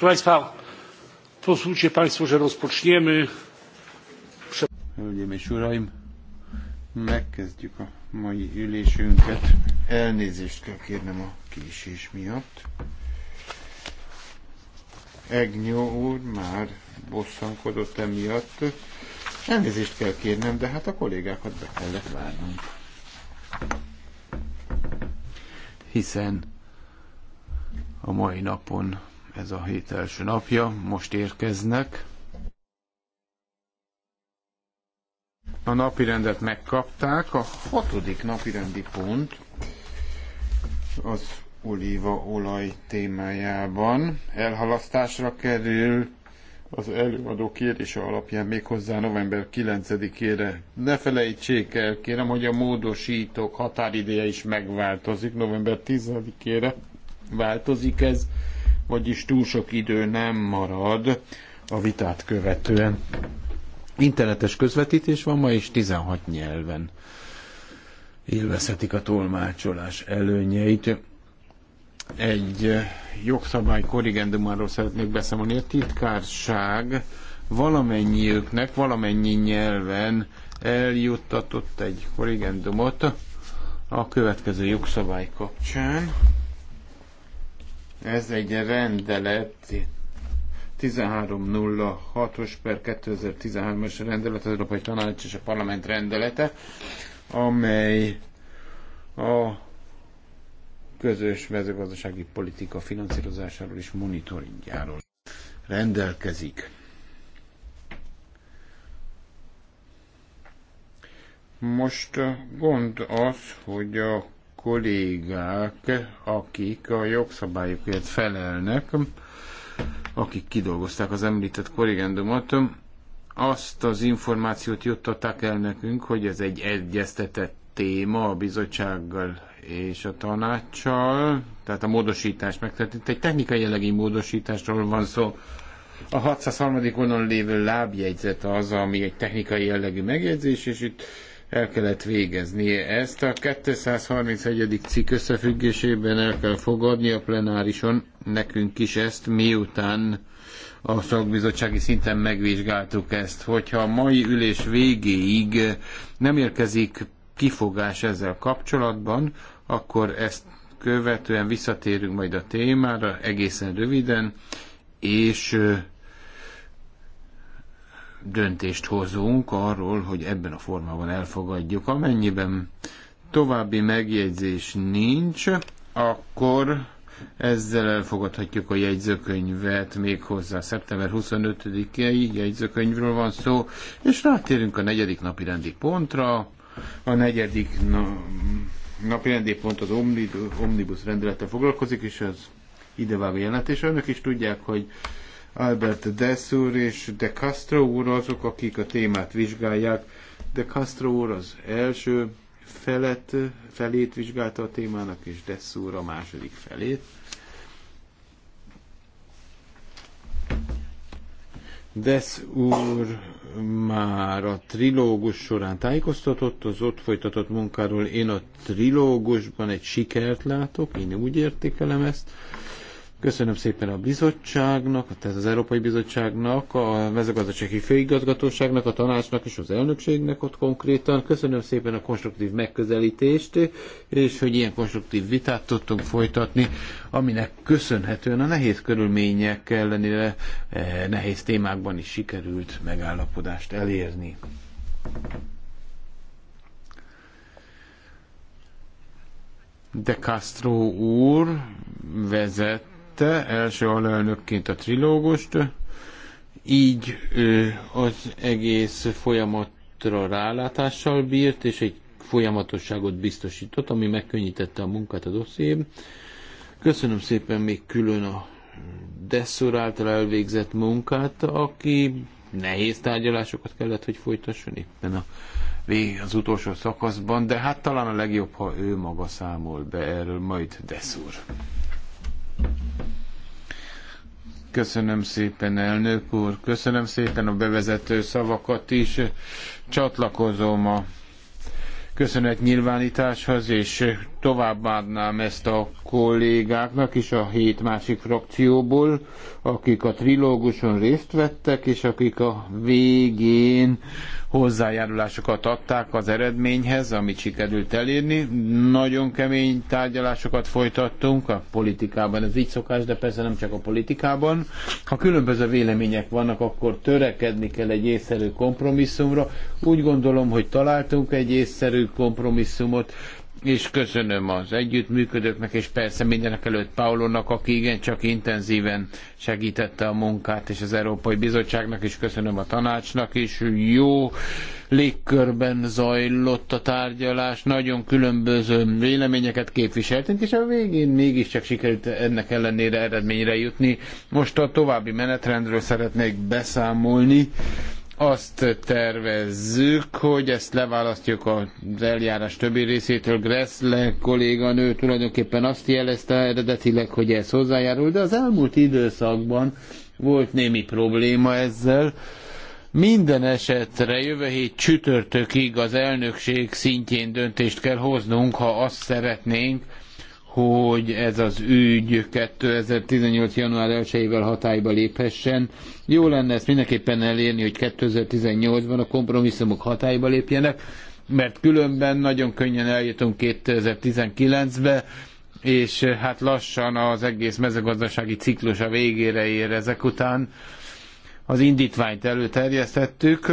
Proszę Państwa, pozwólcie Państwo, że rozpoczniemy. Hölgyeim és Uraim, megkezdjük a mai ülésünket. Elnézést kell kérnem a késés miatt. Egnyó úr már bosszankodott emiatt. Elnézést kell kérnem, de hát a kollégákat be kellett várnunk. Hiszen a mai napon ez a hét első napja, most érkeznek. A napirendet megkapták, a hatodik napirendi pont az olívaolaj témájában elhalasztásra kerül az előadó kérése alapján méghozzá november 9-ére. Ne felejtsék el, kérem, hogy a módosítók határideje is megváltozik, november 10-ére változik ez vagyis túl sok idő nem marad a vitát követően. Internetes közvetítés van ma, is 16 nyelven élvezhetik a tolmácsolás előnyeit. Egy eh, jogszabály korrigendumáról szeretnék beszámolni. A titkárság valamennyiüknek, valamennyi nyelven eljuttatott egy korrigendumot a következő jogszabály kapcsán. Ez egy rendelet, 1306-os per 2013-as rendelet, az Európai Tanács és a Parlament rendelete, amely a közös mezőgazdasági politika finanszírozásáról és monitoringjáról rendelkezik. Most gond az, hogy a kollégák, akik a jogszabályokért felelnek, akik kidolgozták az említett korrigendumot, azt az információt juttatták el nekünk, hogy ez egy egyeztetett téma a bizottsággal és a tanácssal, tehát a módosítás megtörtént. Egy technikai jellegű módosításról van szó. A 603. oldalon lévő lábjegyzet az, ami egy technikai jellegű megjegyzés, és itt el kellett végezni ezt. A 231. cikk összefüggésében el kell fogadni a plenárison nekünk is ezt, miután a szakbizottsági szinten megvizsgáltuk ezt, hogyha a mai ülés végéig nem érkezik kifogás ezzel kapcsolatban, akkor ezt követően visszatérünk majd a témára egészen röviden, és döntést hozunk arról, hogy ebben a formában elfogadjuk. Amennyiben további megjegyzés nincs, akkor ezzel elfogadhatjuk a jegyzőkönyvet, még hozzá szeptember 25-i jegyzőkönyvről van szó, és rátérünk a negyedik napi rendi pontra. A negyedik na, napi rendi pont az omnibus rendelettel foglalkozik, és az idevágó jelentés. Önök is tudják, hogy Albert Dessur és De Castro úr azok, akik a témát vizsgálják. De Castro úr az első felet, felét vizsgálta a témának, és Dessur a második felét. Desz úr már a trilógus során tájékoztatott az ott folytatott munkáról. Én a trilógusban egy sikert látok, én úgy értékelem ezt. Köszönöm szépen a bizottságnak, tehát az Európai Bizottságnak, a mezőgazdasági főigazgatóságnak, a tanácsnak és az elnökségnek ott konkrétan. Köszönöm szépen a konstruktív megközelítést, és hogy ilyen konstruktív vitát tudtunk folytatni, aminek köszönhetően a nehéz körülmények ellenére eh, nehéz témákban is sikerült megállapodást elérni. De Castro úr vezet vezette első alelnökként a trilógust, így ő az egész folyamatra rálátással bírt, és egy folyamatosságot biztosított, ami megkönnyítette a munkát a dossziében. Köszönöm szépen még külön a Dessur által elvégzett munkát, aki nehéz tárgyalásokat kellett, hogy folytasson éppen a vég az utolsó szakaszban, de hát talán a legjobb, ha ő maga számol be erről, majd Dessur. Köszönöm szépen, elnök úr. Köszönöm szépen a bevezető szavakat is. Csatlakozom a köszönet nyilvánításhoz és továbbadnám ezt a kollégáknak is a hét másik frakcióból, akik a trilóguson részt vettek, és akik a végén hozzájárulásokat adták az eredményhez, amit sikerült elérni. Nagyon kemény tárgyalásokat folytattunk a politikában, ez így szokás, de persze nem csak a politikában. Ha különböző vélemények vannak, akkor törekedni kell egy észszerű kompromisszumra. Úgy gondolom, hogy találtunk egy észszerű kompromisszumot, és köszönöm az együttműködőknek, és persze mindenek előtt Paulónak, aki igencsak intenzíven segítette a munkát, és az Európai Bizottságnak is köszönöm a tanácsnak is. Jó légkörben zajlott a tárgyalás, nagyon különböző véleményeket képviseltünk, és a végén mégiscsak sikerült ennek ellenére eredményre jutni. Most a további menetrendről szeretnék beszámolni azt tervezzük, hogy ezt leválasztjuk az eljárás többi részétől. Gressle kolléganő tulajdonképpen azt jelezte eredetileg, hogy ez hozzájárul, de az elmúlt időszakban volt némi probléma ezzel. Minden esetre jövő hét csütörtökig az elnökség szintjén döntést kell hoznunk, ha azt szeretnénk, hogy ez az ügy 2018. január 1-ével hatályba léphessen. Jó lenne ezt mindenképpen elérni, hogy 2018-ban a kompromisszumok hatályba lépjenek, mert különben nagyon könnyen eljutunk 2019-be, és hát lassan az egész mezőgazdasági ciklus a végére ér ezek után az indítványt előterjesztettük,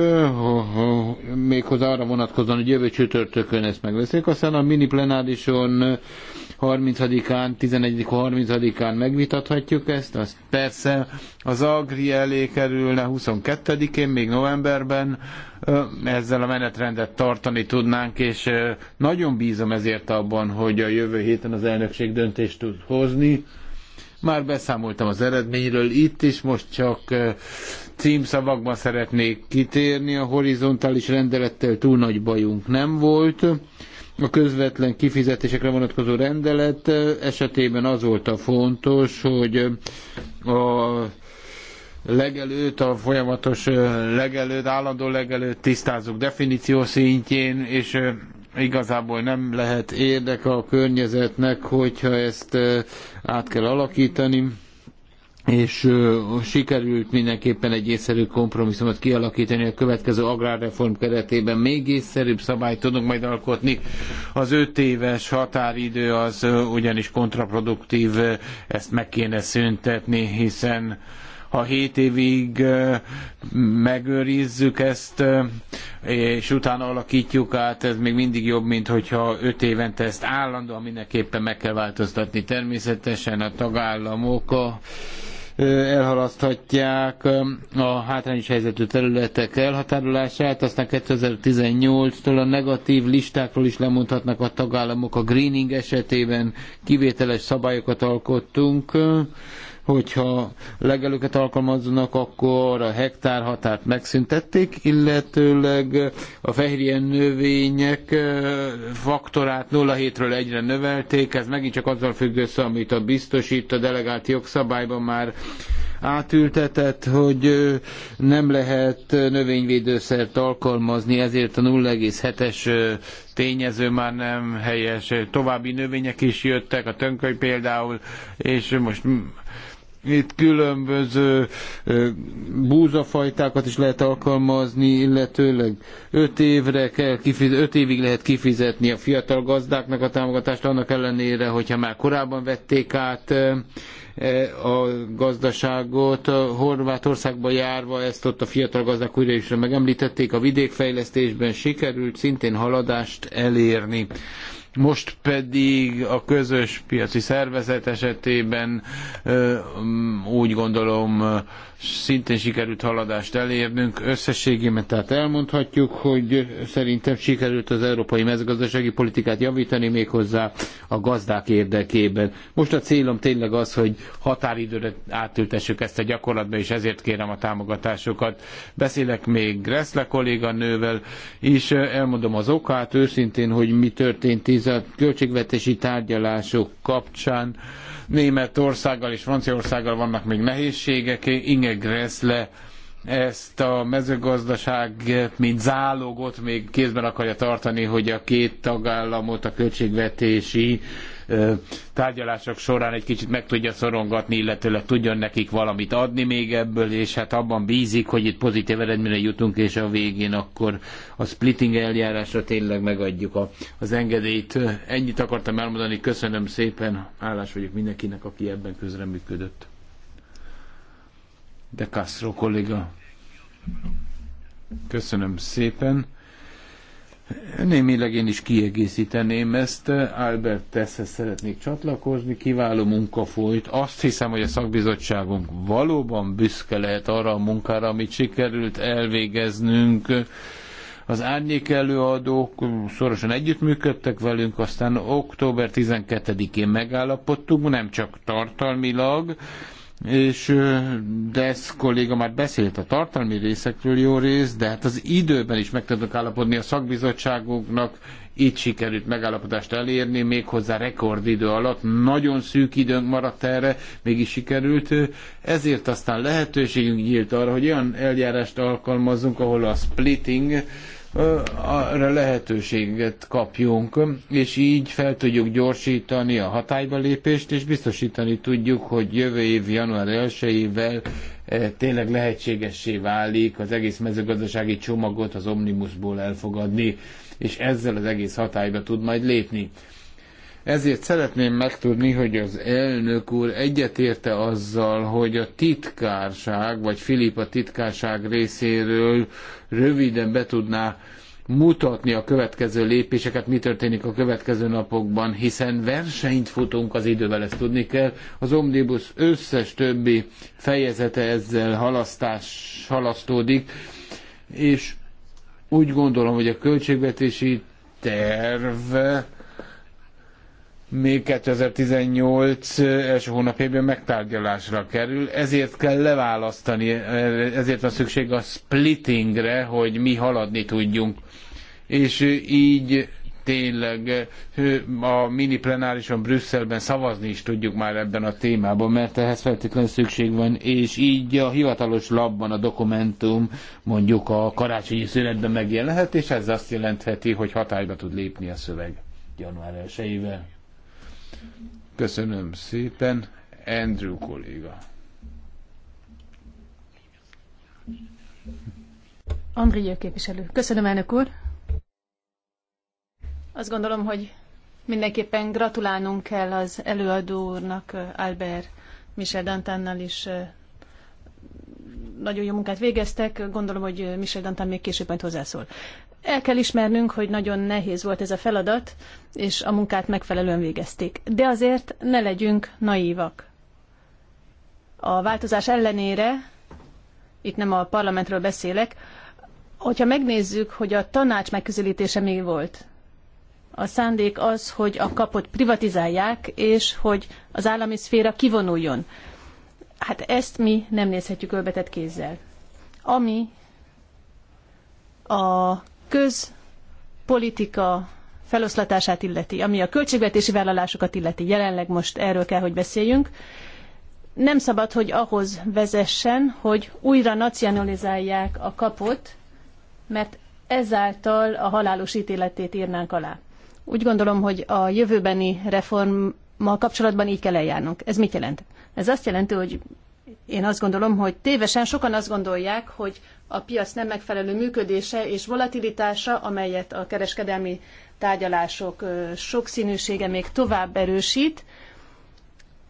méghozzá arra vonatkozóan, hogy jövő csütörtökön ezt megveszik, aztán a mini plenárison 30-án, 11-30-án megvitathatjuk ezt, az persze az Agri elé kerülne 22-én, még novemberben, ezzel a menetrendet tartani tudnánk, és nagyon bízom ezért abban, hogy a jövő héten az elnökség döntést tud hozni, már beszámoltam az eredményről itt is, most csak címszavakban szeretnék kitérni. A horizontális rendelettel túl nagy bajunk nem volt. A közvetlen kifizetésekre vonatkozó rendelet esetében az volt a fontos, hogy a legelőtt, a folyamatos legelőtt, állandó legelőtt tisztázunk definíció szintjén, és igazából nem lehet érdeke a környezetnek, hogyha ezt át kell alakítani és sikerült mindenképpen egy észszerű kompromisszumot kialakítani a következő agrárreform keretében. Még észszerűbb szabályt tudunk majd alkotni. Az öt éves határidő az ugyanis kontraproduktív, ezt meg kéne szüntetni, hiszen ha 7 évig megőrizzük ezt, és utána alakítjuk át, ez még mindig jobb, mint hogyha 5 évente ezt állandóan mindenképpen meg kell változtatni. Természetesen a tagállamok a elhalaszthatják a hátrányos helyzetű területek elhatárolását, aztán 2018-tól a negatív listákról is lemondhatnak a tagállamok. A greening esetében kivételes szabályokat alkottunk, hogyha legelőket alkalmazzanak, akkor a hektár határt megszüntették, illetőleg a fehérje növények faktorát 0,7-ről egyre növelték, ez megint csak azzal függ össze, amit a biztosít a delegált jogszabályban már átültetett, hogy nem lehet növényvédőszert alkalmazni, ezért a 0,7-es tényező már nem helyes. További növények is jöttek, a tönköly például, és most itt különböző búzafajtákat is lehet alkalmazni, illetőleg 5 évre kell kifizetni, 5 évig lehet kifizetni a fiatal gazdáknak a támogatást, annak ellenére, hogyha már korábban vették át e, a gazdaságot. Horvátországba járva ezt ott a fiatal gazdák újra is megemlítették, a vidékfejlesztésben sikerült szintén haladást elérni. Most pedig a közös piaci szervezet esetében mm, úgy gondolom szintén sikerült haladást elérnünk. Összességében tehát elmondhatjuk, hogy szerintem sikerült az európai mezőgazdasági politikát javítani méghozzá a gazdák érdekében. Most a célom tényleg az, hogy határidőre átültessük ezt a gyakorlatba, és ezért kérem a támogatásokat. Beszélek még Gressle kolléganővel, és elmondom az okát őszintén, hogy mi történt 10 a költségvetési tárgyalások kapcsán Németországgal és Franciaországgal vannak még nehézségek. Inge Gressle ezt a mezőgazdaság, mint zálogot még kézben akarja tartani, hogy a két tagállamot a költségvetési tárgyalások során egy kicsit meg tudja szorongatni, illetőleg tudjon nekik valamit adni még ebből, és hát abban bízik, hogy itt pozitív eredményre jutunk, és a végén akkor a splitting eljárásra tényleg megadjuk a, az engedélyt. Ennyit akartam elmondani, köszönöm szépen, állás vagyok mindenkinek, aki ebben közreműködött. De Castro kolléga. Köszönöm szépen. Némileg én is kiegészíteném ezt. Albert Teszhez szeretnék csatlakozni. Kiváló munka folyt. Azt hiszem, hogy a szakbizottságunk valóban büszke lehet arra a munkára, amit sikerült elvégeznünk. Az árnyék előadók szorosan együttműködtek velünk, aztán október 12-én megállapodtunk, nem csak tartalmilag, és ezt kolléga már beszélt a tartalmi részekről jó rész, de hát az időben is meg tudok állapodni a szakbizottságoknak, így sikerült megállapodást elérni, méghozzá rekordidő alatt, nagyon szűk időnk maradt erre, mégis sikerült, ezért aztán lehetőségünk nyílt arra, hogy olyan eljárást alkalmazzunk, ahol a splitting, arra lehetőséget kapjunk, és így fel tudjuk gyorsítani a hatályba lépést, és biztosítani tudjuk, hogy jövő év január 1-ével e, tényleg lehetségessé válik az egész mezőgazdasági csomagot az Omnibusból elfogadni, és ezzel az egész hatályba tud majd lépni. Ezért szeretném megtudni, hogy az elnök úr egyetérte azzal, hogy a titkárság, vagy Filipa titkárság részéről röviden be tudná mutatni a következő lépéseket, mi történik a következő napokban, hiszen versenyt futunk az idővel, ezt tudni kell. Az Omnibus összes többi fejezete ezzel halasztás, halasztódik, és úgy gondolom, hogy a költségvetési terv még 2018 első hónapjában megtárgyalásra kerül, ezért kell leválasztani, ezért van szükség a splittingre, hogy mi haladni tudjunk. És így tényleg a mini plenárison Brüsszelben szavazni is tudjuk már ebben a témában, mert ehhez feltétlenül szükség van, és így a hivatalos labban a dokumentum mondjuk a karácsonyi szünetben megjelenhet, és ez azt jelentheti, hogy hatályba tud lépni a szöveg január 1 -ével. Köszönöm szépen, Andrew kolléga. Andrió képviselő. Köszönöm, elnök úr. Azt gondolom, hogy mindenképpen gratulálnunk kell az előadó úrnak, Albert Michel Dantánnal is nagyon jó munkát végeztek. Gondolom, hogy Michel Dantán még később majd hozzászól el kell ismernünk, hogy nagyon nehéz volt ez a feladat, és a munkát megfelelően végezték. De azért ne legyünk naívak. A változás ellenére, itt nem a parlamentről beszélek, hogyha megnézzük, hogy a tanács megközelítése mi volt, a szándék az, hogy a kapot privatizálják, és hogy az állami szféra kivonuljon. Hát ezt mi nem nézhetjük ölbetett kézzel. Ami a közpolitika feloszlatását illeti, ami a költségvetési vállalásokat illeti, jelenleg most erről kell, hogy beszéljünk, nem szabad, hogy ahhoz vezessen, hogy újra nacionalizálják a kapot, mert ezáltal a halálos ítéletét írnánk alá. Úgy gondolom, hogy a jövőbeni reformmal kapcsolatban így kell eljárnunk. Ez mit jelent? Ez azt jelenti, hogy én azt gondolom, hogy tévesen sokan azt gondolják, hogy a piac nem megfelelő működése és volatilitása, amelyet a kereskedelmi tárgyalások sokszínűsége még tovább erősít,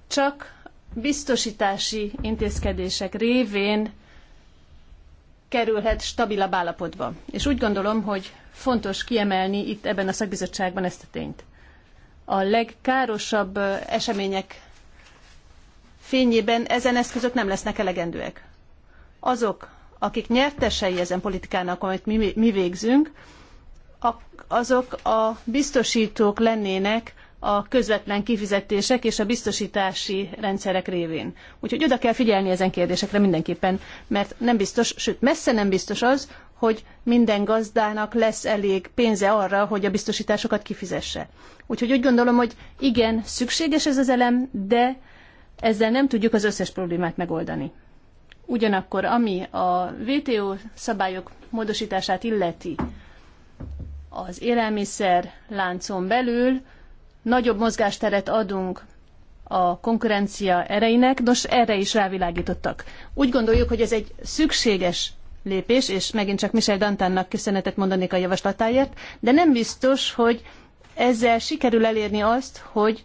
csak biztosítási intézkedések révén kerülhet stabilabb állapotba. És úgy gondolom, hogy fontos kiemelni itt ebben a szakbizottságban ezt a tényt. A legkárosabb események fényében ezen eszközök nem lesznek elegendőek. Azok akik nyertesei ezen politikának, amit mi, mi végzünk, azok a biztosítók lennének a közvetlen kifizetések és a biztosítási rendszerek révén. Úgyhogy oda kell figyelni ezen kérdésekre mindenképpen, mert nem biztos, sőt messze nem biztos az, hogy minden gazdának lesz elég pénze arra, hogy a biztosításokat kifizesse. Úgyhogy úgy gondolom, hogy igen, szükséges ez az elem, de ezzel nem tudjuk az összes problémát megoldani. Ugyanakkor, ami a WTO szabályok módosítását illeti, az élelmiszer láncon belül nagyobb mozgásteret adunk a konkurencia ereinek, nos erre is rávilágítottak. Úgy gondoljuk, hogy ez egy szükséges lépés, és megint csak Michel Dantánnak köszönetet mondanék a javaslatáért, de nem biztos, hogy ezzel sikerül elérni azt, hogy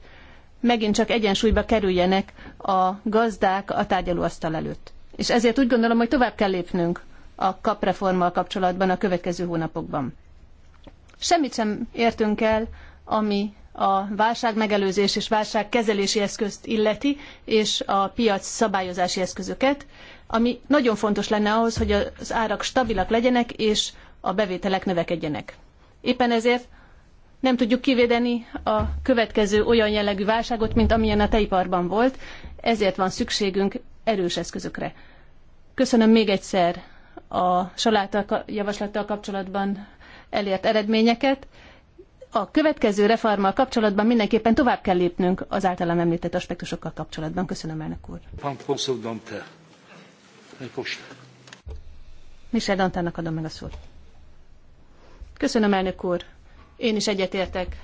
megint csak egyensúlyba kerüljenek a gazdák a tárgyalóasztal előtt és ezért úgy gondolom, hogy tovább kell lépnünk a kapreformmal kapcsolatban a következő hónapokban. Semmit sem értünk el, ami a válságmegelőzés és válságkezelési eszközt illeti, és a piac szabályozási eszközöket, ami nagyon fontos lenne ahhoz, hogy az árak stabilak legyenek, és a bevételek növekedjenek. Éppen ezért nem tudjuk kivédeni a következő olyan jellegű válságot, mint amilyen a teiparban volt, ezért van szükségünk erős eszközökre. Köszönöm még egyszer a saláta javaslattal kapcsolatban elért eredményeket. A következő reformmal kapcsolatban mindenképpen tovább kell lépnünk az általam említett aspektusokkal kapcsolatban. Köszönöm, elnök úr. Michel Dantának adom meg a szót. Köszönöm, elnök úr. Én is egyetértek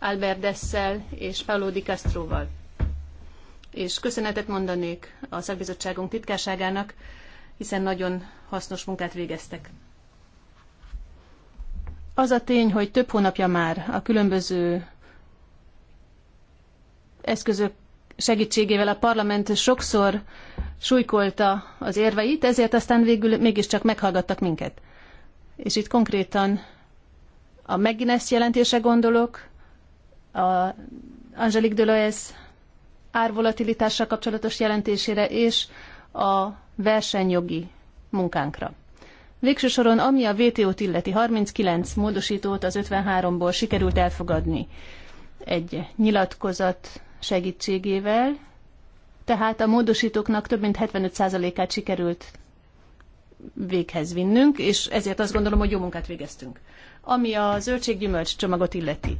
Albert Dessel és Paulo Di Castroval és köszönetet mondanék a szakbizottságunk titkárságának, hiszen nagyon hasznos munkát végeztek. Az a tény, hogy több hónapja már a különböző eszközök segítségével a parlament sokszor súlykolta az érveit, ezért aztán végül mégiscsak meghallgattak minket. És itt konkrétan a McGuinness jelentése gondolok, a Angelique Deloes árvolatilitással kapcsolatos jelentésére és a versenyjogi munkánkra. Végső soron, ami a VTO-t illeti 39 módosítót az 53-ból sikerült elfogadni egy nyilatkozat segítségével, tehát a módosítóknak több mint 75%-át sikerült véghez vinnünk, és ezért azt gondolom, hogy jó munkát végeztünk. Ami a zöldséggyümölcs csomagot illeti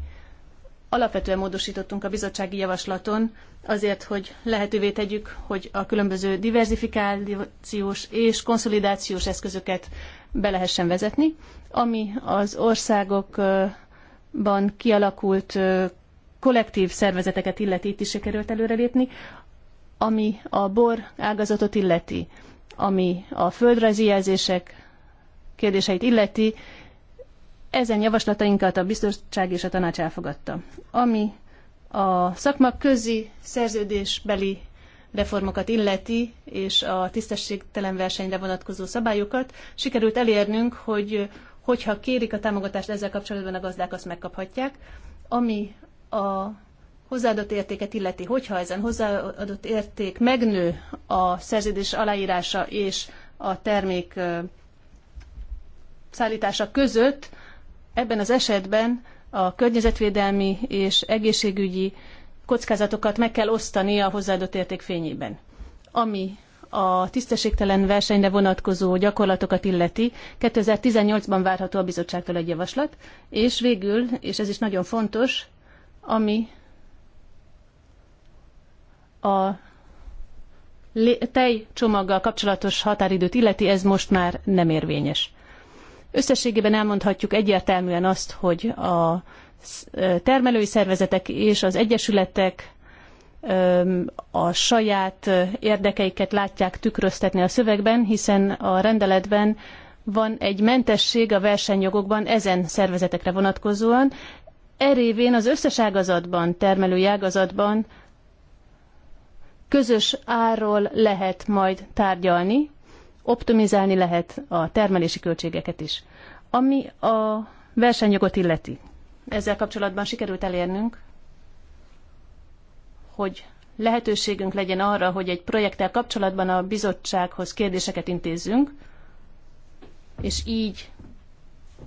alapvetően módosítottunk a bizottsági javaslaton azért, hogy lehetővé tegyük, hogy a különböző diversifikációs és konszolidációs eszközöket be lehessen vezetni, ami az országokban kialakult kollektív szervezeteket illeti, itt is sikerült előrelépni, ami a bor ágazatot illeti, ami a földrajzi jelzések kérdéseit illeti, ezen javaslatainkat a biztonság és a tanács elfogadta. Ami a szakma közi szerződésbeli reformokat illeti, és a tisztességtelen versenyre vonatkozó szabályokat, sikerült elérnünk, hogy hogyha kérik a támogatást ezzel kapcsolatban, a gazdák azt megkaphatják. Ami a hozzáadott értéket illeti, hogyha ezen hozzáadott érték megnő a szerződés aláírása és a termék szállítása között, Ebben az esetben a környezetvédelmi és egészségügyi kockázatokat meg kell osztani a hozzáadott érték fényében. Ami a tisztességtelen versenyre vonatkozó gyakorlatokat illeti, 2018-ban várható a bizottságtól egy javaslat, és végül, és ez is nagyon fontos, ami a tejcsomaggal kapcsolatos határidőt illeti, ez most már nem érvényes. Összességében elmondhatjuk egyértelműen azt, hogy a termelői szervezetek és az egyesületek a saját érdekeiket látják tükröztetni a szövegben, hiszen a rendeletben van egy mentesség a versenyjogokban ezen szervezetekre vonatkozóan. Erévén az összes ágazatban, termelői ágazatban közös árról lehet majd tárgyalni, optimizálni lehet a termelési költségeket is. Ami a versenyjogot illeti, ezzel kapcsolatban sikerült elérnünk, hogy lehetőségünk legyen arra, hogy egy projekttel kapcsolatban a bizottsághoz kérdéseket intézzünk, és így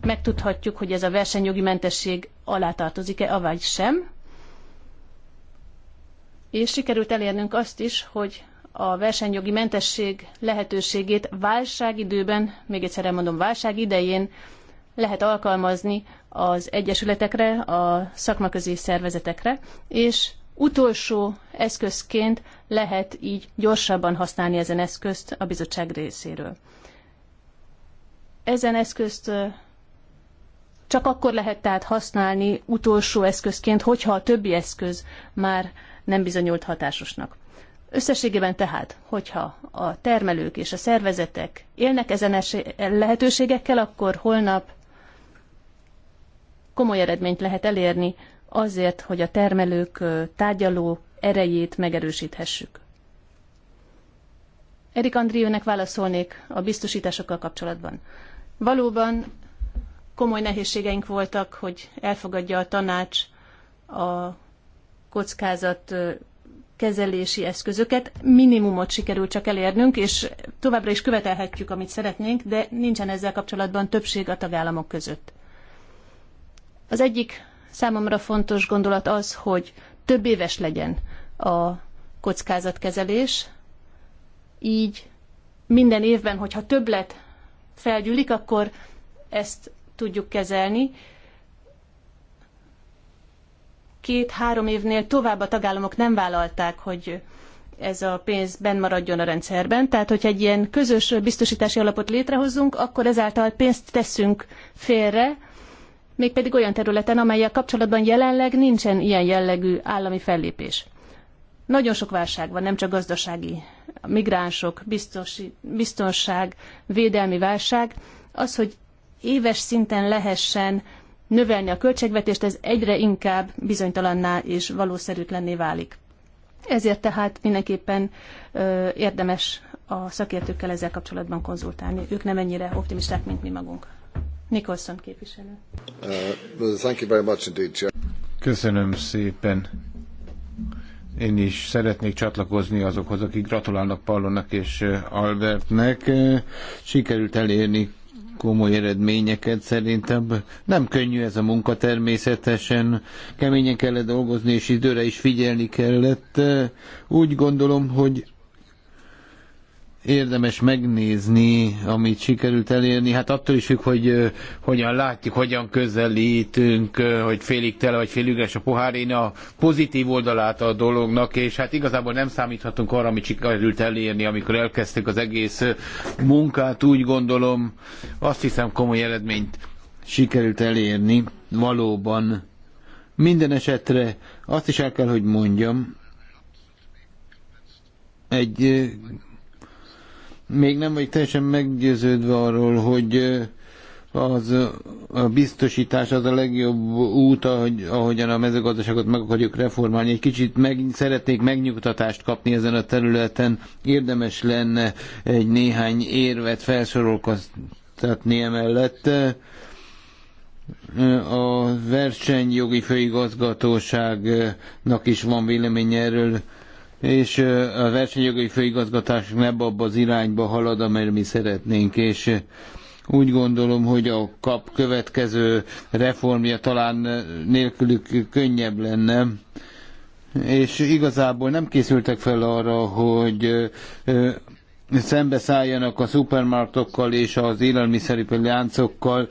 megtudhatjuk, hogy ez a versenyjogi mentesség alá tartozik-e, avagy sem. És sikerült elérnünk azt is, hogy a versenyjogi mentesség lehetőségét válságidőben, még egyszer elmondom, válság idején lehet alkalmazni az egyesületekre, a szakmaközi szervezetekre, és utolsó eszközként lehet így gyorsabban használni ezen eszközt a bizottság részéről. Ezen eszközt csak akkor lehet tehát használni utolsó eszközként, hogyha a többi eszköz már nem bizonyult hatásosnak. Összességében tehát, hogyha a termelők és a szervezetek élnek ezen lehetőségekkel, akkor holnap komoly eredményt lehet elérni azért, hogy a termelők tárgyaló erejét megerősíthessük. Erik Andriőnek válaszolnék a biztosításokkal kapcsolatban. Valóban komoly nehézségeink voltak, hogy elfogadja a tanács a kockázat kezelési eszközöket. Minimumot sikerült csak elérnünk, és továbbra is követelhetjük, amit szeretnénk, de nincsen ezzel kapcsolatban többség a tagállamok között. Az egyik számomra fontos gondolat az, hogy több éves legyen a kockázatkezelés, így minden évben, hogyha többlet felgyűlik, akkor ezt tudjuk kezelni két-három évnél tovább a tagállamok nem vállalták, hogy ez a pénz benn maradjon a rendszerben. Tehát, hogyha egy ilyen közös biztosítási alapot létrehozunk, akkor ezáltal pénzt teszünk félre, mégpedig olyan területen, amelyel kapcsolatban jelenleg nincsen ilyen jellegű állami fellépés. Nagyon sok válság van, nem csak gazdasági, migránsok, biztonság, védelmi válság. Az, hogy éves szinten lehessen növelni a költségvetést, ez egyre inkább bizonytalanná és valószerűtlenné válik. Ezért tehát mindenképpen ö, érdemes a szakértőkkel ezzel kapcsolatban konzultálni. Ők nem ennyire optimisták, mint mi magunk. Nicholson képviselő. Uh, thank you very much indeed, Köszönöm szépen. Én is szeretnék csatlakozni azokhoz, akik gratulálnak Pallonnak és Albertnek. Sikerült elérni komoly eredményeket szerintem. Nem könnyű ez a munka természetesen, keményen kellett dolgozni, és időre is figyelni kellett. Úgy gondolom, hogy érdemes megnézni, amit sikerült elérni. Hát attól is függ, hogy hogyan látjuk, hogyan közelítünk, hogy félig tele vagy félig üres a pohár. Én a pozitív oldalát a dolognak, és hát igazából nem számíthatunk arra, amit sikerült elérni, amikor elkezdtük az egész munkát, úgy gondolom, azt hiszem komoly eredményt sikerült elérni, valóban. Minden esetre azt is el kell, hogy mondjam, egy még nem vagy teljesen meggyőződve arról, hogy az a biztosítás az a legjobb út, ahogy, ahogyan a mezőgazdaságot meg akarjuk reformálni. Egy kicsit meg, szeretnék megnyugtatást kapni ezen a területen. Érdemes lenne egy néhány érvet felsorolkoztatni emellett. A versenyjogi főigazgatóságnak is van véleménye erről és a versenyjogi főigazgatás nem abba az irányba halad, amelyre mi szeretnénk, és úgy gondolom, hogy a kap következő reformja talán nélkülük könnyebb lenne, és igazából nem készültek fel arra, hogy szembeszálljanak a szupermarktokkal és az élelmiszeripari láncokkal,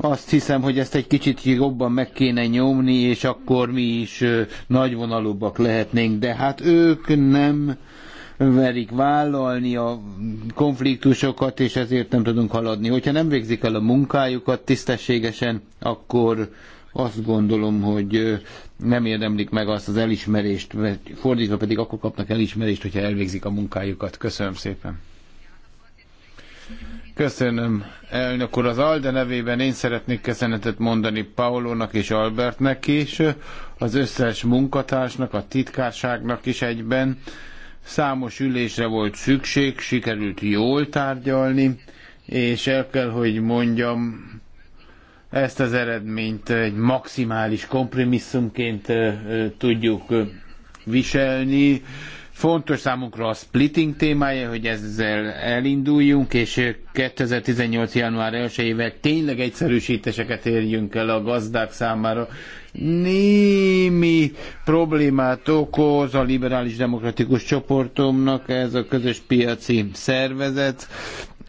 azt hiszem, hogy ezt egy kicsit jobban meg kéne nyomni, és akkor mi is nagyvonalúbbak lehetnénk, de hát ők nem verik vállalni a konfliktusokat, és ezért nem tudunk haladni. Hogyha nem végzik el a munkájukat tisztességesen, akkor azt gondolom, hogy nem érdemlik meg azt az elismerést, fordítva pedig akkor kapnak elismerést, hogyha elvégzik a munkájukat. Köszönöm szépen! Köszönöm, elnök úr. Az ALDE nevében én szeretnék köszönetet mondani Paulónak és Albertnek is, az összes munkatársnak, a titkárságnak is egyben. Számos ülésre volt szükség, sikerült jól tárgyalni, és el kell, hogy mondjam, ezt az eredményt egy maximális kompromisszumként tudjuk viselni Fontos számunkra a splitting témája, hogy ezzel elinduljunk, és 2018. január 1 évek tényleg egyszerűsítéseket érjünk el a gazdák számára. Némi problémát okoz a liberális demokratikus csoportomnak ez a közös piaci szervezet,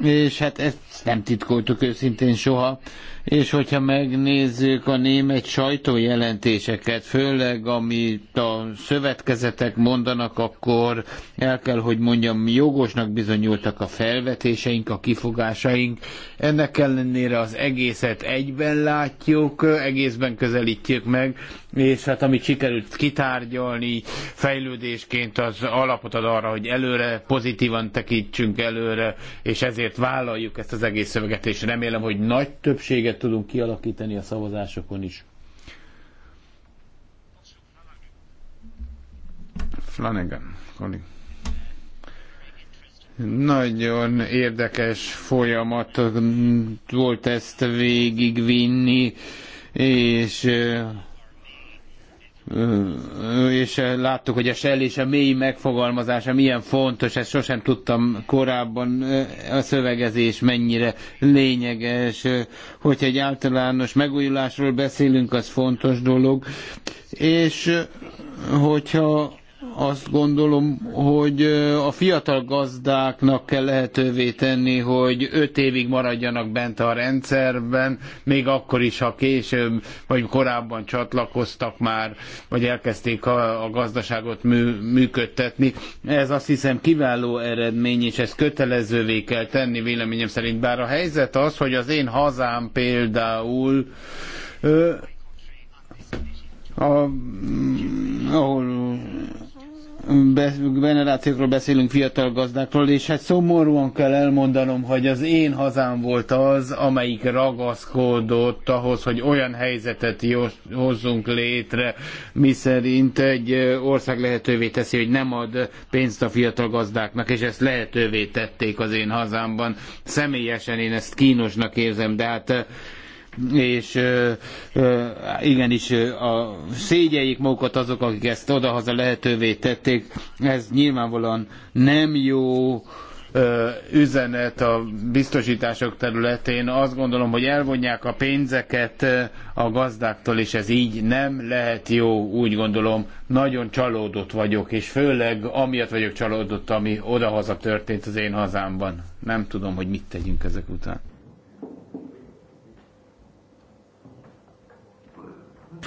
és hát ezt nem titkoltuk őszintén soha, és hogyha megnézzük a német sajtójelentéseket, főleg amit a szövetkezetek mondanak, akkor el kell, hogy mondjam, jogosnak bizonyultak a felvetéseink, a kifogásaink. Ennek ellenére az egészet egyben látjuk, egészben közelítjük meg, és hát amit sikerült kitárgyalni fejlődésként, az alapot ad arra, hogy előre pozitívan tekintsünk előre, és ezért vállaljuk ezt az egész szöveget, és remélem, hogy nagy többséget tudunk kialakítani a szavazásokon is. Flanagan, Colin. Nagyon érdekes folyamat volt ezt végigvinni, és és láttuk, hogy a sell és a mély megfogalmazása milyen fontos, ezt sosem tudtam korábban, a szövegezés mennyire lényeges. Hogyha egy általános megújulásról beszélünk, az fontos dolog. És hogyha azt gondolom, hogy a fiatal gazdáknak kell lehetővé tenni, hogy öt évig maradjanak bent a rendszerben, még akkor is, ha később vagy korábban csatlakoztak már, vagy elkezdték a, a gazdaságot mű, működtetni. Ez azt hiszem kiváló eredmény, és ezt kötelezővé kell tenni véleményem szerint. Bár a helyzet az, hogy az én hazám például ö, a, ahol generációkról beszélünk, fiatal gazdákról, és hát szomorúan kell elmondanom, hogy az én hazám volt az, amelyik ragaszkodott ahhoz, hogy olyan helyzetet hozzunk létre, miszerint egy ország lehetővé teszi, hogy nem ad pénzt a fiatal gazdáknak, és ezt lehetővé tették az én hazámban. Személyesen én ezt kínosnak érzem, de hát és igenis a, szégyeljék magukat azok, akik ezt odahaza lehetővé tették. Ez nyilvánvalóan nem jó üzenet a biztosítások területén. Azt gondolom, hogy elvonják a pénzeket a gazdáktól, és ez így nem lehet jó, úgy gondolom. Nagyon csalódott vagyok, és főleg amiatt vagyok csalódott, ami odahaza történt az én hazámban. Nem tudom, hogy mit tegyünk ezek után.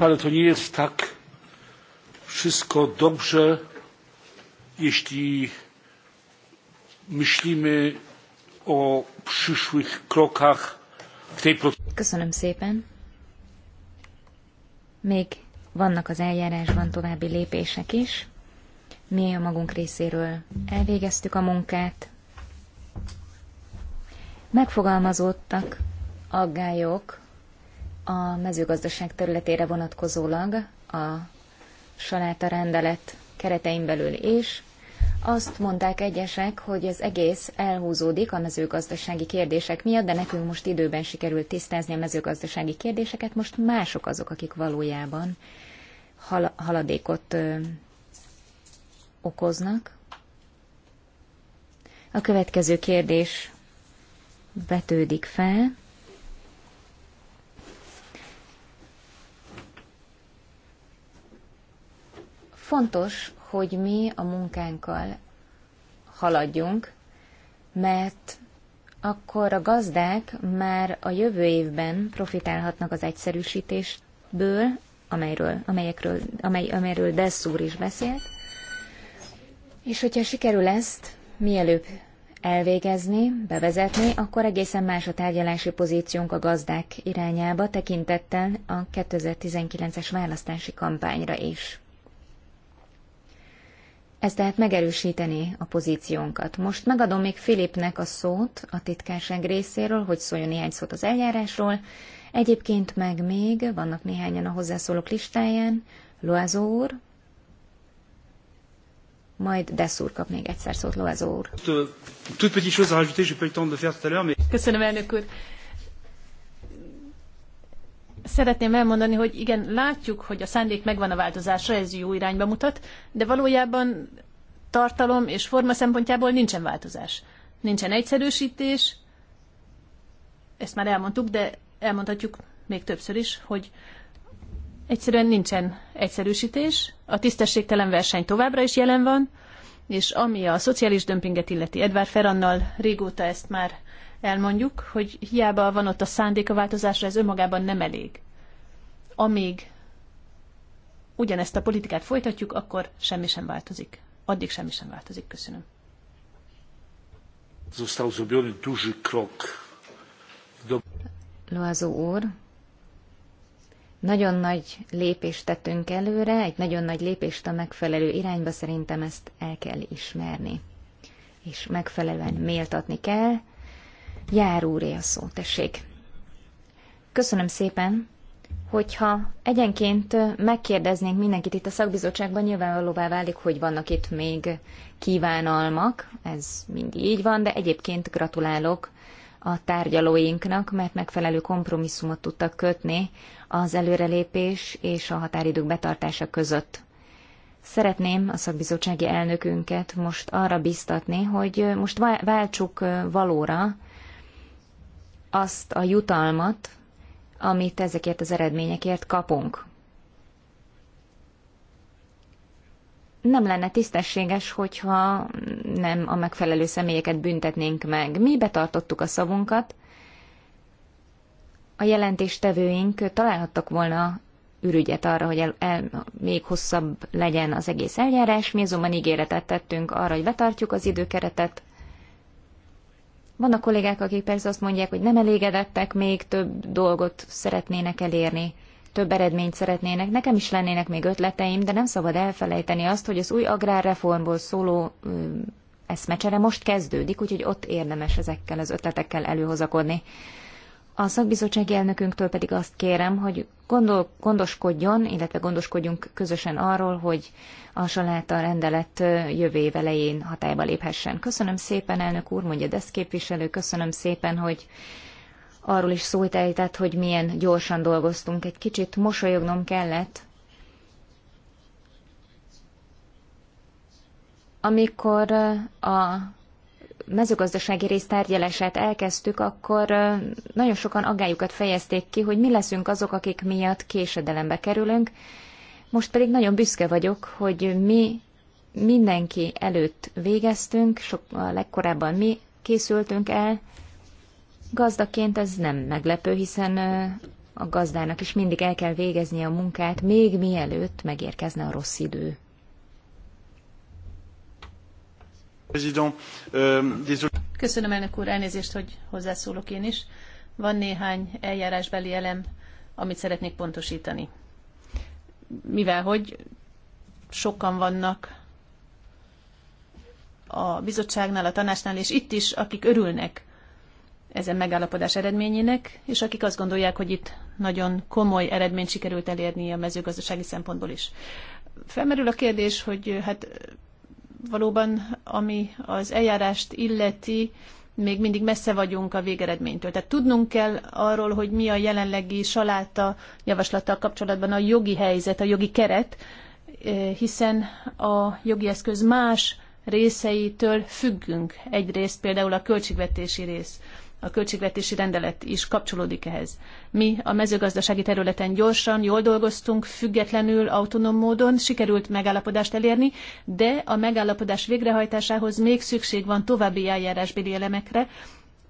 ale to nie jest tak wszystko dobrze, jeśli myślimy o przyszłych krokach w tej Köszönöm szépen. Még vannak az eljárásban további lépések is. Mi a magunk részéről elvégeztük a munkát. Megfogalmazódtak aggályok a mezőgazdaság területére vonatkozólag a saláta rendelet keretein belül is. Azt mondták egyesek, hogy az egész elhúzódik a mezőgazdasági kérdések miatt, de nekünk most időben sikerült tisztázni a mezőgazdasági kérdéseket, most mások azok, akik valójában hal- haladékot ö, okoznak. A következő kérdés vetődik fel. Fontos, hogy mi a munkánkkal haladjunk, mert akkor a gazdák már a jövő évben profitálhatnak az egyszerűsítésből, amelyről, amelyekről, amely, amelyről Desszúr is beszélt, és hogyha sikerül ezt mielőbb elvégezni, bevezetni, akkor egészen más a tárgyalási pozíciónk a gazdák irányába tekintettel a 2019-es választási kampányra is. Ez tehát megerősíteni a pozíciónkat. Most megadom még Filipnek a szót a titkárság részéről, hogy szóljon néhány szót az eljárásról. Egyébként meg még vannak néhányan a hozzászólók listáján. Loazó úr, majd Dessur kap még egyszer szót, Loazó úr. Köszönöm, elnök úr szeretném elmondani, hogy igen, látjuk, hogy a szándék megvan a változásra, ez jó irányba mutat, de valójában tartalom és forma szempontjából nincsen változás. Nincsen egyszerűsítés, ezt már elmondtuk, de elmondhatjuk még többször is, hogy egyszerűen nincsen egyszerűsítés, a tisztességtelen verseny továbbra is jelen van, és ami a szociális dömpinget illeti, Edvár Ferrannal régóta ezt már elmondjuk, hogy hiába van ott a szándék a változásra, ez önmagában nem elég. Amíg ugyanezt a politikát folytatjuk, akkor semmi sem változik. Addig semmi sem változik. Köszönöm. Loazó úr, nagyon nagy lépést tettünk előre, egy nagyon nagy lépést a megfelelő irányba, szerintem ezt el kell ismerni, és megfelelően méltatni kell. Jár úré a szó, tessék. Köszönöm szépen, hogyha egyenként megkérdeznénk mindenkit itt a szakbizottságban, nyilvánvalóvá válik, hogy vannak itt még kívánalmak, ez mindig így van, de egyébként gratulálok a tárgyalóinknak, mert megfelelő kompromisszumot tudtak kötni az előrelépés és a határidők betartása között. Szeretném a szakbizottsági elnökünket most arra biztatni, hogy most váltsuk valóra azt a jutalmat, amit ezekért az eredményekért kapunk. Nem lenne tisztességes, hogyha nem a megfelelő személyeket büntetnénk meg. Mi betartottuk a szavunkat, a jelentéstevőink találhattak volna ürügyet arra, hogy el, el, még hosszabb legyen az egész eljárás. Mi azonban ígéretet tettünk arra, hogy betartjuk az időkeretet, vannak kollégák, akik persze azt mondják, hogy nem elégedettek, még több dolgot szeretnének elérni, több eredményt szeretnének. Nekem is lennének még ötleteim, de nem szabad elfelejteni azt, hogy az új agrárreformból szóló ö, eszmecsere most kezdődik, úgyhogy ott érdemes ezekkel az ötletekkel előhozakodni. A szakbizottsági elnökünktől pedig azt kérem, hogy gondol, gondoskodjon, illetve gondoskodjunk közösen arról, hogy a saláta rendelet jövő év elején hatályba léphessen. Köszönöm szépen, elnök úr, mondja deszképviselő, köszönöm szépen, hogy arról is szólt ejtett, hogy milyen gyorsan dolgoztunk. Egy kicsit mosolyognom kellett, amikor a mezőgazdasági rész tárgyalását elkezdtük, akkor nagyon sokan aggályukat fejezték ki, hogy mi leszünk azok, akik miatt késedelembe kerülünk. Most pedig nagyon büszke vagyok, hogy mi mindenki előtt végeztünk, sok a legkorábban mi készültünk el. Gazdaként ez nem meglepő, hiszen a gazdának is mindig el kell végeznie a munkát, még mielőtt megérkezne a rossz idő. Euh, Köszönöm, elnök úr, elnézést, hogy hozzászólok én is. Van néhány eljárásbeli elem, amit szeretnék pontosítani. Mivel hogy sokan vannak a bizottságnál, a tanácsnál, és itt is, akik örülnek ezen megállapodás eredményének, és akik azt gondolják, hogy itt nagyon komoly eredményt sikerült elérni a mezőgazdasági szempontból is. Felmerül a kérdés, hogy hát valóban, ami az eljárást illeti, még mindig messze vagyunk a végeredménytől. Tehát tudnunk kell arról, hogy mi a jelenlegi saláta javaslattal kapcsolatban a jogi helyzet, a jogi keret, hiszen a jogi eszköz más részeitől függünk. Egyrészt például a költségvetési rész a költségvetési rendelet is kapcsolódik ehhez. Mi a mezőgazdasági területen gyorsan, jól dolgoztunk, függetlenül, autonóm módon sikerült megállapodást elérni, de a megállapodás végrehajtásához még szükség van további eljárásbéli elemekre,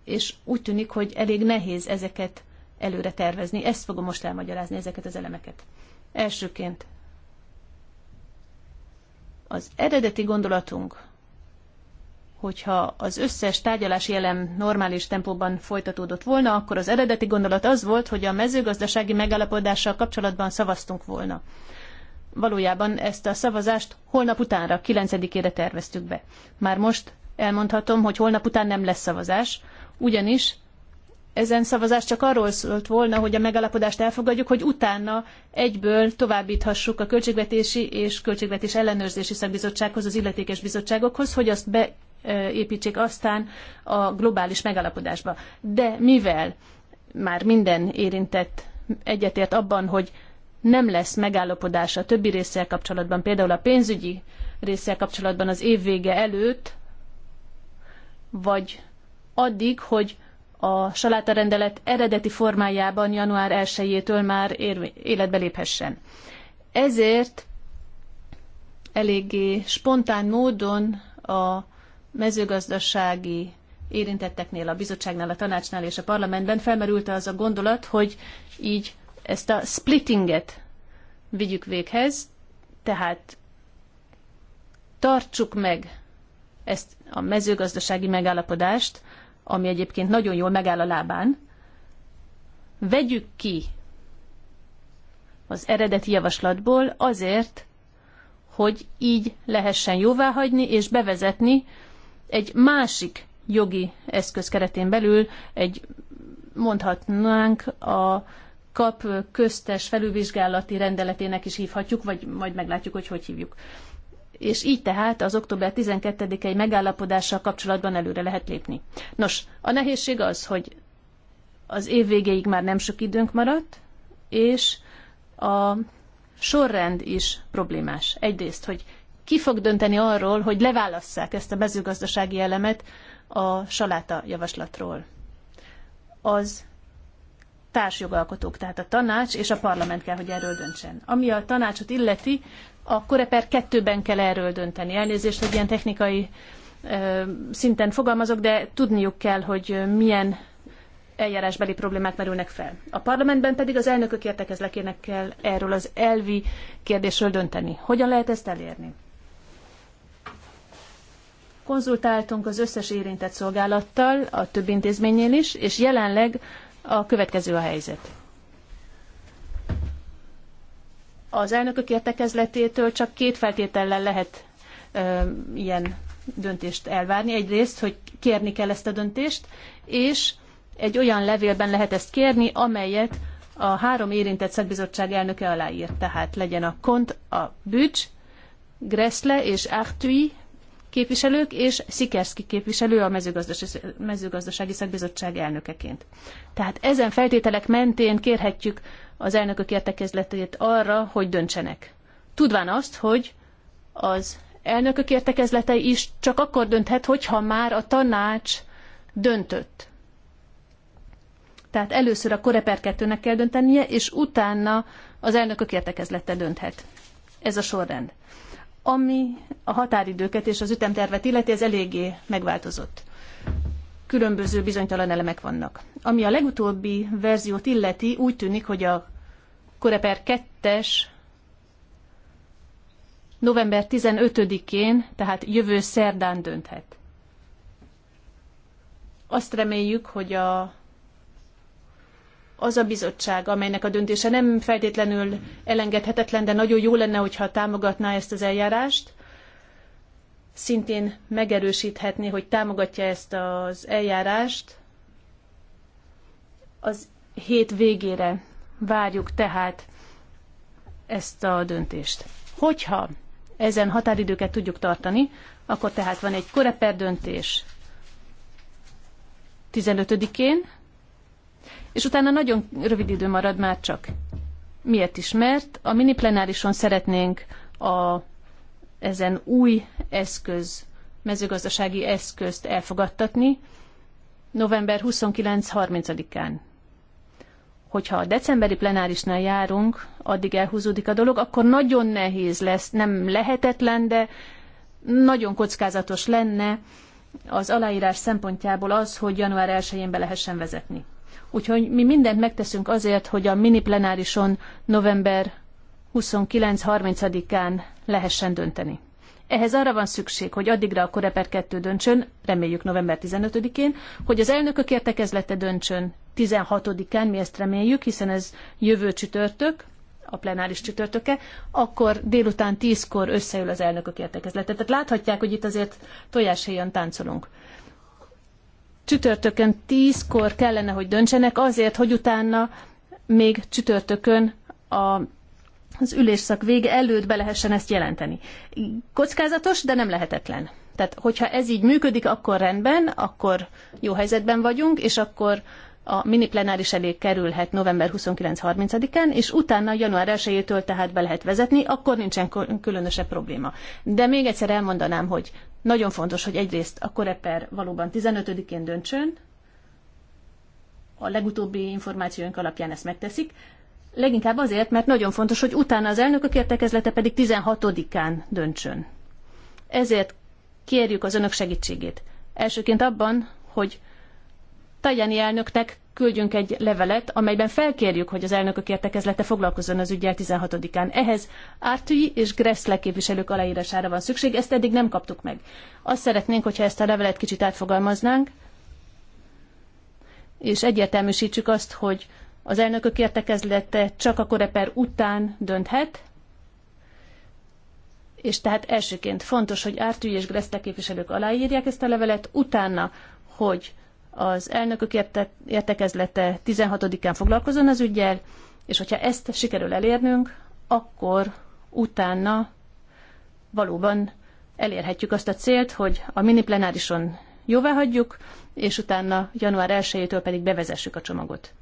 és úgy tűnik, hogy elég nehéz ezeket előre tervezni. Ezt fogom most elmagyarázni, ezeket az elemeket. Elsőként az eredeti gondolatunk, hogyha az összes tárgyalási elem normális tempóban folytatódott volna, akkor az eredeti gondolat az volt, hogy a mezőgazdasági megállapodással kapcsolatban szavaztunk volna. Valójában ezt a szavazást holnap utánra, 9-ére terveztük be. Már most elmondhatom, hogy holnap után nem lesz szavazás, ugyanis ezen szavazás csak arról szólt volna, hogy a megállapodást elfogadjuk, hogy utána egyből továbbíthassuk a Költségvetési és Költségvetés Ellenőrzési Szakbizottsághoz, az illetékes bizottságokhoz, hogy azt be építsék aztán a globális megállapodásba. De mivel már minden érintett egyetért abban, hogy nem lesz megállapodás a többi részsel kapcsolatban, például a pénzügyi részsel kapcsolatban az év vége előtt, vagy addig, hogy a salátarendelet eredeti formájában január 1-től már életbe léphessen. Ezért eléggé spontán módon a mezőgazdasági érintetteknél, a bizottságnál, a tanácsnál és a parlamentben felmerült az a gondolat, hogy így ezt a splittinget vigyük véghez, tehát tartsuk meg ezt a mezőgazdasági megállapodást, ami egyébként nagyon jól megáll a lábán, vegyük ki az eredeti javaslatból azért, hogy így lehessen jóváhagyni és bevezetni egy másik jogi eszköz keretén belül egy mondhatnánk a kap köztes felülvizsgálati rendeletének is hívhatjuk, vagy majd meglátjuk, hogy hogy hívjuk. És így tehát az október 12-i megállapodással kapcsolatban előre lehet lépni. Nos, a nehézség az, hogy az év végéig már nem sok időnk maradt, és a sorrend is problémás. Egyrészt, hogy ki fog dönteni arról, hogy leválasszák ezt a mezőgazdasági elemet a saláta javaslatról? Az társjogalkotók, tehát a tanács és a parlament kell, hogy erről döntsen. Ami a tanácsot illeti, a Koreper kettőben kell erről dönteni. Elnézést, hogy ilyen technikai ö, szinten fogalmazok, de tudniuk kell, hogy milyen eljárásbeli problémák merülnek fel. A parlamentben pedig az elnökök értekezlekének kell erről az elvi kérdésről dönteni. Hogyan lehet ezt elérni? Konzultáltunk az összes érintett szolgálattal, a több intézménynél is, és jelenleg a következő a helyzet. Az elnökök értekezletétől csak két feltétellel lehet ö, ilyen döntést elvárni. Egyrészt, hogy kérni kell ezt a döntést, és egy olyan levélben lehet ezt kérni, amelyet a három érintett szakbizottság elnöke aláírt. Tehát legyen a KONT, a BÜCS, Gressle és Artui képviselők, és Szikerszki képviselő a mezőgazdasági, mezőgazdasági szakbizottság elnökeként. Tehát ezen feltételek mentén kérhetjük az elnökök értekezletét arra, hogy döntsenek. Tudván azt, hogy az elnökök értekezlete is csak akkor dönthet, hogyha már a tanács döntött. Tehát először a Koreper 2-nek kell döntenie, és utána az elnökök értekezlete dönthet. Ez a sorrend. Ami a határidőket és az ütemtervet illeti, ez eléggé megváltozott. Különböző bizonytalan elemek vannak. Ami a legutóbbi verziót illeti, úgy tűnik, hogy a Koreper 2-es november 15-én, tehát jövő szerdán dönthet. Azt reméljük, hogy a az a bizottság, amelynek a döntése nem feltétlenül elengedhetetlen, de nagyon jó lenne, hogyha támogatná ezt az eljárást, szintén megerősíthetné, hogy támogatja ezt az eljárást. Az hét végére várjuk tehát ezt a döntést. Hogyha ezen határidőket tudjuk tartani, akkor tehát van egy koreper döntés 15-én, és utána nagyon rövid idő marad már csak. Miért is? Mert a mini plenárison szeretnénk a, ezen új eszköz, mezőgazdasági eszközt elfogadtatni november 29-30-án. Hogyha a decemberi plenárisnál járunk, addig elhúzódik a dolog, akkor nagyon nehéz lesz, nem lehetetlen, de nagyon kockázatos lenne az aláírás szempontjából az, hogy január 1-én be lehessen vezetni. Úgyhogy mi mindent megteszünk azért, hogy a mini plenárison november 29-30-án lehessen dönteni. Ehhez arra van szükség, hogy addigra a Koreper 2 döntsön, reméljük november 15-én, hogy az elnökök értekezlete döntsön 16-án, mi ezt reméljük, hiszen ez jövő csütörtök, a plenáris csütörtöke, akkor délután 10-kor összeül az elnökök értekezlete. Tehát láthatják, hogy itt azért tojáshelyen táncolunk csütörtökön tízkor kellene, hogy döntsenek, azért, hogy utána még csütörtökön a az ülésszak vége előtt be lehessen ezt jelenteni. Kockázatos, de nem lehetetlen. Tehát, hogyha ez így működik, akkor rendben, akkor jó helyzetben vagyunk, és akkor a mini plenáris elé kerülhet november 29-30-án, és utána január 1-től tehát be lehet vezetni, akkor nincsen különösebb probléma. De még egyszer elmondanám, hogy nagyon fontos, hogy egyrészt a Koreper valóban 15-én döntsön, a legutóbbi információink alapján ezt megteszik, leginkább azért, mert nagyon fontos, hogy utána az elnökök értekezlete pedig 16-án döntsön. Ezért kérjük az önök segítségét. Elsőként abban, hogy Tajani elnöknek küldjünk egy levelet, amelyben felkérjük, hogy az elnökök értekezlete foglalkozzon az ügyel 16-án. Ehhez Ártüi és Gressle képviselők aláírására van szükség, ezt eddig nem kaptuk meg. Azt szeretnénk, hogyha ezt a levelet kicsit átfogalmaznánk, és egyértelműsítsük azt, hogy az elnökök értekezlete csak a koreper után dönthet, és tehát elsőként fontos, hogy Ártüi és Gressle képviselők aláírják ezt a levelet, utána, hogy az elnökök értekezlete 16-án foglalkozon az ügyel, és hogyha ezt sikerül elérnünk, akkor utána valóban elérhetjük azt a célt, hogy a mini plenárison jóvá hagyjuk, és utána január 1-től pedig bevezessük a csomagot.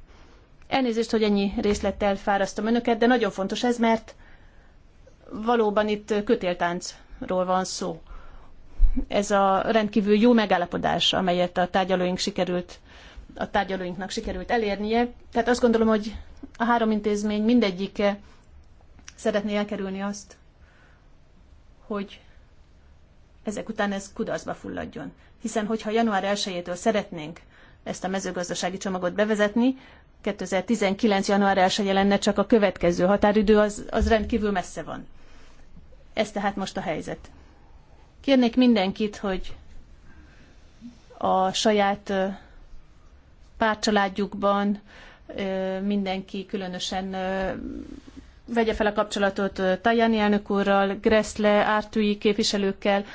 Elnézést, hogy ennyi részlettel fárasztom önöket, de nagyon fontos ez, mert valóban itt kötéltáncról van szó ez a rendkívül jó megállapodás, amelyet a tárgyalóink sikerült, a tárgyalóinknak sikerült elérnie. Tehát azt gondolom, hogy a három intézmény mindegyike szeretné elkerülni azt, hogy ezek után ez kudarcba fulladjon. Hiszen, hogyha január 1-től szeretnénk ezt a mezőgazdasági csomagot bevezetni, 2019. január 1 lenne csak a következő határidő, az, az rendkívül messze van. Ez tehát most a helyzet. Kérnék mindenkit, hogy a saját párcsaládjukban mindenki különösen vegye fel a kapcsolatot Tajani elnök úrral, Gressle, Ártúi képviselőkkel,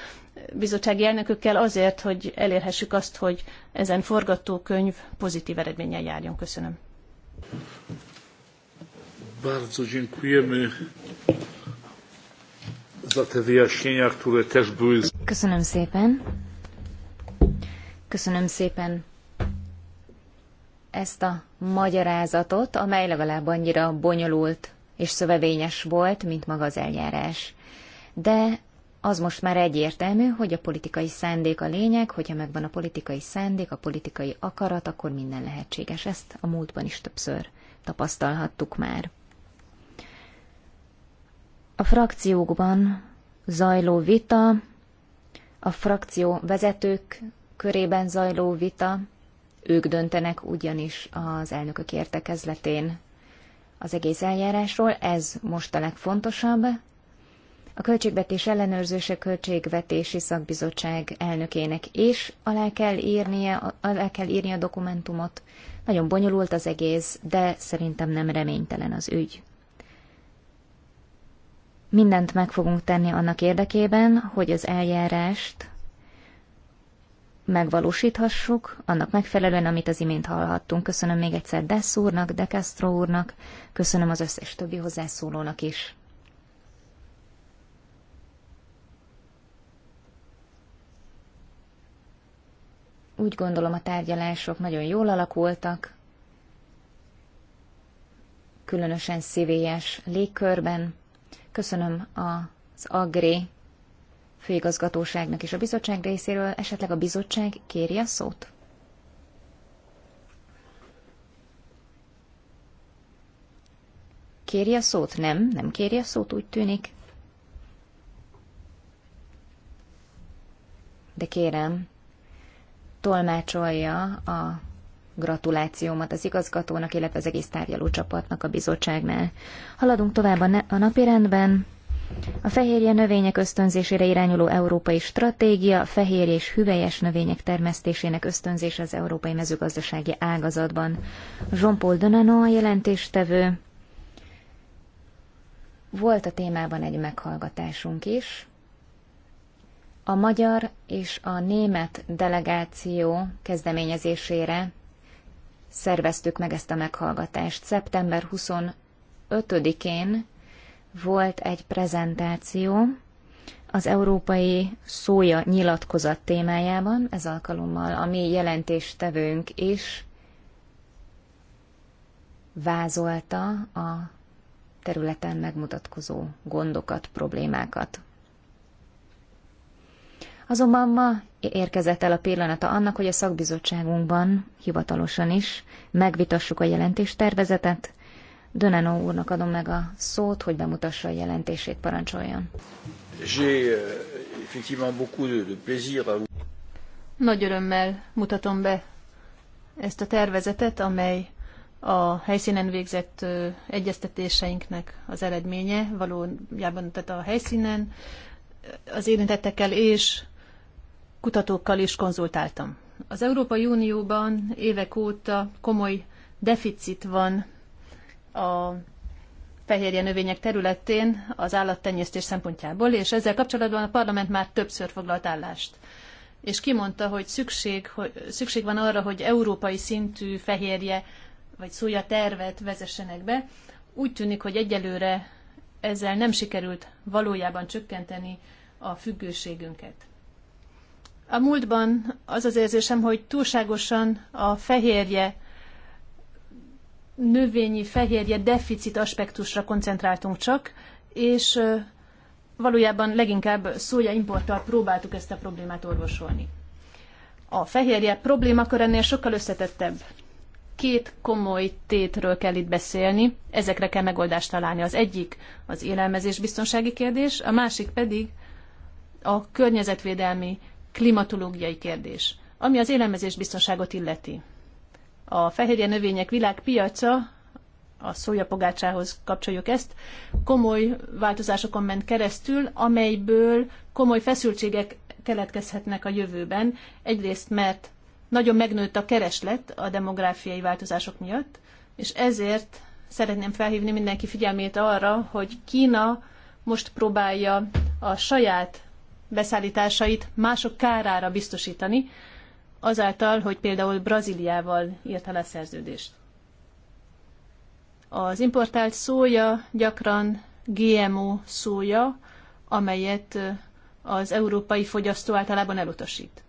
bizottsági elnökökkel azért, hogy elérhessük azt, hogy ezen forgatókönyv pozitív eredménnyel járjon. Köszönöm. Bardzo dziękujemy Köszönöm szépen. Köszönöm szépen ezt a magyarázatot, amely legalább annyira bonyolult és szövevényes volt, mint maga az eljárás. De az most már egyértelmű, hogy a politikai szándék a lényeg, hogyha megvan a politikai szándék, a politikai akarat, akkor minden lehetséges. Ezt a múltban is többször tapasztalhattuk már a frakciókban zajló vita, a frakció vezetők körében zajló vita, ők döntenek ugyanis az elnökök értekezletén az egész eljárásról, ez most a legfontosabb. A Költségvetés Ellenőrzése Költségvetési Szakbizottság elnökének is alá kell írnia, alá kell írnia a dokumentumot. Nagyon bonyolult az egész, de szerintem nem reménytelen az ügy mindent meg fogunk tenni annak érdekében, hogy az eljárást megvalósíthassuk, annak megfelelően, amit az imént hallhattunk. Köszönöm még egyszer Dess úrnak, De Castro úrnak, köszönöm az összes többi hozzászólónak is. Úgy gondolom a tárgyalások nagyon jól alakultak, különösen szívélyes légkörben. Köszönöm az Agri főigazgatóságnak és a bizottság részéről. Esetleg a bizottság kéri a szót? Kéri a szót? Nem, nem kéri a szót, úgy tűnik. De kérem, tolmácsolja a gratulációmat az igazgatónak, illetve az egész csapatnak a bizottságnál. Haladunk tovább a, ne- a napirendben. A fehérje növények ösztönzésére irányuló európai stratégia, fehérje és hüvelyes növények termesztésének ösztönzése az európai mezőgazdasági ágazatban. Jean-Paul Donano a jelentéstevő. Volt a témában egy meghallgatásunk is. A magyar és a német delegáció kezdeményezésére szerveztük meg ezt a meghallgatást. Szeptember 25-én volt egy prezentáció az európai szója nyilatkozat témájában, ez alkalommal a mi jelentéstevőnk is vázolta a területen megmutatkozó gondokat, problémákat. Azonban ma érkezett el a pillanata annak, hogy a szakbizottságunkban hivatalosan is megvitassuk a jelentéstervezetet. Dönenó úrnak adom meg a szót, hogy bemutassa a jelentését, parancsoljon. Euh, Nagy örömmel mutatom be ezt a tervezetet, amely a helyszínen végzett egyeztetéseinknek az eredménye, valójában tehát a helyszínen az érintettekkel és kutatókkal is konzultáltam. Az Európai Unióban évek óta komoly deficit van a fehérje növények területén az állattenyésztés szempontjából, és ezzel kapcsolatban a parlament már többször foglalt állást. És kimondta, hogy szükség, hogy szükség van arra, hogy európai szintű fehérje vagy szója tervet vezessenek be. Úgy tűnik, hogy egyelőre ezzel nem sikerült valójában csökkenteni a függőségünket. A múltban az az érzésem, hogy túlságosan a fehérje, növényi fehérje deficit aspektusra koncentráltunk csak, és valójában leginkább szója importtal próbáltuk ezt a problémát orvosolni. A fehérje problémakör ennél sokkal összetettebb. Két komoly tétről kell itt beszélni, ezekre kell megoldást találni. Az egyik az élelmezés biztonsági kérdés, a másik pedig a környezetvédelmi klimatológiai kérdés, ami az élelmezés biztonságot illeti. A fehérje növények világpiaca, a szójapogácsához kapcsoljuk ezt, komoly változásokon ment keresztül, amelyből komoly feszültségek keletkezhetnek a jövőben. Egyrészt, mert nagyon megnőtt a kereslet a demográfiai változások miatt, és ezért szeretném felhívni mindenki figyelmét arra, hogy Kína most próbálja a saját beszállításait mások kárára biztosítani, azáltal, hogy például Brazíliával írt le szerződést. Az importált szója gyakran GMO szója, amelyet az európai fogyasztó általában elutasít.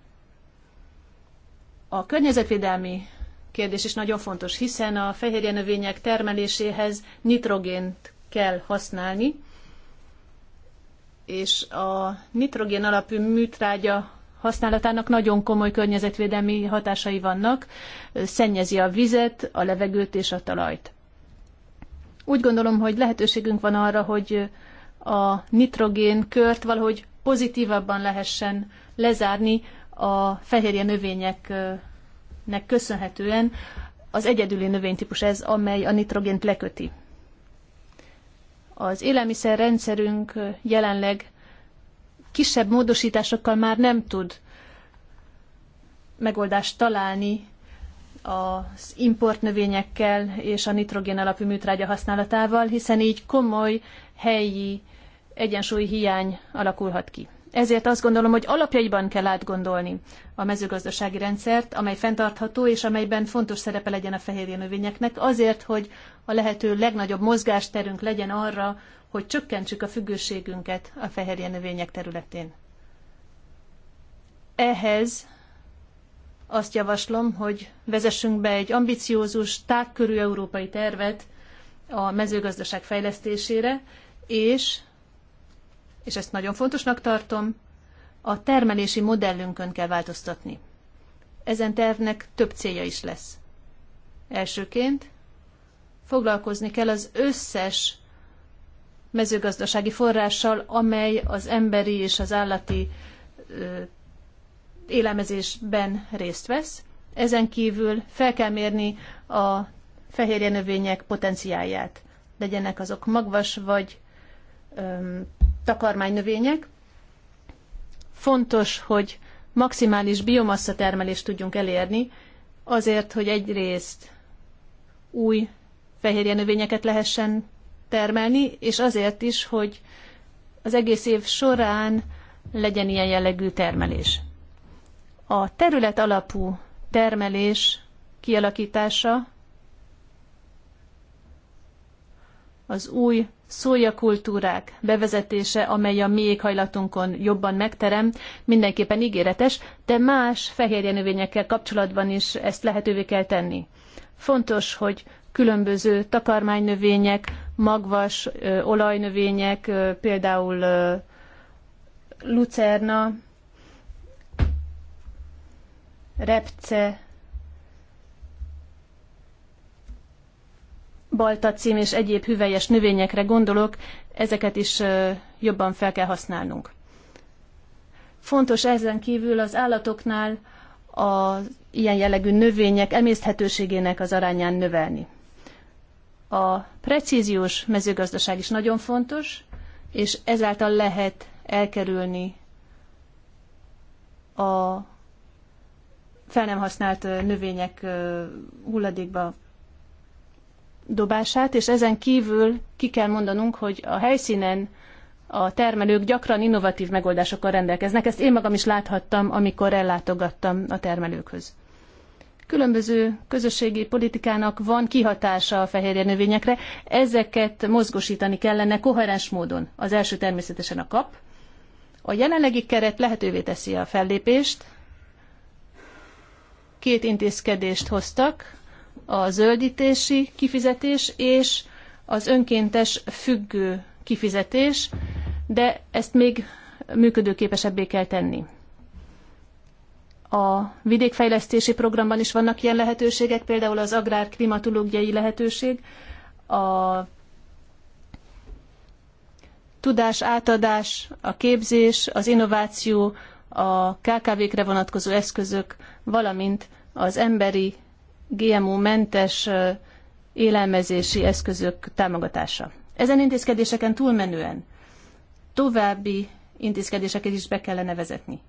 A környezetvédelmi kérdés is nagyon fontos, hiszen a fehérje növények termeléséhez nitrogént kell használni, és a nitrogén alapú műtrágya használatának nagyon komoly környezetvédelmi hatásai vannak, szennyezi a vizet, a levegőt és a talajt. Úgy gondolom, hogy lehetőségünk van arra, hogy a nitrogén kört valahogy pozitívabban lehessen lezárni a fehérje növényeknek köszönhetően. Az egyedüli növénytípus ez, amely a nitrogént leköti az élelmiszerrendszerünk jelenleg kisebb módosításokkal már nem tud megoldást találni az importnövényekkel és a nitrogén alapú műtrágya használatával, hiszen így komoly helyi egyensúly hiány alakulhat ki. Ezért azt gondolom, hogy alapjaiban kell átgondolni a mezőgazdasági rendszert, amely fenntartható és amelyben fontos szerepe legyen a fehérje növényeknek, azért, hogy a lehető legnagyobb mozgásterünk legyen arra, hogy csökkentsük a függőségünket a fehérje növények területén. Ehhez azt javaslom, hogy vezessünk be egy ambiciózus, tágkörű európai tervet a mezőgazdaság fejlesztésére, és és ezt nagyon fontosnak tartom, a termelési modellünkön kell változtatni. Ezen tervnek több célja is lesz. Elsőként foglalkozni kell az összes mezőgazdasági forrással, amely az emberi és az állati ö, élelmezésben részt vesz. Ezen kívül fel kell mérni a fehérjenövények növények potenciáját. Legyenek azok magvas vagy ö, takarmánynövények. Fontos, hogy maximális biomassa termelést tudjunk elérni, azért, hogy egyrészt új fehérje növényeket lehessen termelni, és azért is, hogy az egész év során legyen ilyen jellegű termelés. A terület alapú termelés kialakítása az új szója kultúrák bevezetése, amely a mi éghajlatunkon jobban megterem, mindenképpen ígéretes, de más fehérje növényekkel kapcsolatban is ezt lehetővé kell tenni. Fontos, hogy különböző takarmánynövények, magvas, ö, olajnövények, ö, például ö, lucerna, repce, baltacím és egyéb hüvelyes növényekre gondolok, ezeket is jobban fel kell használnunk. Fontos ezen kívül az állatoknál a ilyen jellegű növények emészthetőségének az arányán növelni. A precíziós mezőgazdaság is nagyon fontos, és ezáltal lehet elkerülni a fel nem használt növények hulladékba dobását, és ezen kívül ki kell mondanunk, hogy a helyszínen a termelők gyakran innovatív megoldásokkal rendelkeznek. Ezt én magam is láthattam, amikor ellátogattam a termelőkhöz. Különböző közösségi politikának van kihatása a fehérje növényekre, ezeket mozgosítani kellene koherens módon. Az első természetesen a kap. A jelenlegi keret lehetővé teszi a fellépést. Két intézkedést hoztak, a zöldítési kifizetés és az önkéntes függő kifizetés, de ezt még működőképesebbé kell tenni. A vidékfejlesztési programban is vannak ilyen lehetőségek, például az agrár klimatológiai lehetőség, a tudás átadás, a képzés, az innováció, a KKV-kre vonatkozó eszközök, valamint az emberi GMO-mentes élelmezési eszközök támogatása. Ezen intézkedéseken túlmenően további intézkedéseket is be kellene vezetni.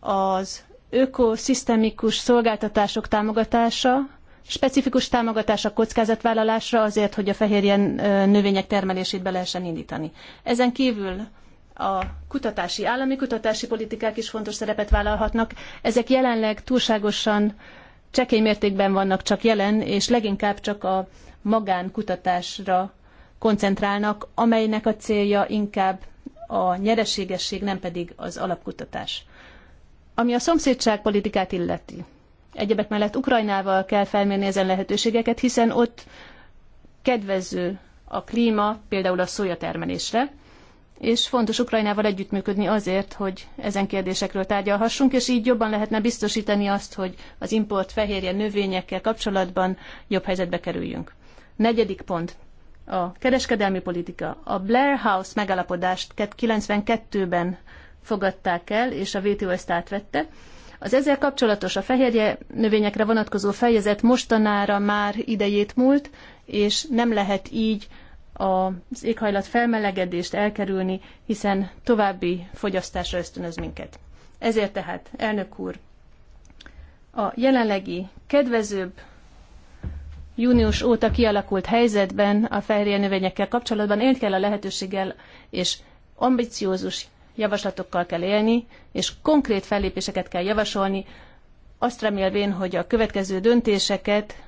Az ökoszisztemikus szolgáltatások támogatása, specifikus támogatás a kockázatvállalásra azért, hogy a fehérjen növények termelését be lehessen indítani. Ezen kívül a kutatási, állami kutatási politikák is fontos szerepet vállalhatnak. Ezek jelenleg túlságosan csekély mértékben vannak csak jelen, és leginkább csak a magánkutatásra koncentrálnak, amelynek a célja inkább a nyereségesség, nem pedig az alapkutatás. Ami a szomszédságpolitikát illeti. Egyebek mellett Ukrajnával kell felmérni ezen lehetőségeket, hiszen ott kedvező a klíma, például a szójatermelésre. termelésre, és fontos Ukrajnával együttműködni azért, hogy ezen kérdésekről tárgyalhassunk, és így jobban lehetne biztosítani azt, hogy az import fehérje növényekkel kapcsolatban jobb helyzetbe kerüljünk. Negyedik pont. A kereskedelmi politika. A Blair House megállapodást 92-ben fogadták el, és a WTO ezt átvette. Az ezzel kapcsolatos a fehérje növényekre vonatkozó fejezet mostanára már idejét múlt, és nem lehet így az éghajlat felmelegedést elkerülni, hiszen további fogyasztásra ösztönöz minket. Ezért tehát, elnök úr, a jelenlegi kedvezőbb június óta kialakult helyzetben a fehérje növényekkel kapcsolatban élt kell a lehetőséggel, és ambiciózus javaslatokkal kell élni, és konkrét fellépéseket kell javasolni, azt remélvén, hogy a következő döntéseket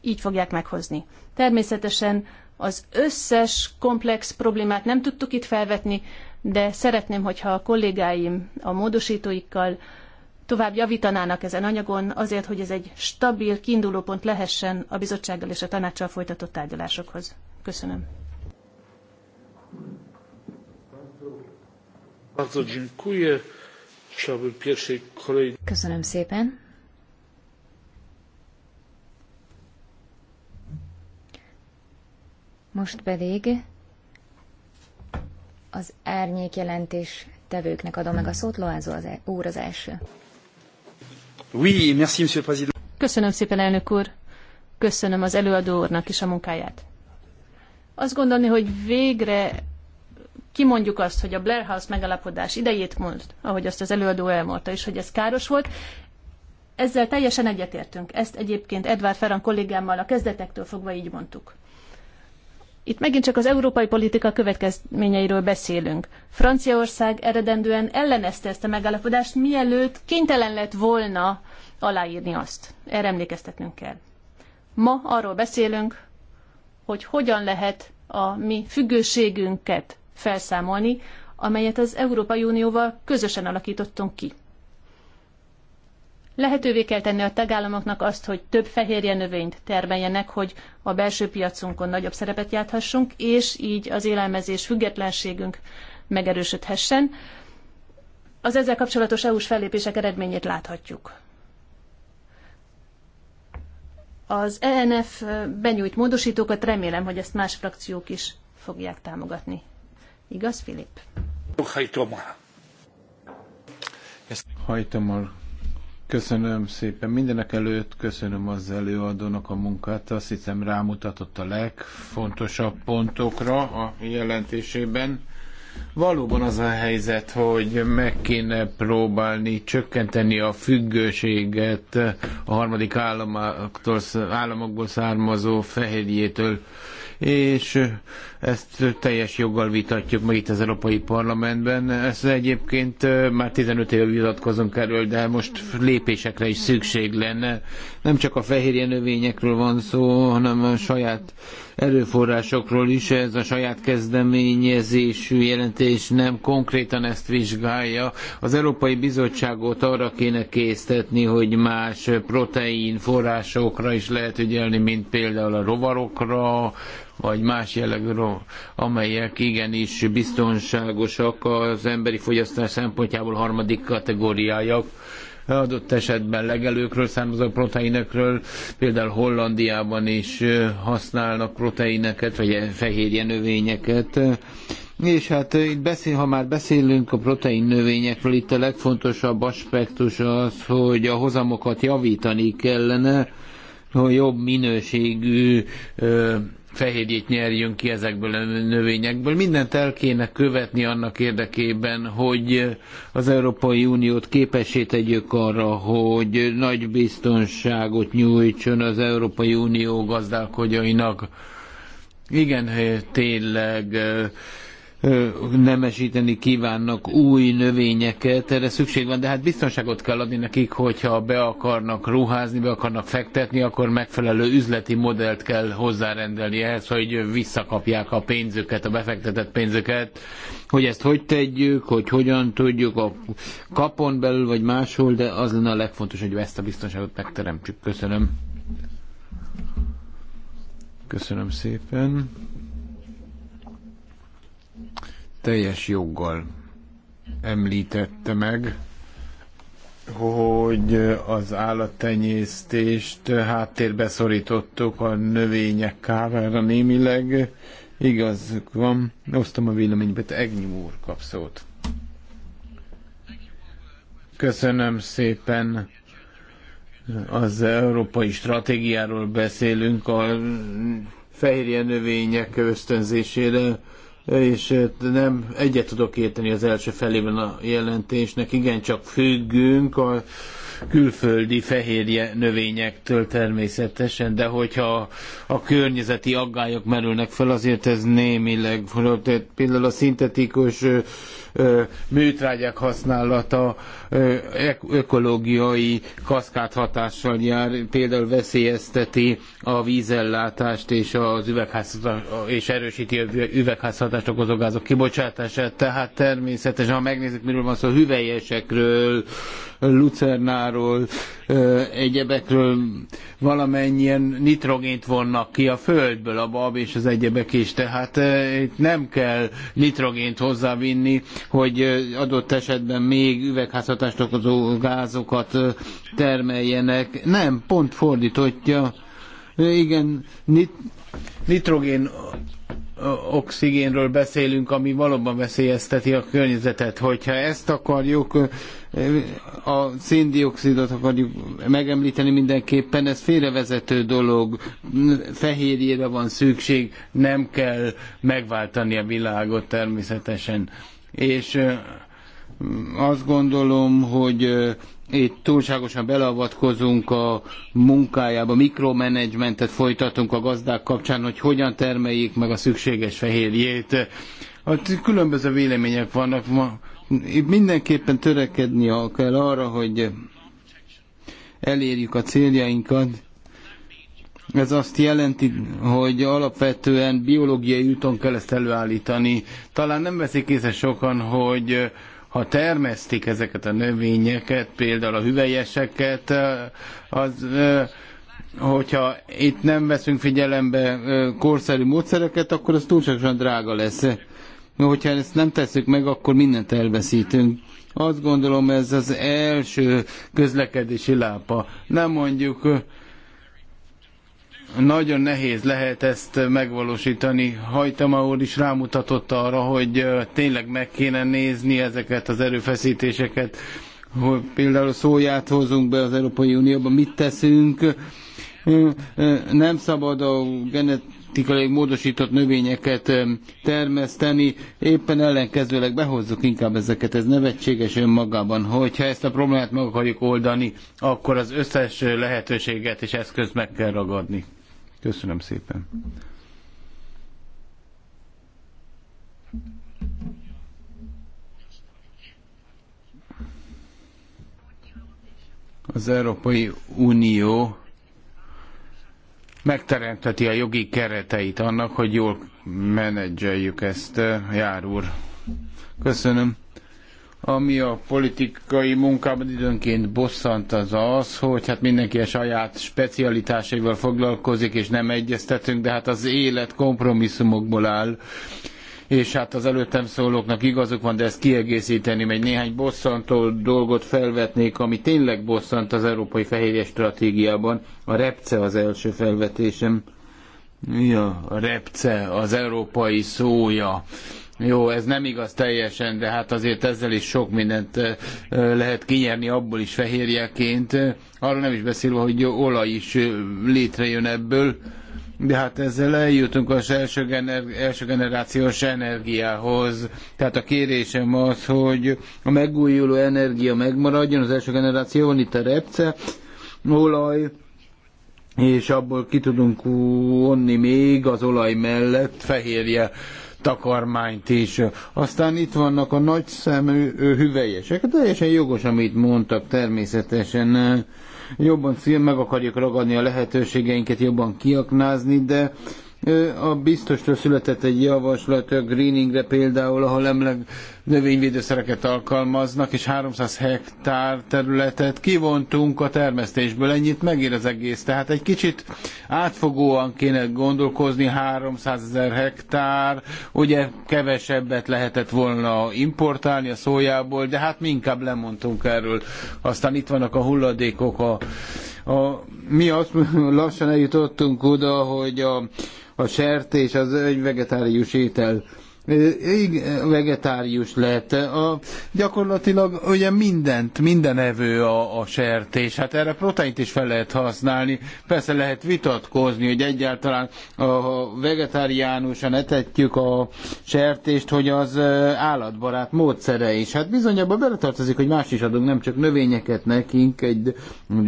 így fogják meghozni. Természetesen az összes komplex problémát nem tudtuk itt felvetni, de szeretném, hogyha a kollégáim a módosítóikkal tovább javítanának ezen anyagon, azért, hogy ez egy stabil kiindulópont lehessen a bizottsággal és a tanácssal folytatott tárgyalásokhoz. Köszönöm. Köszönöm szépen. Most pedig az árnyék jelentés tevőknek adom meg a szót, Loázó az e- úr az első. Oui, merci, monsieur le président. Köszönöm szépen, elnök úr. Köszönöm az előadó úrnak is a munkáját. Azt gondolni, hogy végre kimondjuk azt, hogy a Blair House megalapodás idejét mond, ahogy azt az előadó elmondta is, hogy ez káros volt, ezzel teljesen egyetértünk. Ezt egyébként Edward Ferran kollégámmal a kezdetektől fogva így mondtuk. Itt megint csak az európai politika következményeiről beszélünk. Franciaország eredendően ellenezte ezt a megállapodást, mielőtt kénytelen lett volna aláírni azt. Erre emlékeztetnünk kell. Ma arról beszélünk, hogy hogyan lehet a mi függőségünket felszámolni, amelyet az Európai Unióval közösen alakítottunk ki. Lehetővé kell tenni a tagállamoknak azt, hogy több fehérje növényt termeljenek, hogy a belső piacunkon nagyobb szerepet játhassunk, és így az élelmezés függetlenségünk megerősödhessen. Az ezzel kapcsolatos EU-s fellépések eredményét láthatjuk. Az ENF benyújt módosítókat remélem, hogy ezt más frakciók is fogják támogatni. Igaz, Filip? Hajtomar. Hajtomar Köszönöm szépen. Mindenek előtt köszönöm az előadónak a munkát. Azt hiszem rámutatott a legfontosabb pontokra a jelentésében. Valóban az a helyzet, hogy meg kéne próbálni csökkenteni a függőséget a harmadik államoktól, államokból származó fehérjétől, és ezt teljes joggal vitatjuk meg itt az Európai Parlamentben. Ezt egyébként már 15 éve vitatkozunk erről, de most lépésekre is szükség lenne. Nem csak a fehérje növényekről van szó, hanem a saját erőforrásokról is. Ez a saját kezdeményezésű jelentés nem konkrétan ezt vizsgálja. Az Európai Bizottságot arra kéne késztetni, hogy más protein forrásokra is lehet ügyelni, mint például a rovarokra, vagy más jellegű, amelyek igenis biztonságosak az emberi fogyasztás szempontjából harmadik kategóriájak adott esetben legelőkről származó proteinekről, például Hollandiában is használnak proteineket, vagy fehérje növényeket. És hát itt beszél, ha már beszélünk a protein növényekről, itt a legfontosabb aspektus az, hogy a hozamokat javítani kellene, hogy jobb minőségű fehérjét nyerjünk ki ezekből a növényekből. Mindent el kéne követni annak érdekében, hogy az Európai Uniót képessé tegyük arra, hogy nagy biztonságot nyújtson az Európai Unió gazdálkodjainak. Igen, tényleg nemesíteni kívánnak új növényeket, erre szükség van, de hát biztonságot kell adni nekik, hogyha be akarnak ruházni, be akarnak fektetni, akkor megfelelő üzleti modellt kell hozzárendelni ehhez, hogy visszakapják a pénzüket, a befektetett pénzüket, hogy ezt hogy tegyük, hogy hogyan tudjuk a kapon belül, vagy máshol, de az lenne a legfontos, hogy ezt a biztonságot megteremtsük. Köszönöm. Köszönöm szépen teljes joggal említette meg, hogy az állattenyésztést háttérbe szorítottuk a növények kávára némileg. Igazuk van, osztom a véleményben, Egnyú úr kap szót. Köszönöm szépen. Az európai stratégiáról beszélünk a fehérje növények ösztönzésére és nem egyet tudok érteni az első felében a jelentésnek, igen, csak függünk a külföldi fehérje növényektől természetesen, de hogyha a környezeti aggályok merülnek fel, azért ez némileg, például a szintetikus műtrágyák használata ökológiai kaszkádhatással jár, például veszélyezteti a vízellátást és az üvegházhatást, és erősíti a üvegházhatást okozó gázok kibocsátását. Tehát természetesen, ha megnézzük, miről van szó, hüvelyesekről, lucernáról, egyebekről valamennyien nitrogént vonnak ki a földből, a bab és az egyebek is, tehát itt nem kell nitrogént hozzávinni hogy adott esetben még üvegházhatást okozó gázokat termeljenek. Nem, pont fordítotja. Igen, nit nitrogén oxigénről beszélünk, ami valóban veszélyezteti a környezetet. Hogyha ezt akarjuk, a széndiokszidot akarjuk megemlíteni mindenképpen, ez félrevezető dolog, fehérjére van szükség, nem kell megváltani a világot természetesen és azt gondolom, hogy itt túlságosan beleavatkozunk a munkájába, mikromanagementet folytatunk a gazdák kapcsán, hogy hogyan termeljék meg a szükséges fehérjét. Hát különböző vélemények vannak. Mindenképpen törekedni kell arra, hogy elérjük a céljainkat, ez azt jelenti, hogy alapvetően biológiai úton kell ezt előállítani. Talán nem veszik észre sokan, hogy ha termesztik ezeket a növényeket, például a hüvelyeseket, az hogyha itt nem veszünk figyelembe korszerű módszereket, akkor az túlságosan drága lesz. mert Hogyha ezt nem tesszük meg, akkor mindent elveszítünk. Azt gondolom ez az első közlekedési lápa. Nem mondjuk nagyon nehéz lehet ezt megvalósítani. Hajtama úr is rámutatott arra, hogy tényleg meg kéne nézni ezeket az erőfeszítéseket, hogy például szóját hozunk be az Európai Unióba, mit teszünk. Nem szabad a genetikailag módosított növényeket termeszteni, éppen ellenkezőleg behozzuk inkább ezeket, ez nevetséges önmagában. Hogyha ezt a problémát meg akarjuk oldani, akkor az összes lehetőséget és eszközt meg kell ragadni. Köszönöm szépen. Az Európai Unió megteremteti a jogi kereteit annak, hogy jól menedzseljük ezt, jár úr. Köszönöm ami a politikai munkában időnként bosszant az az, hogy hát mindenki a saját specialitásaival foglalkozik, és nem egyeztetünk, de hát az élet kompromisszumokból áll és hát az előttem szólóknak igazuk van, de ezt kiegészíteni, egy néhány bosszantó dolgot felvetnék, ami tényleg bosszant az európai fehérje stratégiában. A repce az első felvetésem. Ja, a repce, az európai szója. Jó, ez nem igaz teljesen, de hát azért ezzel is sok mindent lehet kinyerni abból is fehérjeként. Arról nem is beszélve, hogy olaj is létrejön ebből. De hát ezzel eljutunk az első, gener- első generációs energiához. Tehát a kérésem az, hogy a megújuló energia megmaradjon, az első van itt a repce, olaj, és abból ki tudunk vonni még az olaj mellett fehérje takarmányt is. Aztán itt vannak a nagy szemű hüvelyesek. Teljesen jogos, amit mondtak természetesen. Jobban szív, meg akarjuk ragadni a lehetőségeinket, jobban kiaknázni, de a biztosra született egy javaslat a greeningre például, ahol emleg növényvédőszereket alkalmaznak, és 300 hektár területet kivontunk a termesztésből. Ennyit megér az egész. Tehát egy kicsit átfogóan kéne gondolkozni, 300 ezer hektár, ugye kevesebbet lehetett volna importálni a szójából, de hát mi inkább lemondtunk erről. Aztán itt vannak a hulladékok, a, a, mi azt lassan eljutottunk oda, hogy a a sertés az egy vegetárius étel vegetárius lett. A, gyakorlatilag ugye mindent, minden evő a, a sertés. Hát erre proteint is fel lehet használni. Persze lehet vitatkozni, hogy egyáltalán a vegetáriánusan etetjük a sertést, hogy az állatbarát módszere is. Hát bizony abba beletartozik, hogy más is adunk, nem csak növényeket nekünk, egy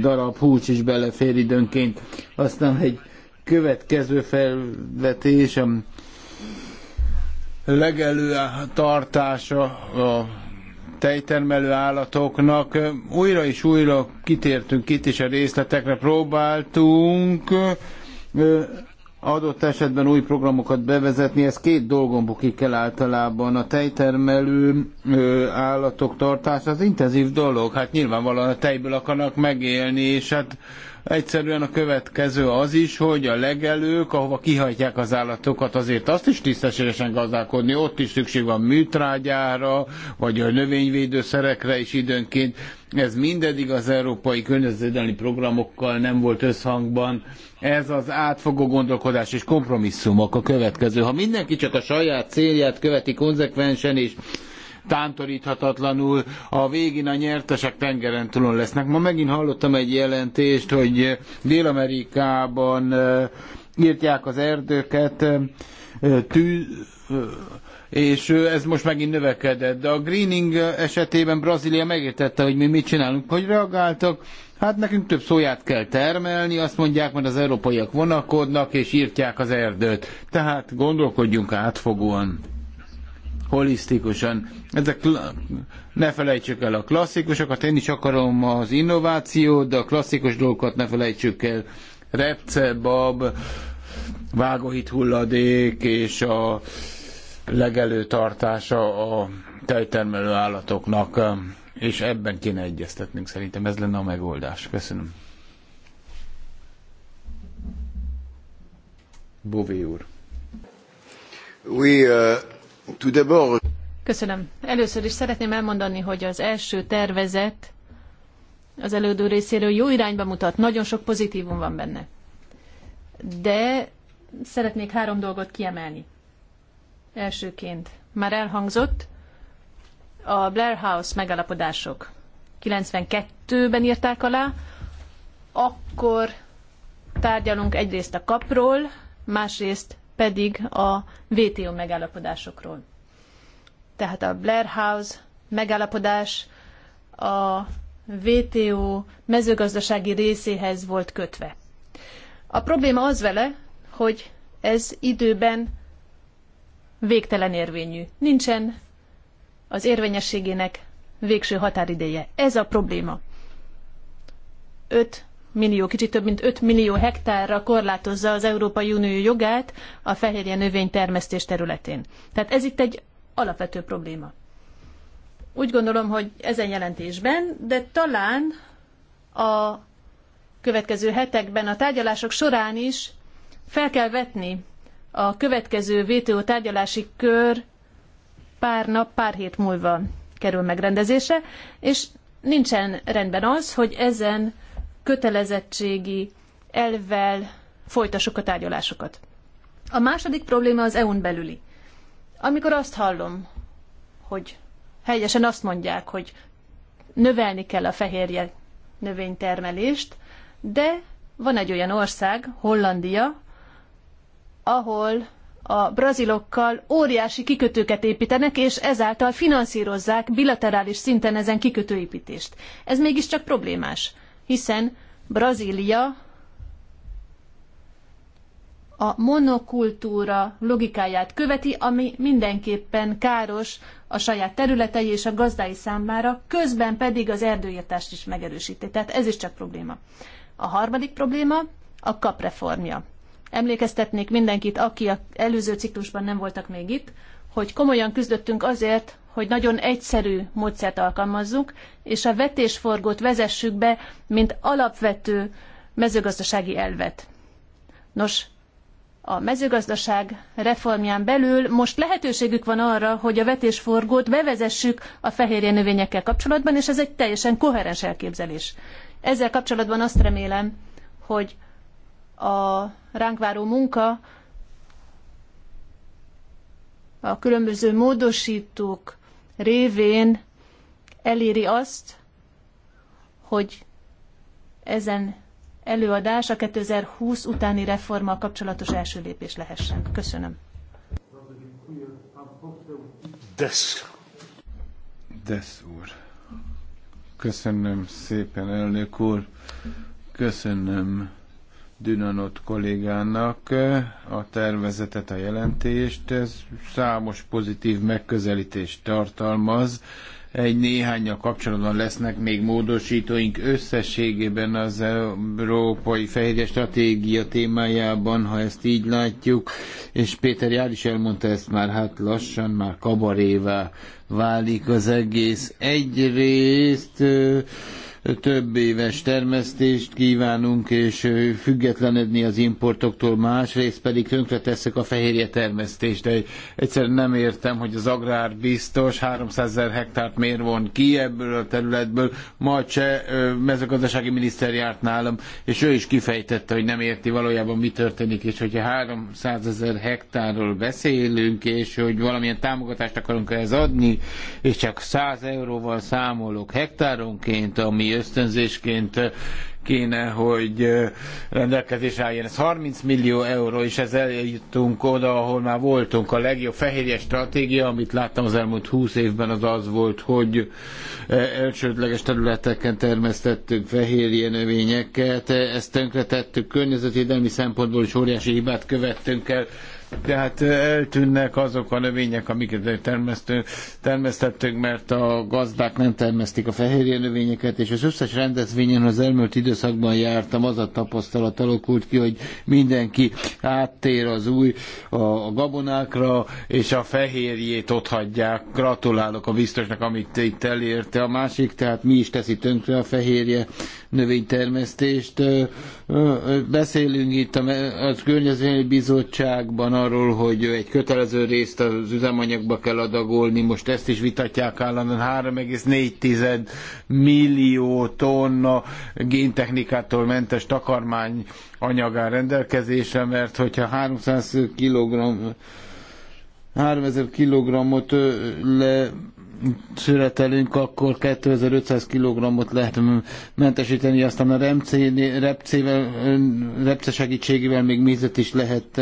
darab hús is belefér időnként. Aztán egy következő felvetésem legelő tartása a tejtermelő állatoknak. Újra és újra kitértünk itt is a részletekre, próbáltunk adott esetben új programokat bevezetni, ez két dolgon bukik el általában. A tejtermelő állatok tartása az intenzív dolog, hát nyilvánvalóan a tejből akarnak megélni, és hát Egyszerűen a következő az is, hogy a legelők, ahova kihajtják az állatokat, azért azt is tisztességesen gazdálkodni, ott is szükség van műtrágyára, vagy a növényvédőszerekre is időnként. Ez mindedig az európai környezetvédelmi programokkal nem volt összhangban. Ez az átfogó gondolkodás és kompromisszumok a következő. Ha mindenki csak a saját célját követi konzekvensen és tántoríthatatlanul. A végén a nyertesek tengeren túlon lesznek. Ma megint hallottam egy jelentést, hogy Dél-Amerikában írtják az erdőket, tűz, és ez most megint növekedett. De a greening esetében Brazília megértette, hogy mi mit csinálunk, hogy reagáltak. Hát nekünk több szóját kell termelni, azt mondják, mert az európaiak vonakodnak és írtják az erdőt. Tehát gondolkodjunk átfogóan holisztikusan. Ezek, ne felejtsük el a klasszikusokat, én is akarom az innovációt, de a klasszikus dolgokat ne felejtsük el. Repce, bab, vágóhit hulladék és a tartása a tejtermelő állatoknak, és ebben kéne egyeztetnünk szerintem, ez lenne a megoldás. Köszönöm. Bové úr. We, uh... Köszönöm. Először is szeretném elmondani, hogy az első tervezet az elődő részéről jó irányba mutat, nagyon sok pozitívum van benne. De szeretnék három dolgot kiemelni. Elsőként már elhangzott a Blair House megalapodások. 92-ben írták alá, akkor tárgyalunk egyrészt a kapról, másrészt pedig a WTO megállapodásokról. Tehát a Blair House megállapodás a WTO mezőgazdasági részéhez volt kötve. A probléma az vele, hogy ez időben végtelen érvényű. Nincsen az érvényességének végső határideje. Ez a probléma. Öt millió, kicsit több mint 5 millió hektárra korlátozza az Európai Unió jogát a fehérje növénytermesztés területén. Tehát ez itt egy alapvető probléma. Úgy gondolom, hogy ezen jelentésben, de talán a következő hetekben a tárgyalások során is fel kell vetni a következő WTO tárgyalási kör pár nap, pár hét múlva kerül megrendezésre, és nincsen rendben az, hogy ezen kötelezettségi elvvel folytassuk a tárgyalásokat. A második probléma az EU-n belüli. Amikor azt hallom, hogy helyesen azt mondják, hogy növelni kell a fehérje növénytermelést, de van egy olyan ország, Hollandia, ahol a brazilokkal óriási kikötőket építenek, és ezáltal finanszírozzák bilaterális szinten ezen kikötőépítést. Ez mégiscsak problémás hiszen Brazília a monokultúra logikáját követi, ami mindenképpen káros a saját területei és a gazdái számára, közben pedig az erdőírtást is megerősíti. Tehát ez is csak probléma. A harmadik probléma a kapreformja. Emlékeztetnék mindenkit, aki az előző ciklusban nem voltak még itt, hogy komolyan küzdöttünk azért, hogy nagyon egyszerű módszert alkalmazzunk, és a vetésforgót vezessük be, mint alapvető mezőgazdasági elvet. Nos, a mezőgazdaság reformján belül most lehetőségük van arra, hogy a vetésforgót bevezessük a fehérje növényekkel kapcsolatban, és ez egy teljesen koherens elképzelés. Ezzel kapcsolatban azt remélem, hogy a ránk váró munka a különböző módosítók révén eléri azt, hogy ezen előadás a 2020 utáni reforma kapcsolatos első lépés lehessen. Köszönöm. Desz. Desz úr. Köszönöm szépen, elnök úr. Köszönöm Dünanot kollégának a tervezetet, a jelentést. Ez számos pozitív megközelítést tartalmaz. Egy a kapcsolatban lesznek még módosítóink összességében az Európai Fehérje Stratégia témájában, ha ezt így látjuk, és Péter Jár is elmondta ezt már, hát lassan már kabarévá válik az egész. Egyrészt több éves termesztést kívánunk, és függetlenedni az importoktól, másrészt pedig tönkretesszük a fehérje termesztést. De egyszerűen nem értem, hogy az agrár biztos 300 ezer hektárt miért von ki ebből a területből. Ma cseh mezőgazdasági miniszter járt nálam, és ő is kifejtette, hogy nem érti valójában mi történik, és hogyha 300 ezer hektárról beszélünk, és hogy valamilyen támogatást akarunk ehhez adni, és csak 100 euróval számolok hektáronként, ami ösztönzésként kéne, hogy rendelkezés álljon. Ez 30 millió euró, és ez eljutunk oda, ahol már voltunk. A legjobb fehérje stratégia, amit láttam az elmúlt 20 évben, az az volt, hogy elsődleges területeken termesztettük fehérje növényeket, ezt tönkretettük, környezetvédelmi szempontból is óriási hibát követtünk el, de hát eltűnnek azok a növények, amiket termesztő, termesztettünk, mert a gazdák nem termesztik a fehérje növényeket, és az összes rendezvényen az elmúlt időszakban jártam, az a tapasztalat alakult ki, hogy mindenki áttér az új a gabonákra, és a fehérjét ott hagyják. Gratulálok a biztosnak, amit itt elérte. A másik, tehát mi is teszi tönkre a fehérje növénytermesztést. Beszélünk itt a, a bizottságban a arról, hogy egy kötelező részt az üzemanyagba kell adagolni, most ezt is vitatják állandóan, 3,4 millió tonna géntechnikától mentes takarmány anyagán rendelkezésre, mert hogyha 300 kg 3000 kilogrammot le születelünk, akkor 2500 kg-ot lehet mentesíteni, aztán a remcé, repcével, repce segítségével még mézet is lehet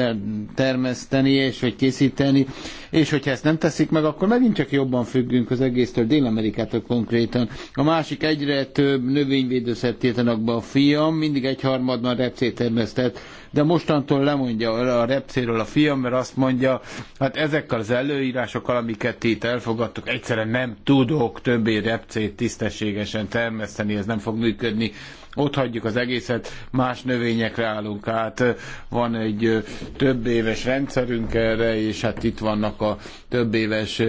termeszteni és vagy készíteni, és hogyha ezt nem teszik meg, akkor megint csak jobban függünk az egésztől, Dél-Amerikától konkrétan. A másik egyre több növényvédőszert tiltanak be a fiam, mindig egyharmadban repcét termesztett, de mostantól lemondja a repcéről a fiam, mert azt mondja, hát ezekkel az előírásokkal, amiket itt elfogadtuk, egyszerűen nem tudok többé repcét tisztességesen termeszteni, ez nem fog működni ott hagyjuk az egészet, más növényekre állunk át, van egy több éves rendszerünk erre, és hát itt vannak a több éves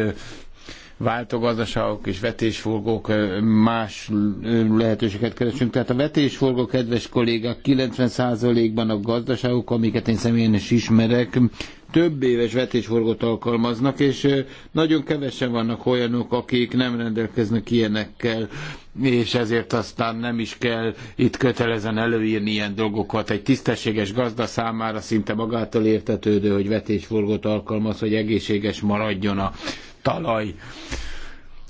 váltogazdaságok és vetésforgók más lehetőséget keresünk. Tehát a vetésforgó, kedves kollégák, 90%-ban a gazdaságok, amiket én személyen is ismerek, több éves vetésforgót alkalmaznak, és nagyon kevesen vannak olyanok, akik nem rendelkeznek ilyenekkel, és ezért aztán nem is kell itt kötelezen előírni ilyen dolgokat. Egy tisztességes gazda számára szinte magától értetődő, hogy vetésforgót alkalmaz, hogy egészséges maradjon a talaj.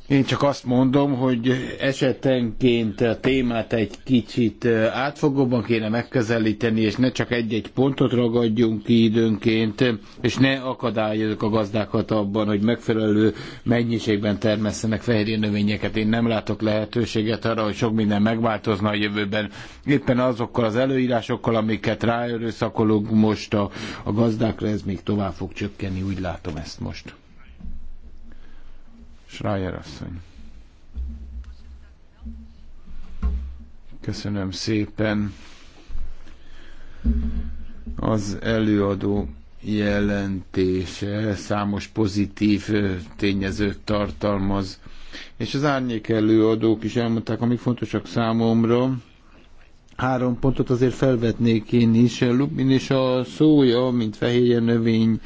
Én csak azt mondom, hogy esetenként a témát egy kicsit átfogóban kéne megközelíteni, és ne csak egy-egy pontot ragadjunk ki időnként, és ne akadályozok a gazdákat abban, hogy megfelelő mennyiségben termesztenek fehérje növényeket. Én nem látok lehetőséget arra, hogy sok minden megváltozna a jövőben. Éppen azokkal az előírásokkal, amiket ráerőszakolunk most a, a gazdákra, ez még tovább fog csökkenni, úgy látom ezt most. Schreier asszony. Köszönöm szépen. Az előadó jelentése számos pozitív tényezőt tartalmaz, és az árnyék előadók is elmondták, amik fontosak számomra. Három pontot azért felvetnék én is. Lubin és a szója, mint fehérje növény,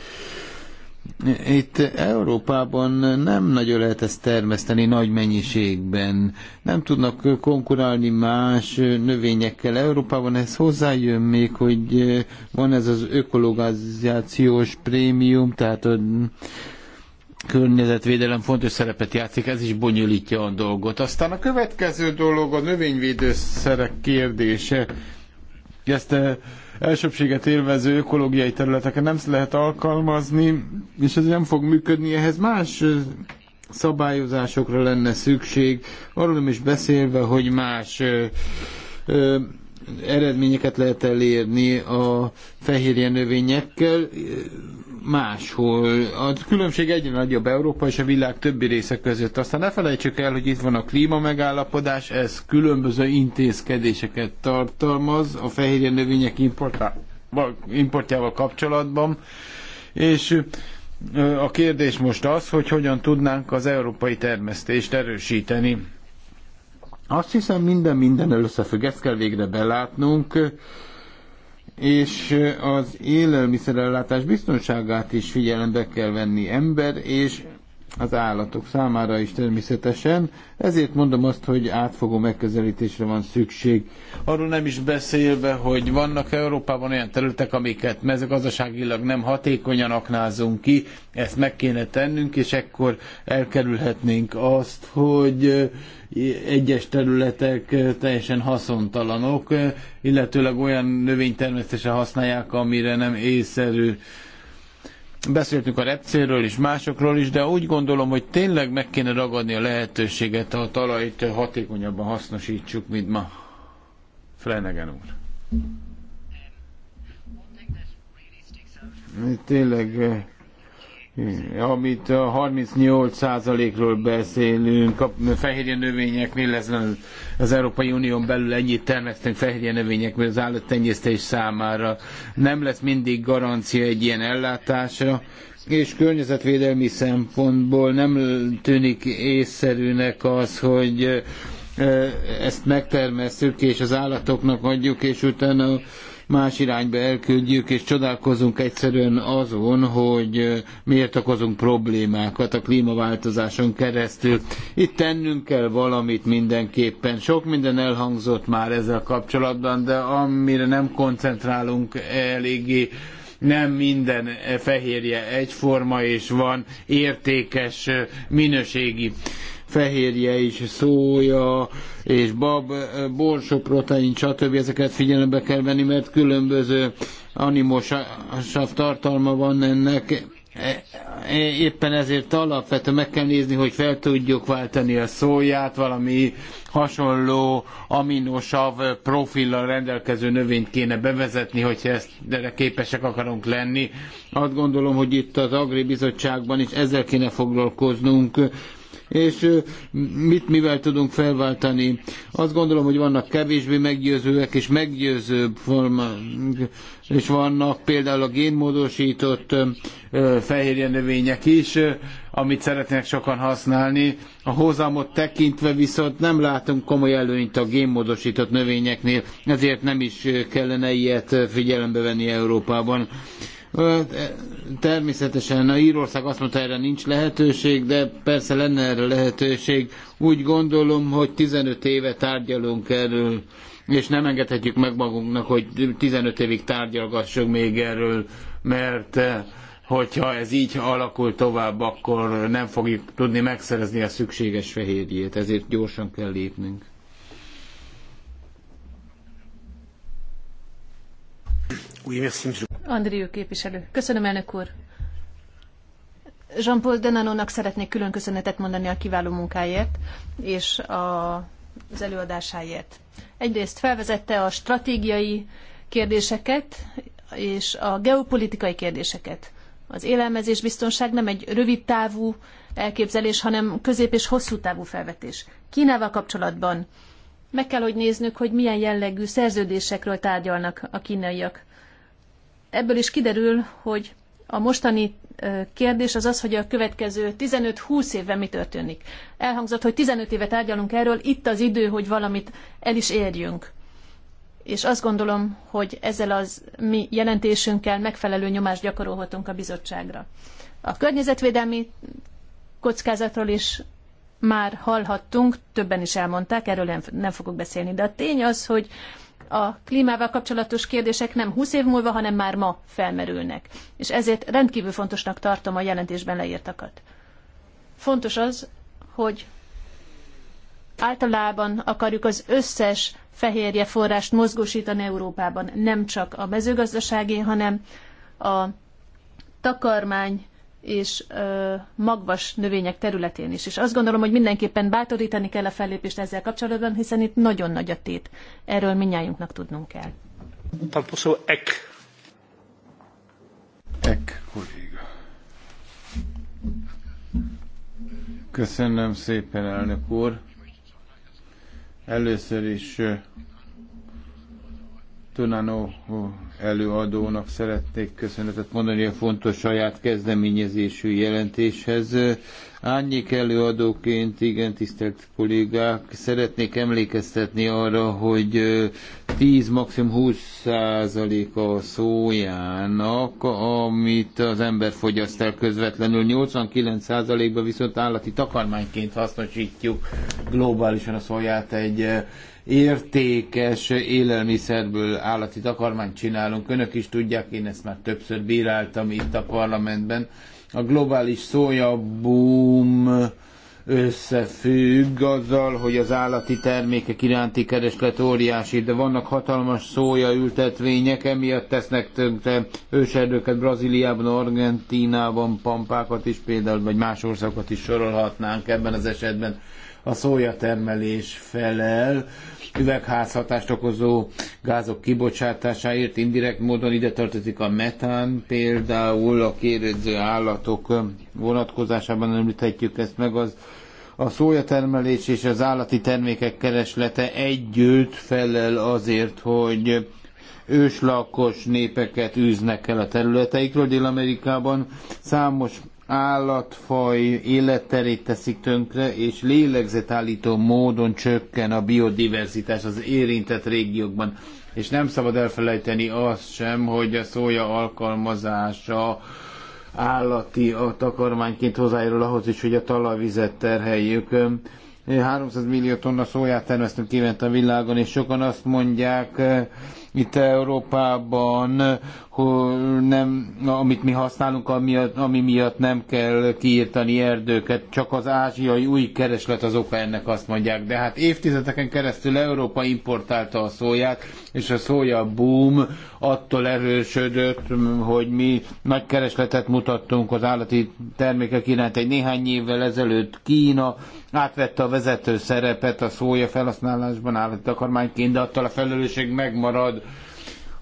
itt Európában nem nagyon lehet ezt termeszteni nagy mennyiségben. Nem tudnak konkurálni más növényekkel. Európában ez hozzájön még, hogy van ez az ökologizációs prémium, tehát a környezetvédelem fontos szerepet játszik, ez is bonyolítja a dolgot. Aztán a következő dolog a növényvédőszerek kérdése. Ezt eh, elsőbséget élvező ökológiai területeken nem lehet alkalmazni, és ez nem fog működni. Ehhez más szabályozásokra lenne szükség, arról nem is beszélve, hogy más ö, ö, eredményeket lehet elérni a fehérje növényekkel máshol. A különbség egyre nagyobb Európa és a világ többi része között. Aztán ne felejtsük el, hogy itt van a klíma megállapodás, ez különböző intézkedéseket tartalmaz a fehérje növények importával, importjával kapcsolatban, és a kérdés most az, hogy hogyan tudnánk az európai termesztést erősíteni. Azt hiszem minden minden összefügg, ezt kell végre belátnunk és az élelmiszerellátás biztonságát is figyelembe kell venni ember és az állatok számára is természetesen. Ezért mondom azt, hogy átfogó megközelítésre van szükség. Arról nem is beszélve, hogy vannak Európában olyan területek, amiket mezőgazdaságilag nem hatékonyan aknázunk ki, ezt meg kéne tennünk, és ekkor elkerülhetnénk azt, hogy egyes területek teljesen haszontalanok, illetőleg olyan növénytermesztésre használják, amire nem észszerű Beszéltünk a repcéről is, másokról is, de úgy gondolom, hogy tényleg meg kéne ragadni a lehetőséget, a talajt hatékonyabban hasznosítsuk, mint ma. Flanagan úr. Tényleg eh, Hm, amit a 38%-ról beszélünk, a fehérje növényeknél ez az Európai Unión belül ennyit termesztünk fehérje növények, mert az állattenyésztés számára. Nem lesz mindig garancia egy ilyen ellátásra, és környezetvédelmi szempontból nem tűnik észszerűnek az, hogy ezt megtermesszük, és az állatoknak adjuk, és utána más irányba elküldjük, és csodálkozunk egyszerűen azon, hogy miért okozunk problémákat a klímaváltozáson keresztül. Itt tennünk kell valamit mindenképpen. Sok minden elhangzott már ezzel kapcsolatban, de amire nem koncentrálunk eléggé, nem minden fehérje egyforma, és van értékes minőségi fehérje is, szója és bab, protein, stb. ezeket figyelembe kell venni, mert különböző animosav tartalma van ennek. E, e, éppen ezért alapvetően meg kell nézni, hogy fel tudjuk váltani a szóját, valami hasonló aminosav profillal rendelkező növényt kéne bevezetni, hogyha ezt erre képesek akarunk lenni. Azt gondolom, hogy itt az Agri Bizottságban is ezzel kéne foglalkoznunk, és mit mivel tudunk felváltani. Azt gondolom, hogy vannak kevésbé meggyőzőek és meggyőzőbb formák, és vannak például a génmódosított fehérje növények is, amit szeretnék sokan használni. A hozamot tekintve viszont nem látunk komoly előnyt a génmódosított növényeknél, ezért nem is kellene ilyet figyelembe venni Európában. Természetesen a Írország azt mondta, erre nincs lehetőség, de persze lenne erre lehetőség. Úgy gondolom, hogy 15 éve tárgyalunk erről, és nem engedhetjük meg magunknak, hogy 15 évig tárgyalgassunk még erről, mert hogyha ez így alakul tovább, akkor nem fogjuk tudni megszerezni a szükséges fehérjét, ezért gyorsan kell lépnünk. Andrió képviselő. Köszönöm, elnök úr. Jean-Paul Denanónak szeretnék külön köszönetet mondani a kiváló munkáért és a, az előadásáért. Egyrészt felvezette a stratégiai kérdéseket és a geopolitikai kérdéseket. Az élelmezés biztonság nem egy rövid távú elképzelés, hanem közép és hosszú távú felvetés. Kínával kapcsolatban meg kell, hogy néznünk, hogy milyen jellegű szerződésekről tárgyalnak a kínaiak ebből is kiderül, hogy a mostani kérdés az az, hogy a következő 15-20 évben mi történik. Elhangzott, hogy 15 évet tárgyalunk erről, itt az idő, hogy valamit el is érjünk. És azt gondolom, hogy ezzel az mi jelentésünkkel megfelelő nyomást gyakorolhatunk a bizottságra. A környezetvédelmi kockázatról is már hallhattunk, többen is elmondták, erről nem, nem fogok beszélni, de a tény az, hogy a klímával kapcsolatos kérdések nem 20 év múlva, hanem már ma felmerülnek. És ezért rendkívül fontosnak tartom a jelentésben leírtakat. Fontos az, hogy általában akarjuk az összes fehérje forrást mozgósítani Európában, nem csak a mezőgazdasági, hanem a takarmány, és ö, magvas növények területén is. És azt gondolom, hogy mindenképpen bátorítani kell a fellépést ezzel kapcsolatban, hiszen itt nagyon nagy a tét. Erről minnyájunknak tudnunk kell. Tartoszó Ek. Ek kolléga. Köszönöm szépen, elnök úr. Először is Tunano előadónak szeretnék köszönetet mondani a fontos saját kezdeményezésű jelentéshez. Ányik előadóként, igen, tisztelt kollégák, szeretnék emlékeztetni arra, hogy 10, maximum 20 százalék a szójának, amit az ember fogyaszt el közvetlenül, 89 százalékban viszont állati takarmányként hasznosítjuk globálisan a szóját egy értékes élelmiszerből állati takarmányt csinálunk. Önök is tudják, én ezt már többször bíráltam itt a parlamentben. A globális szója boom összefügg azzal, hogy az állati termékek iránti kereslet óriási, de vannak hatalmas szója ültetvények, emiatt tesznek tönkre őserdőket Brazíliában, Argentínában, Pampákat is például, vagy más országokat is sorolhatnánk ebben az esetben a szójatermelés felel, üvegházhatást okozó gázok kibocsátásáért indirekt módon ide tartozik a metán, például a kérődző állatok vonatkozásában említhetjük ezt meg, az a szójatermelés és az állati termékek kereslete együtt felel azért, hogy őslakos népeket űznek el a területeikről. Dél-Amerikában számos állatfaj életterét teszik tönkre, és lélegzetállító módon csökken a biodiverzitás az érintett régiókban. És nem szabad elfelejteni azt sem, hogy a szója alkalmazása állati a takarmányként hozzájárul ahhoz is, hogy a talajvizet terheljük. 300 millió tonna szóját termesztünk évente a világon, és sokan azt mondják, itt Európában, nem, amit mi használunk, ami, ami miatt nem kell kiirtani erdőket, csak az ázsiai új kereslet az oka ennek azt mondják. De hát évtizedeken keresztül Európa importálta a szóját, és a szója boom attól erősödött, hogy mi nagy keresletet mutattunk az állati termékek iránt. Egy néhány évvel ezelőtt Kína átvette a vezető szerepet a szója felhasználásban állati takarmányként, de attól a felelősség megmarad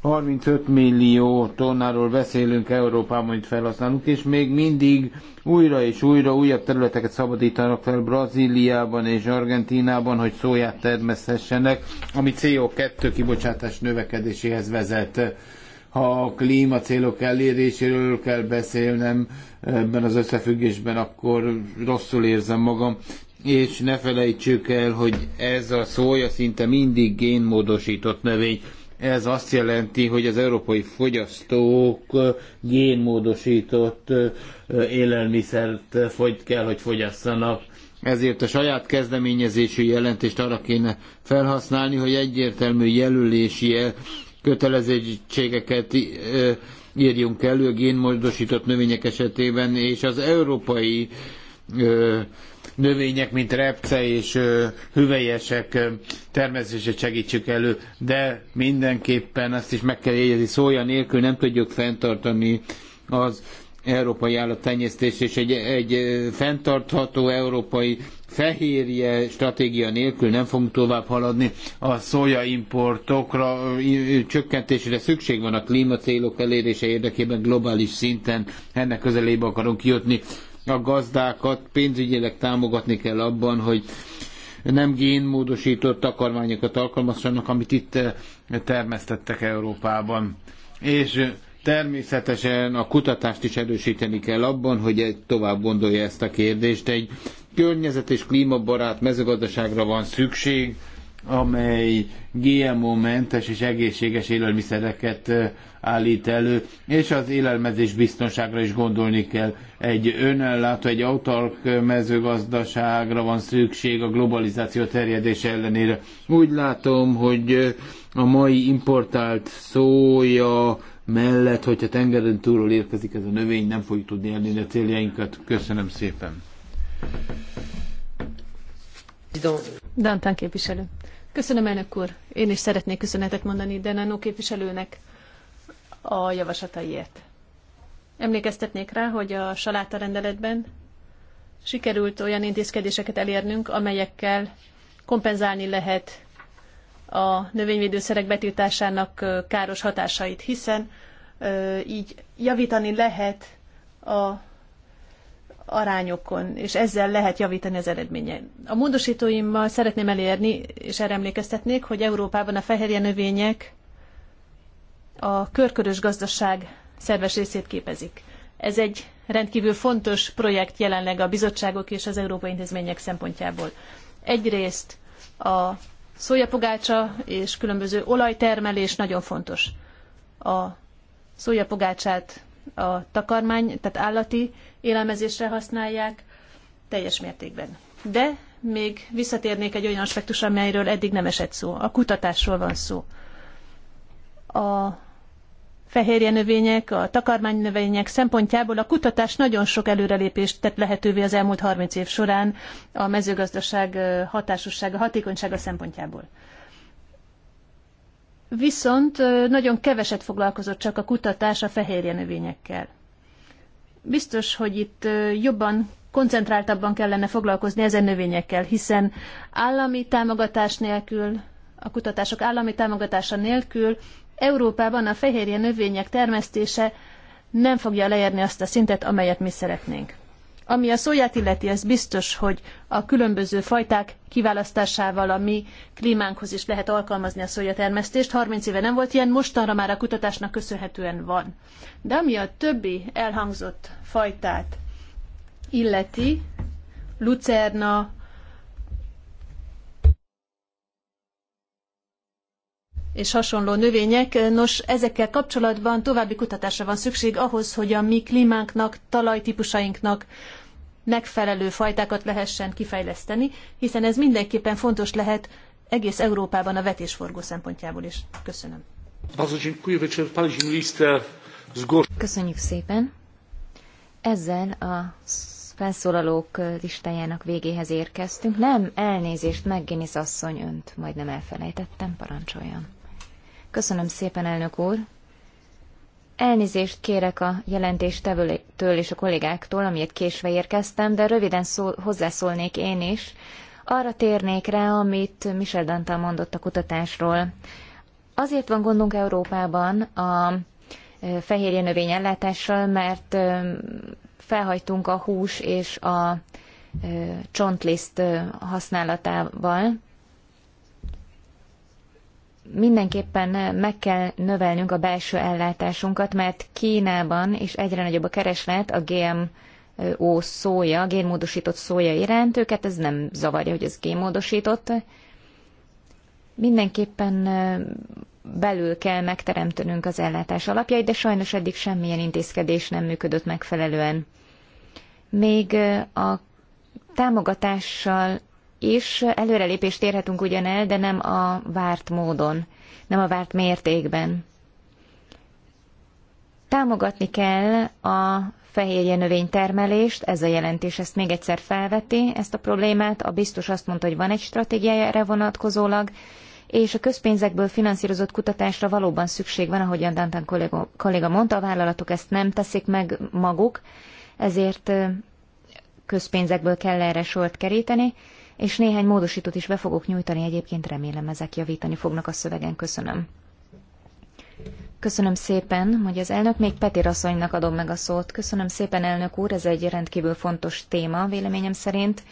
35 millió tonnáról beszélünk Európában, amit felhasználunk, és még mindig újra és újra újabb területeket szabadítanak fel Brazíliában és Argentínában, hogy szóját termeszhessenek, ami CO2 kibocsátás növekedéséhez vezet. Ha a klímacélok eléréséről kell beszélnem ebben az összefüggésben, akkor rosszul érzem magam. És ne felejtsük el, hogy ez a szója szinte mindig génmódosított növény ez azt jelenti, hogy az európai fogyasztók génmódosított élelmiszert fogy, kell, hogy fogyasszanak. Ezért a saját kezdeményezésű jelentést arra kéne felhasználni, hogy egyértelmű jelölési e, kötelezettségeket írjunk elő a génmódosított növények esetében, és az európai növények, mint repce és hüvelyesek termesztését segítsük elő, de mindenképpen azt is meg kell jegyezni, szója nélkül nem tudjuk fenntartani az európai állattenyésztés és egy, egy fenntartható európai fehérje stratégia nélkül nem fogunk tovább haladni. A szója importokra csökkentésére szükség van a klímacélok elérése érdekében globális szinten, ennek közelébe akarunk jutni a gazdákat pénzügyileg támogatni kell abban, hogy nem génmódosított takarmányokat alkalmazsanak, amit itt eh, termesztettek Európában. És eh, természetesen a kutatást is erősíteni kell abban, hogy tovább gondolja ezt a kérdést. Egy környezet és klímabarát mezőgazdaságra van szükség, amely GMO-mentes és egészséges élelmiszereket állít elő, és az élelmezés biztonságra is gondolni kell. Egy önellátó, egy autark mezőgazdaságra van szükség a globalizáció terjedése ellenére. Úgy látom, hogy a mai importált szója mellett, hogyha tengeren túlról érkezik ez a növény, nem fogjuk tudni elérni a céljainkat. Köszönöm szépen. Dantán képviselő. Köszönöm, elnök úr. Én is szeretnék köszönetet mondani Denano képviselőnek a javaslataiért. Emlékeztetnék rá, hogy a saláta rendeletben sikerült olyan intézkedéseket elérnünk, amelyekkel kompenzálni lehet a növényvédőszerek betiltásának káros hatásait, hiszen így javítani lehet a arányokon, és ezzel lehet javítani az eredményen. A módosítóimmal szeretném elérni, és erre emlékeztetnék, hogy Európában a fehérje növények a körkörös gazdaság szerves részét képezik. Ez egy rendkívül fontos projekt jelenleg a bizottságok és az európai intézmények szempontjából. Egyrészt a szójapogácsa és különböző olajtermelés nagyon fontos. A szójapogácsát a takarmány, tehát állati élelmezésre használják teljes mértékben. De még visszatérnék egy olyan aspektusra, amelyről eddig nem esett szó. A kutatásról van szó. A fehérje növények, a takarmány növények szempontjából a kutatás nagyon sok előrelépést tett lehetővé az elmúlt 30 év során a mezőgazdaság hatásossága, hatékonysága szempontjából. Viszont nagyon keveset foglalkozott csak a kutatás a fehérje növényekkel. Biztos, hogy itt jobban koncentráltabban kellene foglalkozni ezen növényekkel, hiszen állami támogatás nélkül, a kutatások állami támogatása nélkül Európában a fehérje növények termesztése nem fogja leérni azt a szintet, amelyet mi szeretnénk. Ami a szóját illeti, ez biztos, hogy a különböző fajták kiválasztásával a mi klímánkhoz is lehet alkalmazni a szójatermesztést. 30 éve nem volt ilyen, mostanra már a kutatásnak köszönhetően van. De ami a többi elhangzott fajtát illeti, lucerna, és hasonló növények. Nos, ezekkel kapcsolatban további kutatásra van szükség ahhoz, hogy a mi klímánknak, talajtípusainknak megfelelő fajtákat lehessen kifejleszteni, hiszen ez mindenképpen fontos lehet egész Európában a vetésforgó szempontjából is. Köszönöm. Köszönjük szépen. Ezzel a felszólalók listájának végéhez érkeztünk. Nem, elnézést, Guinness asszony önt, majdnem elfelejtettem, parancsoljon. Köszönöm szépen, elnök úr. Elnézést kérek a jelentéstevőtől és a kollégáktól, amiért késve érkeztem, de röviden szó, hozzászólnék én is. Arra térnék rá, amit Michel Dantal mondott a kutatásról. Azért van gondunk Európában a e, fehérje növény ellátással, mert e, felhajtunk a hús és a e, csontliszt használatával mindenképpen meg kell növelnünk a belső ellátásunkat, mert Kínában is egyre nagyobb a kereslet a ó szója, génmódosított szója iránt, őket ez nem zavarja, hogy ez génmódosított. Mindenképpen belül kell megteremtenünk az ellátás alapjait, de sajnos eddig semmilyen intézkedés nem működött megfelelően. Még a támogatással is előrelépést érhetünk ugyan el, de nem a várt módon, nem a várt mértékben. Támogatni kell a fehérje növénytermelést, ez a jelentés ezt még egyszer felveti, ezt a problémát. A biztos azt mondta, hogy van egy stratégiája erre vonatkozólag, és a közpénzekből finanszírozott kutatásra valóban szükség van, ahogyan Dantan kolléga, kolléga mondta, a vállalatok ezt nem teszik meg maguk, ezért közpénzekből kell erre sort keríteni, és néhány módosítót is be fogok nyújtani, egyébként remélem ezek javítani fognak a szövegen. Köszönöm. Köszönöm szépen, hogy az elnök még Peti asszonynak adom meg a szót. Köszönöm szépen, elnök úr, ez egy rendkívül fontos téma véleményem szerint.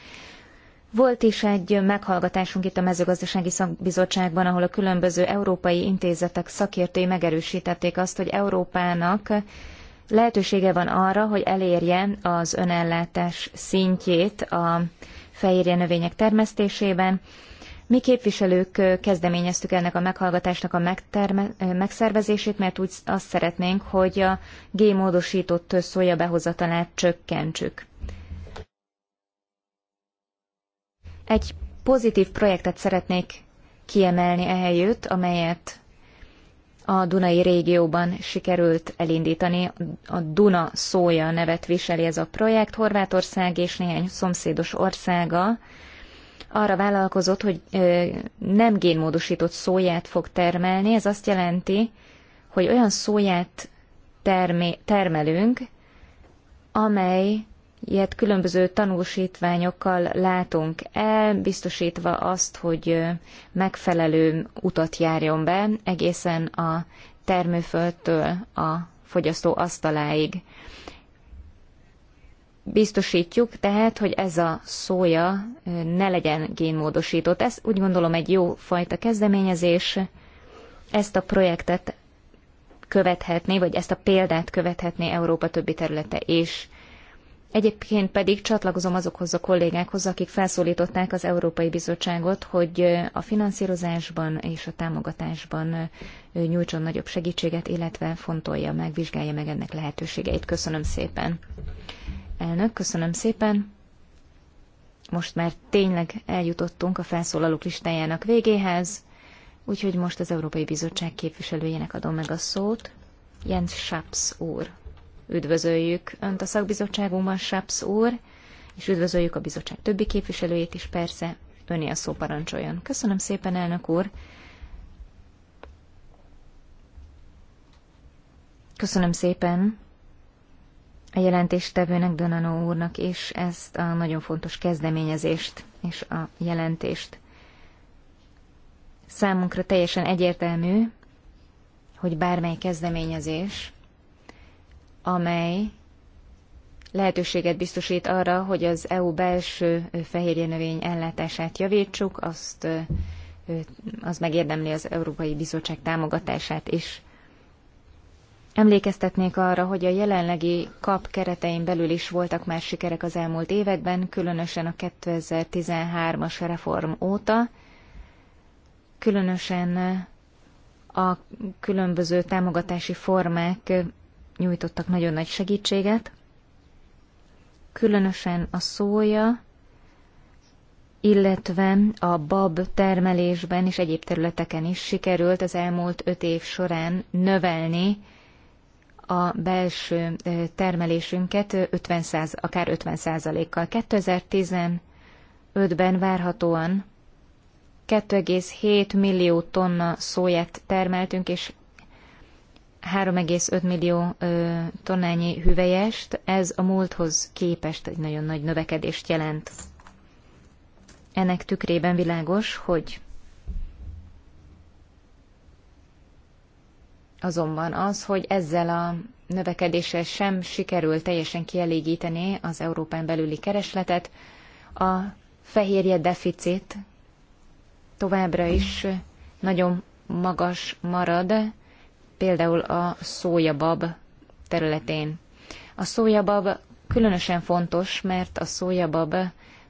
Volt is egy meghallgatásunk itt a mezőgazdasági szakbizottságban, ahol a különböző európai intézetek szakértői megerősítették azt, hogy Európának lehetősége van arra, hogy elérje az önellátás szintjét a fehérje növények termesztésében. Mi képviselők kezdeményeztük ennek a meghallgatásnak a megterme- megszervezését, mert úgy azt szeretnénk, hogy a G-módosított szója behozatalát csökkentsük. Egy pozitív projektet szeretnék kiemelni ehelyütt, amelyet a Dunai régióban sikerült elindítani. A Duna szója nevet viseli ez a projekt. Horvátország és néhány szomszédos országa arra vállalkozott, hogy nem génmódosított szóját fog termelni. Ez azt jelenti, hogy olyan szóját termelünk, amely ilyet különböző tanúsítványokkal látunk el, biztosítva azt, hogy megfelelő utat járjon be egészen a termőföldtől a fogyasztó asztaláig. Biztosítjuk tehát, hogy ez a szója ne legyen génmódosított. Ez úgy gondolom egy jó fajta kezdeményezés. Ezt a projektet követhetné, vagy ezt a példát követhetné Európa többi területe is. Egyébként pedig csatlakozom azokhoz a kollégákhoz, akik felszólították az Európai Bizottságot, hogy a finanszírozásban és a támogatásban nyújtson nagyobb segítséget, illetve fontolja meg, vizsgálja meg ennek lehetőségeit. Köszönöm szépen. Elnök, köszönöm szépen. Most már tényleg eljutottunk a felszólalók listájának végéhez, úgyhogy most az Európai Bizottság képviselőjének adom meg a szót, Jens Schaps úr. Üdvözöljük Önt a szakbizottságunkban, Saps úr, és üdvözöljük a bizottság többi képviselőjét is, persze, Öné a szó parancsoljon. Köszönöm szépen, elnök úr. Köszönöm szépen a jelentéstevőnek, Donanó úrnak és ezt a nagyon fontos kezdeményezést és a jelentést. Számunkra teljesen egyértelmű, hogy bármely kezdeményezés, amely lehetőséget biztosít arra, hogy az EU belső fehérjenövény ellátását javítsuk, azt az megérdemli az Európai Bizottság támogatását is. Emlékeztetnék arra, hogy a jelenlegi kap keretein belül is voltak már sikerek az elmúlt években, különösen a 2013-as reform óta, különösen a különböző támogatási formák nyújtottak nagyon nagy segítséget, különösen a szója, illetve a bab termelésben és egyéb területeken is sikerült az elmúlt öt év során növelni a belső termelésünket 50 száz, akár 50 százalékkal. 2015-ben várhatóan 2,7 millió tonna szóját termeltünk, és 3,5 millió ö, tonnányi hüvelyest, ez a múlthoz képest egy nagyon nagy növekedést jelent. Ennek tükrében világos, hogy azonban az, hogy ezzel a növekedéssel sem sikerül teljesen kielégíteni az Európán belüli keresletet, a fehérje deficit továbbra is nagyon magas marad, például a szójabab területén. A szójabab különösen fontos, mert a szójabab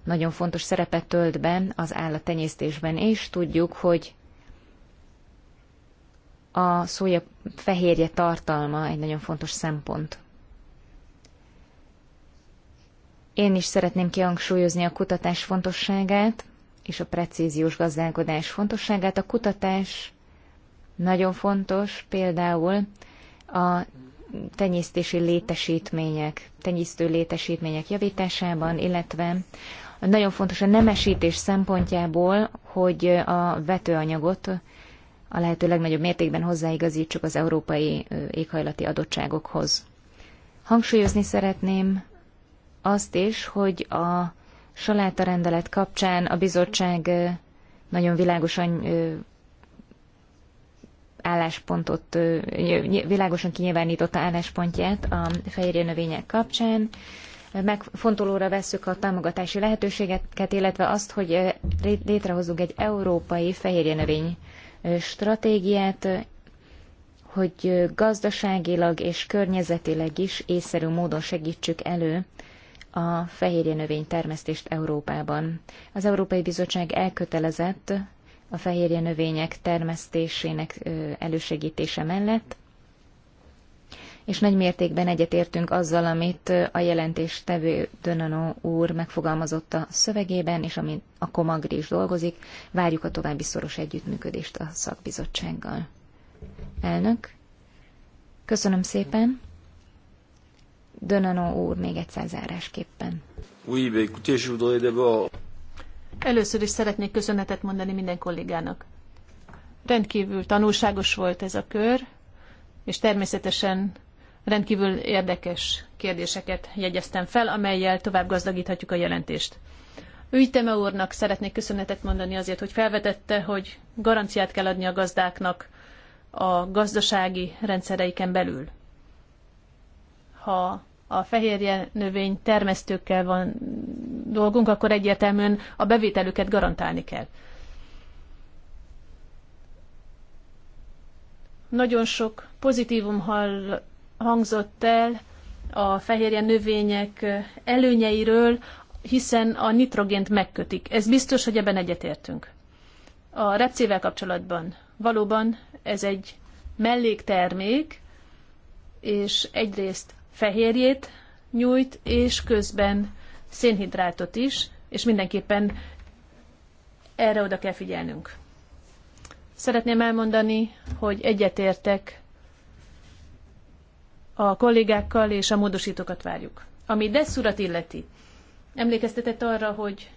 nagyon fontos szerepet tölt be az állattenyésztésben, és tudjuk, hogy a szója fehérje tartalma egy nagyon fontos szempont. Én is szeretném kihangsúlyozni a kutatás fontosságát és a precíziós gazdálkodás fontosságát. A kutatás nagyon fontos például a tenyésztési létesítmények, tenyésztő létesítmények javításában, illetve nagyon fontos a nemesítés szempontjából, hogy a vetőanyagot a lehető legnagyobb mértékben hozzáigazítsuk az európai éghajlati adottságokhoz. Hangsúlyozni szeretném azt is, hogy a salátarendelet kapcsán a bizottság nagyon világosan álláspontot, világosan kinyilvánította álláspontját a fehérje növények kapcsán. Megfontolóra vesszük a támogatási lehetőségeket, illetve azt, hogy létrehozunk egy európai fehérje növény stratégiát, hogy gazdaságilag és környezetileg is észszerű módon segítsük elő a fehérje növény termesztést Európában. Az Európai Bizottság elkötelezett a fehérje növények termesztésének elősegítése mellett, és nagy mértékben egyetértünk azzal, amit a tevő Dönanó úr megfogalmazott a szövegében, és amit a Komagri is dolgozik. Várjuk a további szoros együttműködést a szakbizottsággal. Elnök, köszönöm szépen. Dönanó úr még egyszer zárásképpen. Oui, bah écoutez, je voudrais d'abord Először is szeretnék köszönetet mondani minden kollégának. Rendkívül tanulságos volt ez a kör, és természetesen rendkívül érdekes kérdéseket jegyeztem fel, amelyel tovább gazdagíthatjuk a jelentést. Ügyteme úrnak szeretnék köszönetet mondani azért, hogy felvetette, hogy garanciát kell adni a gazdáknak a gazdasági rendszereiken belül. Ha a fehérje növény termesztőkkel van dolgunk, akkor egyértelműen a bevételüket garantálni kell. Nagyon sok pozitívum hall, hangzott el a fehérje növények előnyeiről, hiszen a nitrogént megkötik. Ez biztos, hogy ebben egyetértünk. A repcével kapcsolatban valóban ez egy melléktermék, és egyrészt fehérjét nyújt, és közben szénhidrátot is, és mindenképpen erre oda kell figyelnünk. Szeretném elmondani, hogy egyetértek a kollégákkal, és a módosítókat várjuk. Ami Desszurat illeti, emlékeztetett arra, hogy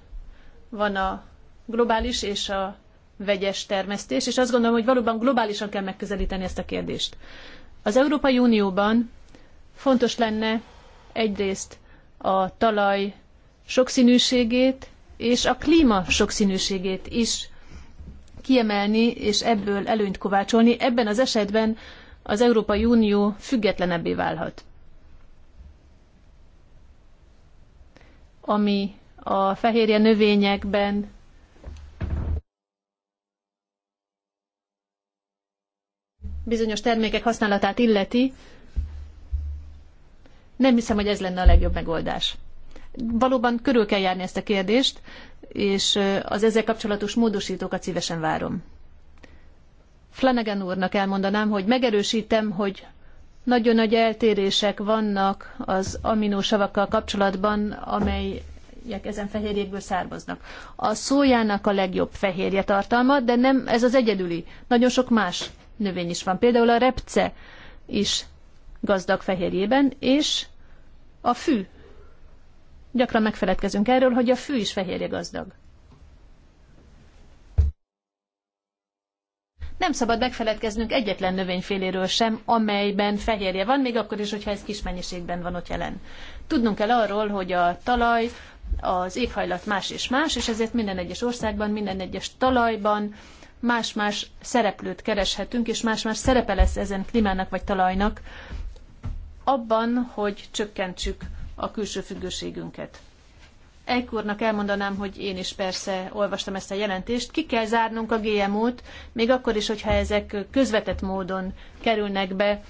van a globális és a vegyes termesztés, és azt gondolom, hogy valóban globálisan kell megközelíteni ezt a kérdést. Az Európai Unióban fontos lenne egyrészt a talaj sokszínűségét és a klíma sokszínűségét is kiemelni és ebből előnyt kovácsolni. Ebben az esetben az Európai Unió függetlenebbé válhat. Ami a fehérje növényekben bizonyos termékek használatát illeti, nem hiszem, hogy ez lenne a legjobb megoldás valóban körül kell járni ezt a kérdést, és az ezzel kapcsolatos módosítókat szívesen várom. Flanagan úrnak elmondanám, hogy megerősítem, hogy nagyon nagy eltérések vannak az aminósavakkal kapcsolatban, amelyek ezen fehérjékből származnak. A szójának a legjobb fehérje tartalma, de nem ez az egyedüli. Nagyon sok más növény is van. Például a repce is gazdag fehérjében, és a fű Gyakran megfeledkezünk erről, hogy a fű is fehérje gazdag. Nem szabad megfeledkeznünk egyetlen növényféléről sem, amelyben fehérje van, még akkor is, hogyha ez kis mennyiségben van ott jelen. Tudnunk kell arról, hogy a talaj, az éghajlat más és más, és ezért minden egyes országban, minden egyes talajban más-más szereplőt kereshetünk, és más-más szerepe lesz ezen klímának vagy talajnak abban, hogy csökkentsük a külső függőségünket. Egykornak elmondanám, hogy én is persze olvastam ezt a jelentést. Ki kell zárnunk a GMO-t, még akkor is, hogyha ezek közvetett módon kerülnek be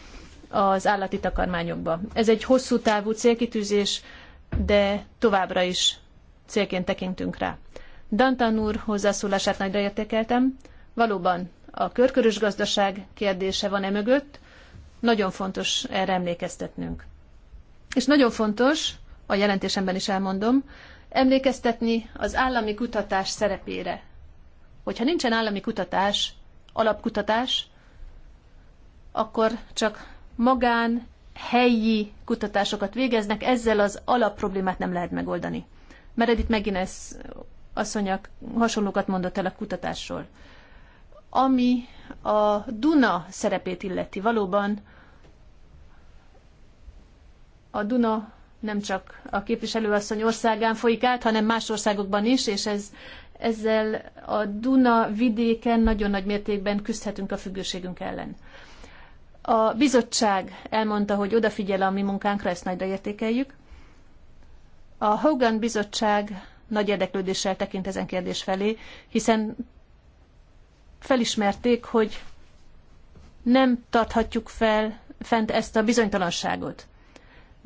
az állati takarmányokba. Ez egy hosszú távú célkitűzés, de továbbra is célként tekintünk rá. Dantan úr hozzászólását nagyra értékeltem. Valóban a körkörös gazdaság kérdése van e mögött. Nagyon fontos erre emlékeztetnünk. És nagyon fontos, a jelentésemben is elmondom, emlékeztetni az állami kutatás szerepére. Hogyha nincsen állami kutatás, alapkutatás, akkor csak magán, helyi kutatásokat végeznek, ezzel az alapproblémát nem lehet megoldani. Meredith McGuinness asszonyak hasonlókat mondott el a kutatásról. Ami a Duna szerepét illeti, valóban a Duna nem csak a képviselőasszony országán folyik át, hanem más országokban is, és ez, ezzel a Duna vidéken nagyon nagy mértékben küzdhetünk a függőségünk ellen. A bizottság elmondta, hogy odafigyel a mi munkánkra, ezt nagyra értékeljük. A Hogan bizottság nagy érdeklődéssel tekint ezen kérdés felé, hiszen felismerték, hogy nem tarthatjuk fel fent ezt a bizonytalanságot.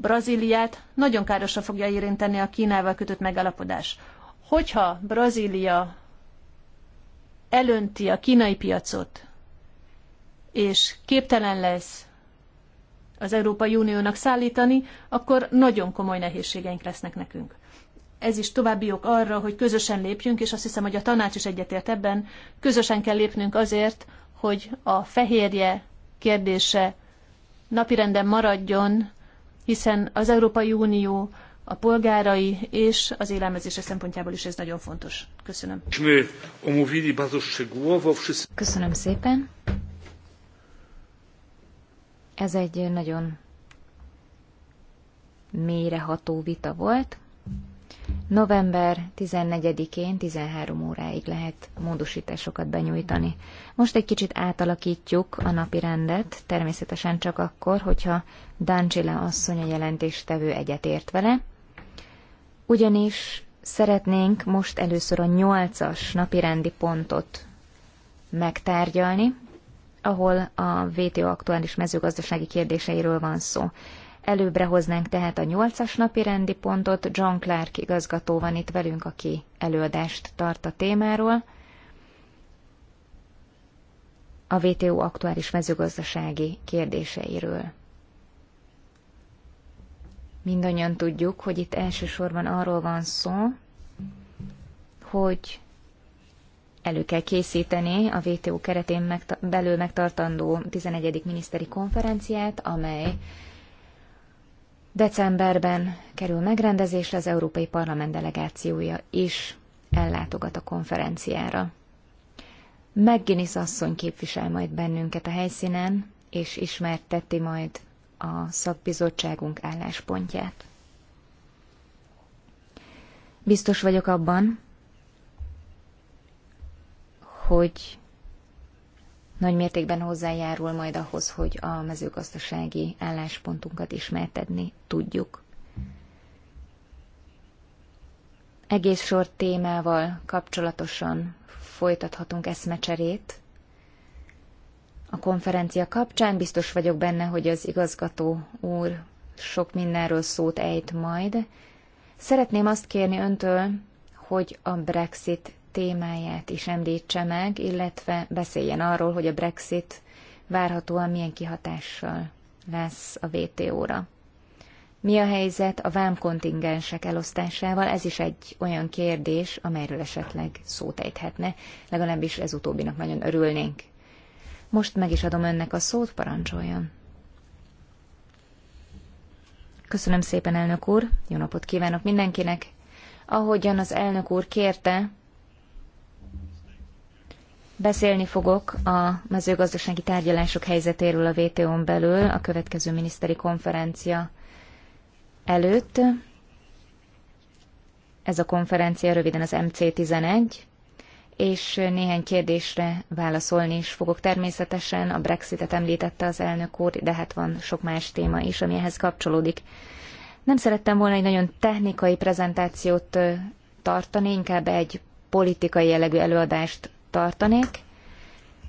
Brazíliát nagyon károsan fogja érinteni a Kínával kötött megalapodás. Hogyha Brazília elönti a kínai piacot, és képtelen lesz az Európai Uniónak szállítani, akkor nagyon komoly nehézségeink lesznek nekünk. Ez is további ok arra, hogy közösen lépjünk, és azt hiszem, hogy a tanács is egyetért ebben. Közösen kell lépnünk azért, hogy a fehérje kérdése napirenden maradjon hiszen az Európai Unió a polgárai és az élelmezése szempontjából is ez nagyon fontos. Köszönöm. Köszönöm szépen. Ez egy nagyon mélyreható vita volt. November 14-én 13 óráig lehet módosításokat benyújtani. Most egy kicsit átalakítjuk a napi rendet, természetesen csak akkor, hogyha Dancsila asszony a jelentéstevő egyetért vele, ugyanis szeretnénk most először a 8-as napi rendi pontot megtárgyalni, ahol a VTO aktuális mezőgazdasági kérdéseiről van szó. Előbbre hoznánk tehát a nyolcas napi rendi pontot. John Clark igazgató van itt velünk, aki előadást tart a témáról. A WTO aktuális mezőgazdasági kérdéseiről. Mindannyian tudjuk, hogy itt elsősorban arról van szó, hogy elő kell készíteni a WTO keretén megta- belül megtartandó 11. miniszteri konferenciát, amely Decemberben kerül megrendezésre az Európai Parlament delegációja is ellátogat a konferenciára. McGuinness asszony képvisel majd bennünket a helyszínen, és ismerteti majd a szakbizottságunk álláspontját. Biztos vagyok abban, hogy nagy mértékben hozzájárul majd ahhoz, hogy a mezőgazdasági álláspontunkat ismertedni tudjuk. Egész sor témával kapcsolatosan folytathatunk eszmecserét. A konferencia kapcsán biztos vagyok benne, hogy az igazgató úr sok mindenről szót ejt majd. Szeretném azt kérni öntől, hogy a Brexit témáját is említse meg, illetve beszéljen arról, hogy a Brexit várhatóan milyen kihatással lesz a vto ra Mi a helyzet a vámkontingensek elosztásával? Ez is egy olyan kérdés, amelyről esetleg szót ejthetne, legalábbis ez utóbbinak nagyon örülnénk. Most meg is adom önnek a szót, parancsoljon. Köszönöm szépen, elnök úr, jó napot kívánok mindenkinek! Ahogyan az elnök úr kérte, Beszélni fogok a mezőgazdasági tárgyalások helyzetéről a WTO-n belül a következő miniszteri konferencia előtt. Ez a konferencia röviden az MC11, és néhány kérdésre válaszolni is fogok. Természetesen a Brexitet említette az elnök úr, de hát van sok más téma is, ami ehhez kapcsolódik. Nem szerettem volna egy nagyon technikai prezentációt tartani, inkább egy politikai jellegű előadást tartanék.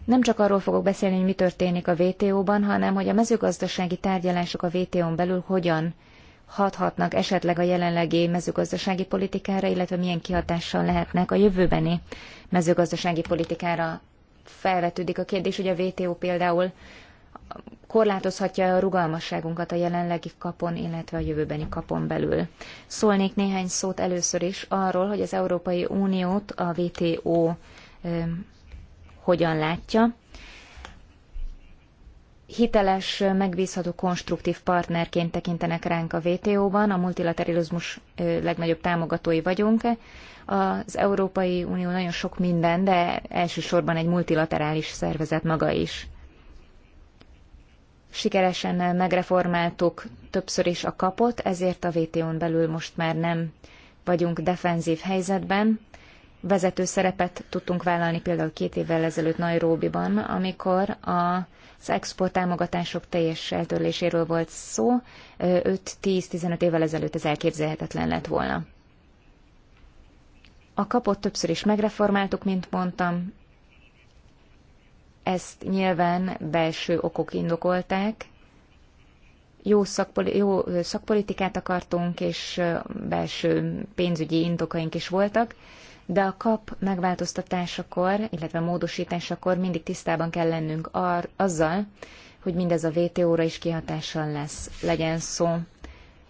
Nem csak arról fogok beszélni, hogy mi történik a WTO-ban, hanem hogy a mezőgazdasági tárgyalások a WTO-n belül hogyan hathatnak esetleg a jelenlegi mezőgazdasági politikára, illetve milyen kihatással lehetnek a jövőbeni mezőgazdasági politikára. Felvetődik a kérdés, hogy a WTO például korlátozhatja a rugalmasságunkat a jelenlegi kapon, illetve a jövőbeni kapon belül. Szólnék néhány szót először is arról, hogy az Európai Uniót a WTO hogyan látja. Hiteles, megbízható, konstruktív partnerként tekintenek ránk a WTO-ban, a multilaterilizmus legnagyobb támogatói vagyunk. Az Európai Unió nagyon sok minden, de elsősorban egy multilaterális szervezet maga is sikeresen megreformáltuk többször is a kapot, ezért a WTO-n belül most már nem vagyunk defenzív helyzetben vezető szerepet tudtunk vállalni például két évvel ezelőtt Nairobiban, amikor a az export támogatások teljes eltörléséről volt szó, 5-10-15 évvel ezelőtt ez elképzelhetetlen lett volna. A kapot többször is megreformáltuk, mint mondtam, ezt nyilván belső okok indokolták, jó, szakpoli- jó szakpolitikát akartunk, és belső pénzügyi indokaink is voltak, de a kap megváltoztatásakor, illetve módosításakor mindig tisztában kell lennünk ar- azzal, hogy mindez a VTO-ra is kihatással lesz. Legyen szó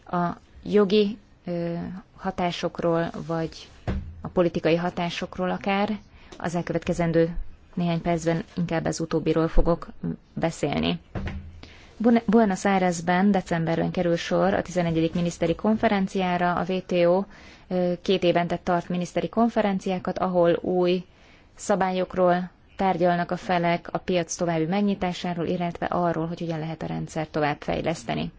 a jogi ö, hatásokról, vagy a politikai hatásokról akár, az elkövetkezendő néhány percben inkább az utóbbiról fogok beszélni. Buenos Airesben decemberben kerül sor a 11. miniszteri konferenciára. A WTO két évente tart miniszteri konferenciákat, ahol új szabályokról tárgyalnak a felek a piac további megnyitásáról, illetve arról, hogy hogyan lehet a rendszer továbbfejleszteni.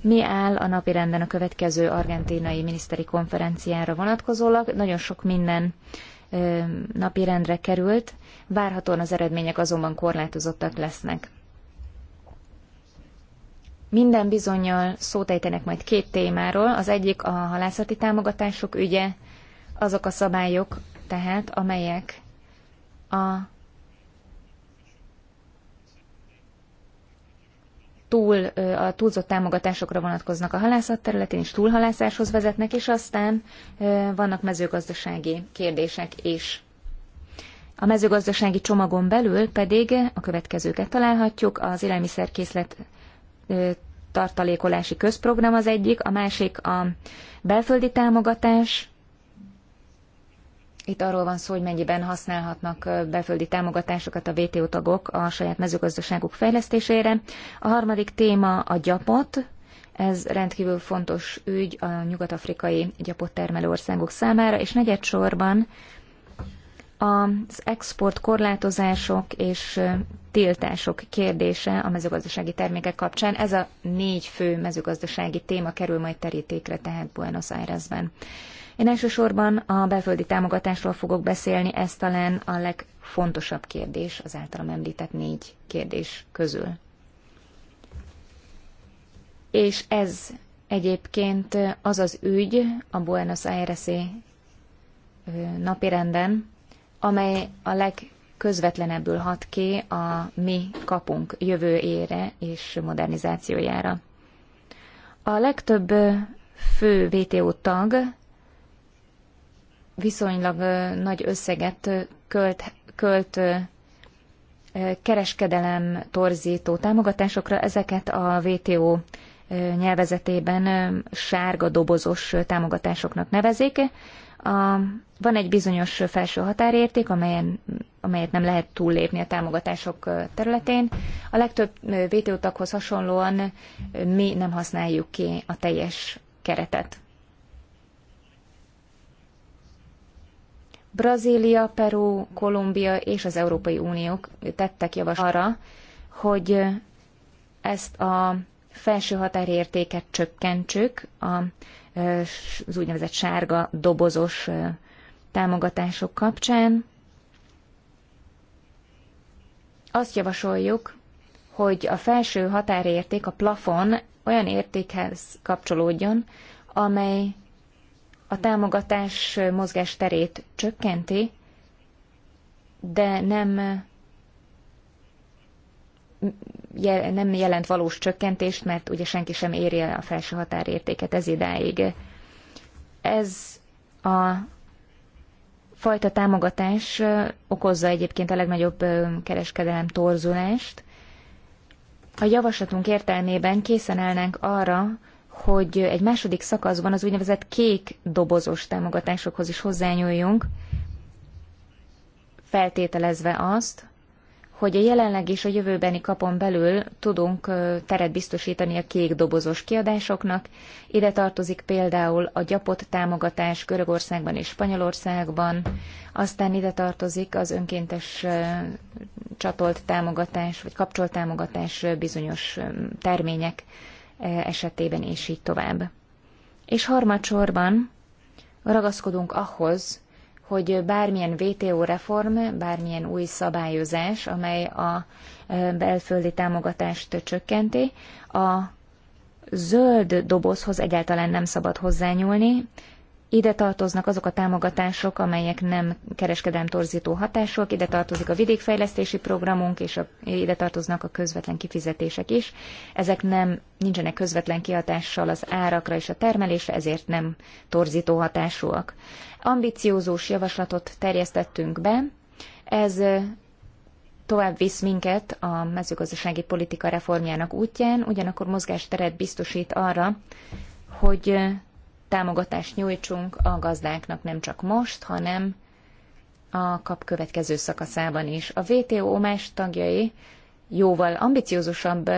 Mi áll a napirenden a következő argentinai miniszteri konferenciára vonatkozólag? Nagyon sok minden napirendre került, várhatóan az eredmények azonban korlátozottak lesznek. Minden bizonyal szót ejtenek majd két témáról. Az egyik a halászati támogatások ügye, azok a szabályok tehát, amelyek a túl, a túlzott támogatásokra vonatkoznak a halászat területén, és túlhalászáshoz vezetnek, és aztán vannak mezőgazdasági kérdések is. A mezőgazdasági csomagon belül pedig a következőket találhatjuk, az élelmiszerkészlet tartalékolási közprogram az egyik, a másik a belföldi támogatás. Itt arról van szó, hogy mennyiben használhatnak belföldi támogatásokat a WTO tagok a saját mezőgazdaságuk fejlesztésére. A harmadik téma a gyapot. Ez rendkívül fontos ügy a nyugat-afrikai gyapottermelő országok számára, és negyed sorban az export korlátozások és tiltások kérdése a mezőgazdasági termékek kapcsán. Ez a négy fő mezőgazdasági téma kerül majd terítékre, tehát Buenos Airesben. Én elsősorban a belföldi támogatásról fogok beszélni, ez talán a legfontosabb kérdés az általam említett négy kérdés közül. És ez egyébként az az ügy a Buenos Aires-i napirenden, amely a legközvetlenebbül hat ki a mi kapunk jövőjére és modernizációjára. A legtöbb fő VTO tag viszonylag nagy összeget költ, költ kereskedelem torzító támogatásokra, ezeket a VTO nyelvezetében sárga dobozos támogatásoknak nevezik. A van egy bizonyos felső határérték, amelyen, amelyet nem lehet túllépni a támogatások területén. A legtöbb VTO taghoz hasonlóan mi nem használjuk ki a teljes keretet. Brazília, Peru, Kolumbia és az Európai Unió tettek javaslat arra, hogy ezt a felső határértéket csökkentsük, az úgynevezett sárga dobozos támogatások kapcsán. Azt javasoljuk, hogy a felső határérték, a plafon olyan értékhez kapcsolódjon, amely a támogatás mozgás terét csökkenti, de nem, nem jelent valós csökkentést, mert ugye senki sem érje a felső határértéket ez idáig. Ez a fajta támogatás okozza egyébként a legnagyobb kereskedelem torzulást. A javaslatunk értelmében készen állnánk arra, hogy egy második szakaszban az úgynevezett kék dobozos támogatásokhoz is hozzányúljunk, feltételezve azt, hogy a jelenleg és a jövőbeni kapon belül tudunk teret biztosítani a kék dobozos kiadásoknak. Ide tartozik például a gyapott támogatás Görögországban és Spanyolországban, aztán ide tartozik az önkéntes csatolt támogatás vagy kapcsolt támogatás bizonyos termények esetében, és így tovább. És harmadsorban ragaszkodunk ahhoz, hogy bármilyen WTO reform, bármilyen új szabályozás, amely a belföldi támogatást csökkenti, a zöld dobozhoz egyáltalán nem szabad hozzányúlni, ide tartoznak azok a támogatások, amelyek nem kereskedelm torzító hatások, ide tartozik a vidékfejlesztési programunk, és a, ide tartoznak a közvetlen kifizetések is. Ezek nem nincsenek közvetlen kihatással az árakra és a termelésre, ezért nem torzító hatásúak. Ambiciózós javaslatot terjesztettünk be, ez tovább visz minket a mezőgazdasági politika reformjának útján, ugyanakkor mozgásteret biztosít arra, hogy támogatást nyújtsunk a gazdáknak nem csak most, hanem a kap következő szakaszában is. A WTO más tagjai jóval ambiciózusabb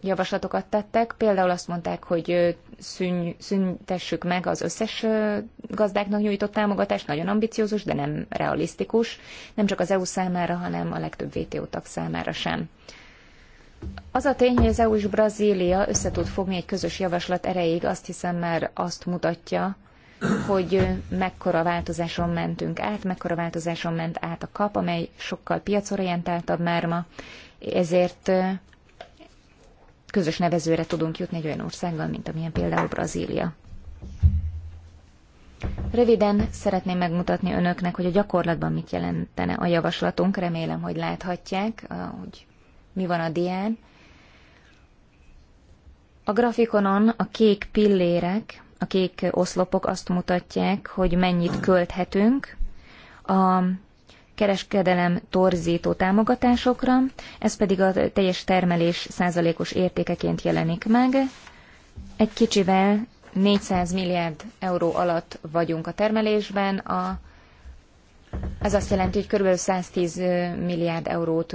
javaslatokat tettek, például azt mondták, hogy szűny, szüntessük meg az összes gazdáknak nyújtott támogatást, nagyon ambiciózus, de nem realisztikus, nem csak az EU számára, hanem a legtöbb WTO tag számára sem. Az a tény, hogy az EU és Brazília össze tud fogni egy közös javaslat erejéig, azt hiszem már azt mutatja, hogy mekkora változáson mentünk át, mekkora változáson ment át a kap, amely sokkal piacorientáltabb már ma, ezért közös nevezőre tudunk jutni egy olyan országgal, mint amilyen például Brazília. Röviden szeretném megmutatni önöknek, hogy a gyakorlatban mit jelentene a javaslatunk. Remélem, hogy láthatják, ahogy mi van a dián. A grafikonon a kék pillérek, a kék oszlopok azt mutatják, hogy mennyit költhetünk a kereskedelem torzító támogatásokra, ez pedig a teljes termelés százalékos értékeként jelenik meg. Egy kicsivel 400 milliárd euró alatt vagyunk a termelésben, a, ez azt jelenti, hogy kb. 110 milliárd eurót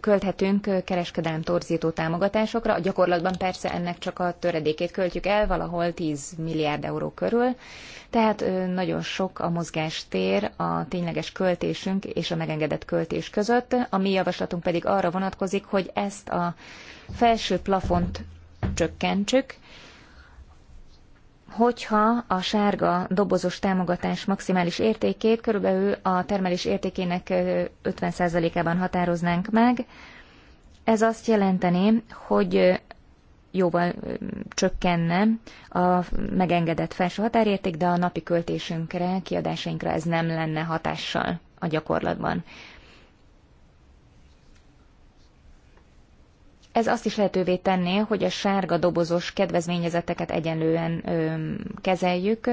költhetünk kereskedelem torzító támogatásokra. A gyakorlatban persze ennek csak a töredékét költjük el, valahol 10 milliárd euró körül. Tehát nagyon sok a mozgástér a tényleges költésünk és a megengedett költés között. A mi javaslatunk pedig arra vonatkozik, hogy ezt a felső plafont csökkentsük, hogyha a sárga dobozos támogatás maximális értékét körülbelül a termelés értékének 50%-ában határoznánk meg, ez azt jelenteni, hogy jóval csökkenne a megengedett felső határérték, de a napi költésünkre, kiadásainkra ez nem lenne hatással a gyakorlatban. Ez azt is lehetővé tenné, hogy a sárga dobozos kedvezményezeteket egyenlően ö, kezeljük,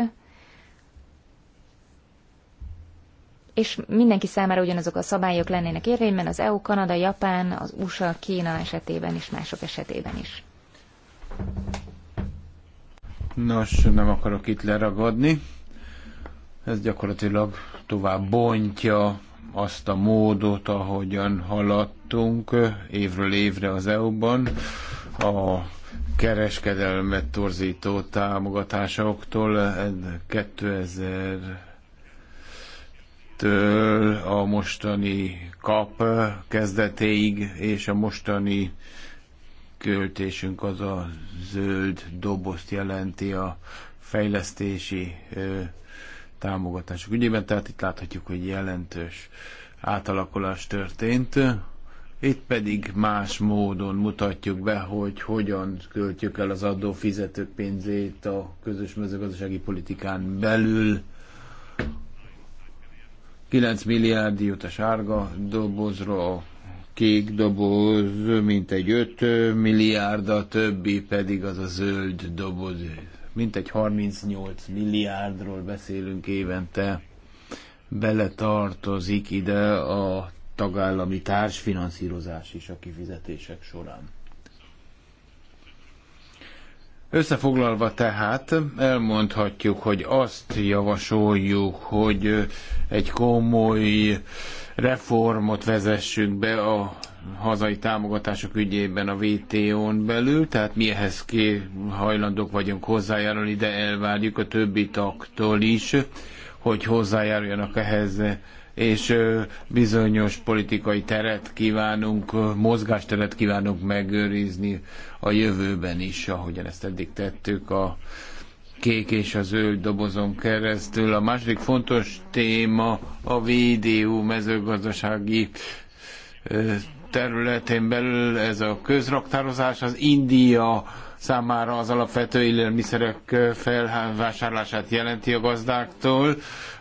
és mindenki számára ugyanazok a szabályok lennének érvényben az EU, Kanada, Japán, az USA, Kína esetében is, mások esetében is. Nos, nem akarok itt leragadni. Ez gyakorlatilag tovább bontja azt a módot, ahogyan haladt látunk évről évre az EU-ban. A kereskedelmet torzító támogatásoktól 2000 től a mostani kap kezdetéig, és a mostani költésünk az a zöld dobozt jelenti a fejlesztési ö, támogatások ügyében, tehát itt láthatjuk, hogy jelentős átalakulás történt. Itt pedig más módon mutatjuk be, hogy hogyan költjük el az adófizetők pénzét a közös mezőgazdasági politikán belül. 9 milliárd jut a sárga dobozra, a kék doboz mint egy 5 milliárd, a többi pedig az a zöld doboz. Mint egy 38 milliárdról beszélünk évente. Beletartozik ide a tagállami társfinanszírozás is a kifizetések során. Összefoglalva tehát elmondhatjuk, hogy azt javasoljuk, hogy egy komoly reformot vezessünk be a hazai támogatások ügyében a vto n belül, tehát mi ehhez ki hajlandók vagyunk hozzájárulni, de elvárjuk a többi taktól is, hogy hozzájáruljanak ehhez és bizonyos politikai teret kívánunk, mozgásteret kívánunk megőrizni a jövőben is, ahogyan ezt eddig tettük a kék és a zöld dobozon keresztül. A második fontos téma a VDU mezőgazdasági területén belül ez a közraktározás, az India számára az alapvető élelmiszerek felvásárlását jelenti a gazdáktól,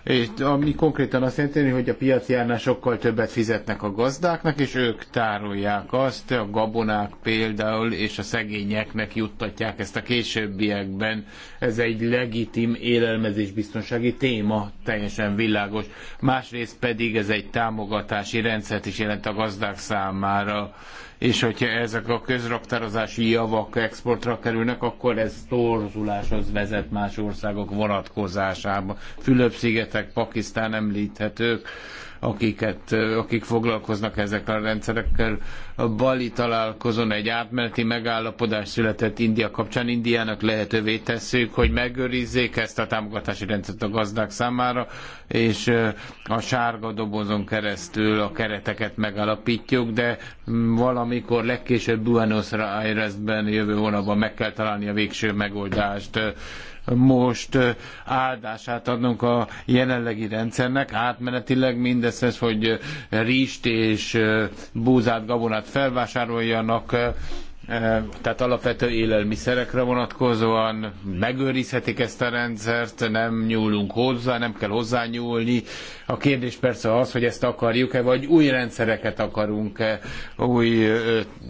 és ami konkrétan azt jelenti, hogy a piacjárnál sokkal többet fizetnek a gazdáknak, és ők tárolják azt, a gabonák például, és a szegényeknek juttatják ezt a későbbiekben. Ez egy legitim élelmezésbiztonsági téma, teljesen világos. Másrészt pedig ez egy támogatási rendszert is jelent a gazdák számára, és hogyha ezek a közraktározási javak exportra alkalmazásra kerülnek, akkor ez torzuláshoz vezet más országok vonatkozásában. Fülöp-szigetek, Pakisztán említhetők akiket, akik foglalkoznak ezekkel a rendszerekkel. A Bali találkozón egy átmeneti megállapodás született India kapcsán. Indiának lehetővé tesszük, hogy megőrizzék ezt a támogatási rendszert a gazdák számára, és a sárga dobozon keresztül a kereteket megalapítjuk, de valamikor legkésőbb Buenos Airesben jövő hónapban meg kell találni a végső megoldást most áldását adnunk a jelenlegi rendszernek, átmenetileg mindez, hogy rist és búzát, gabonát felvásároljanak, tehát alapvető élelmiszerekre vonatkozóan megőrizhetik ezt a rendszert, nem nyúlunk hozzá, nem kell hozzányúlni. A kérdés persze az, hogy ezt akarjuk-e, vagy új rendszereket akarunk-e új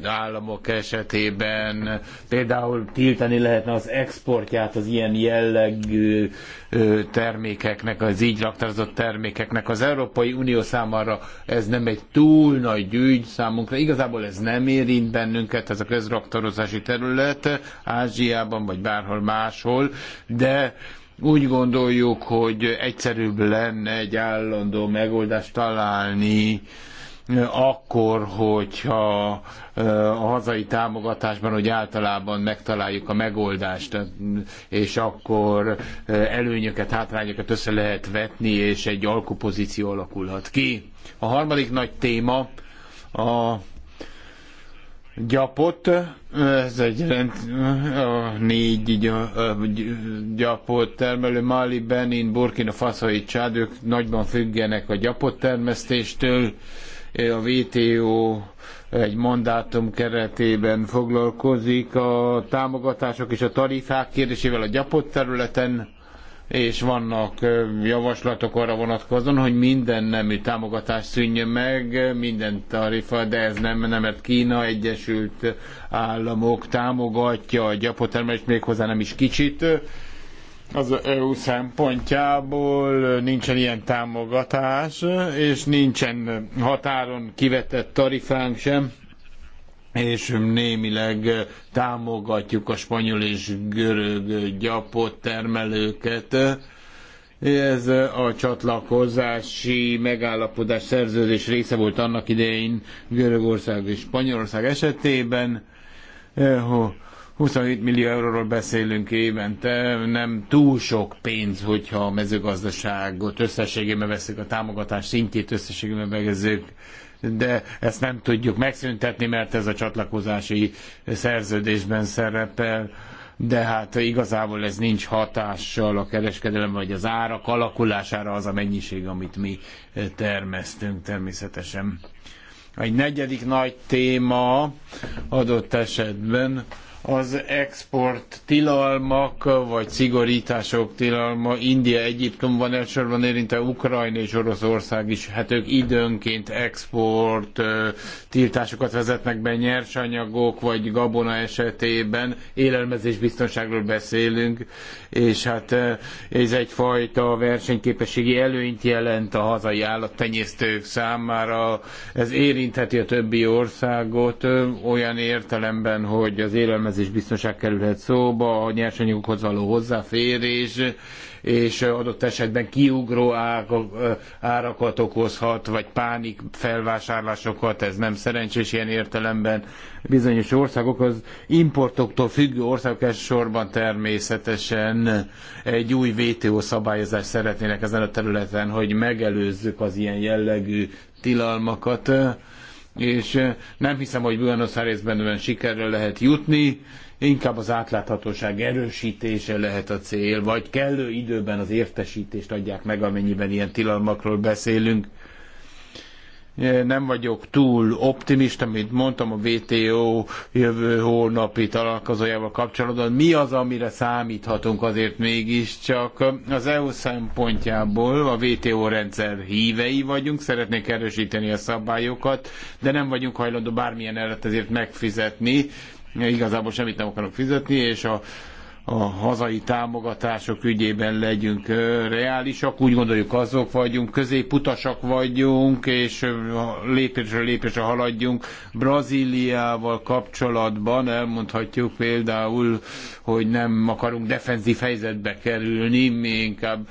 államok esetében. Például tiltani lehetne az exportját az ilyen jellegű termékeknek, az így raktározott termékeknek. Az Európai Unió számára ez nem egy túl nagy ügy számunkra. Igazából ez nem érint bennünket, ez a közraktározási terület Ázsiában vagy bárhol máshol, de úgy gondoljuk, hogy egyszerűbb lenne egy állandó megoldást találni, akkor, hogyha a hazai támogatásban, hogy általában megtaláljuk a megoldást, és akkor előnyöket, hátrányokat össze lehet vetni, és egy alkupozíció alakulhat ki. A harmadik nagy téma a gyapot, ez egy rend, a négy gyapot termelő Mali, Benin, Burkina Faso és Csád, ők nagyban függenek a gyapot termesztéstől, a VTO egy mandátum keretében foglalkozik a támogatások és a tarifák kérdésével a gyapott területen, és vannak javaslatok arra vonatkozóan, hogy minden nemű támogatás szűnjön meg, minden tarifa, de ez nem, nem mert Kína Egyesült Államok támogatja a gyapotermelést méghozzá nem is kicsit az EU szempontjából nincsen ilyen támogatás, és nincsen határon kivetett tarifánk sem, és némileg támogatjuk a spanyol és görög gyapot termelőket. Ez a csatlakozási megállapodás szerződés része volt annak idején Görögország és Spanyolország esetében eh, 27 millió euróról beszélünk évente, nem túl sok pénz, hogyha a mezőgazdaságot összességében veszük, a támogatás szintjét összességében megezzük, de ezt nem tudjuk megszüntetni, mert ez a csatlakozási szerződésben szerepel de hát igazából ez nincs hatással a kereskedelem vagy az árak alakulására az a mennyiség, amit mi termesztünk természetesen. Egy negyedik nagy téma adott esetben az export tilalmak vagy szigorítások tilalma. India, Egyiptom van elsősorban érintve, Ukrajna és Oroszország is. Hát ők időnként export tiltásokat vezetnek be nyersanyagok vagy gabona esetében. biztonságról beszélünk, és hát ez egyfajta versenyképességi előnyt jelent a hazai állattenyésztők számára. Ez érintheti a többi országot olyan értelemben, hogy az élelmezés élelmezés biztonság kerülhet szóba, a nyersanyagokhoz való hozzáférés, és adott esetben kiugró árakat okozhat, vagy pánik felvásárlásokat, ez nem szerencsés ilyen értelemben. Bizonyos országok, az importoktól függő országok elsősorban természetesen egy új VTO szabályozást szeretnének ezen a területen, hogy megelőzzük az ilyen jellegű tilalmakat és nem hiszem, hogy Buenos Airesben olyan sikerre lehet jutni, inkább az átláthatóság erősítése lehet a cél, vagy kellő időben az értesítést adják meg, amennyiben ilyen tilalmakról beszélünk nem vagyok túl optimista, mint mondtam a WTO jövő hónapi találkozójával kapcsolatban. Mi az, amire számíthatunk azért mégiscsak? Az EU szempontjából a WTO rendszer hívei vagyunk, szeretnék erősíteni a szabályokat, de nem vagyunk hajlandó bármilyen eret ezért megfizetni igazából semmit nem akarok fizetni, és a a hazai támogatások ügyében legyünk reálisak, úgy gondoljuk azok vagyunk, középutasak vagyunk, és lépésről lépésre haladjunk. Brazíliával kapcsolatban elmondhatjuk például, hogy nem akarunk defenzív helyzetbe kerülni, mi inkább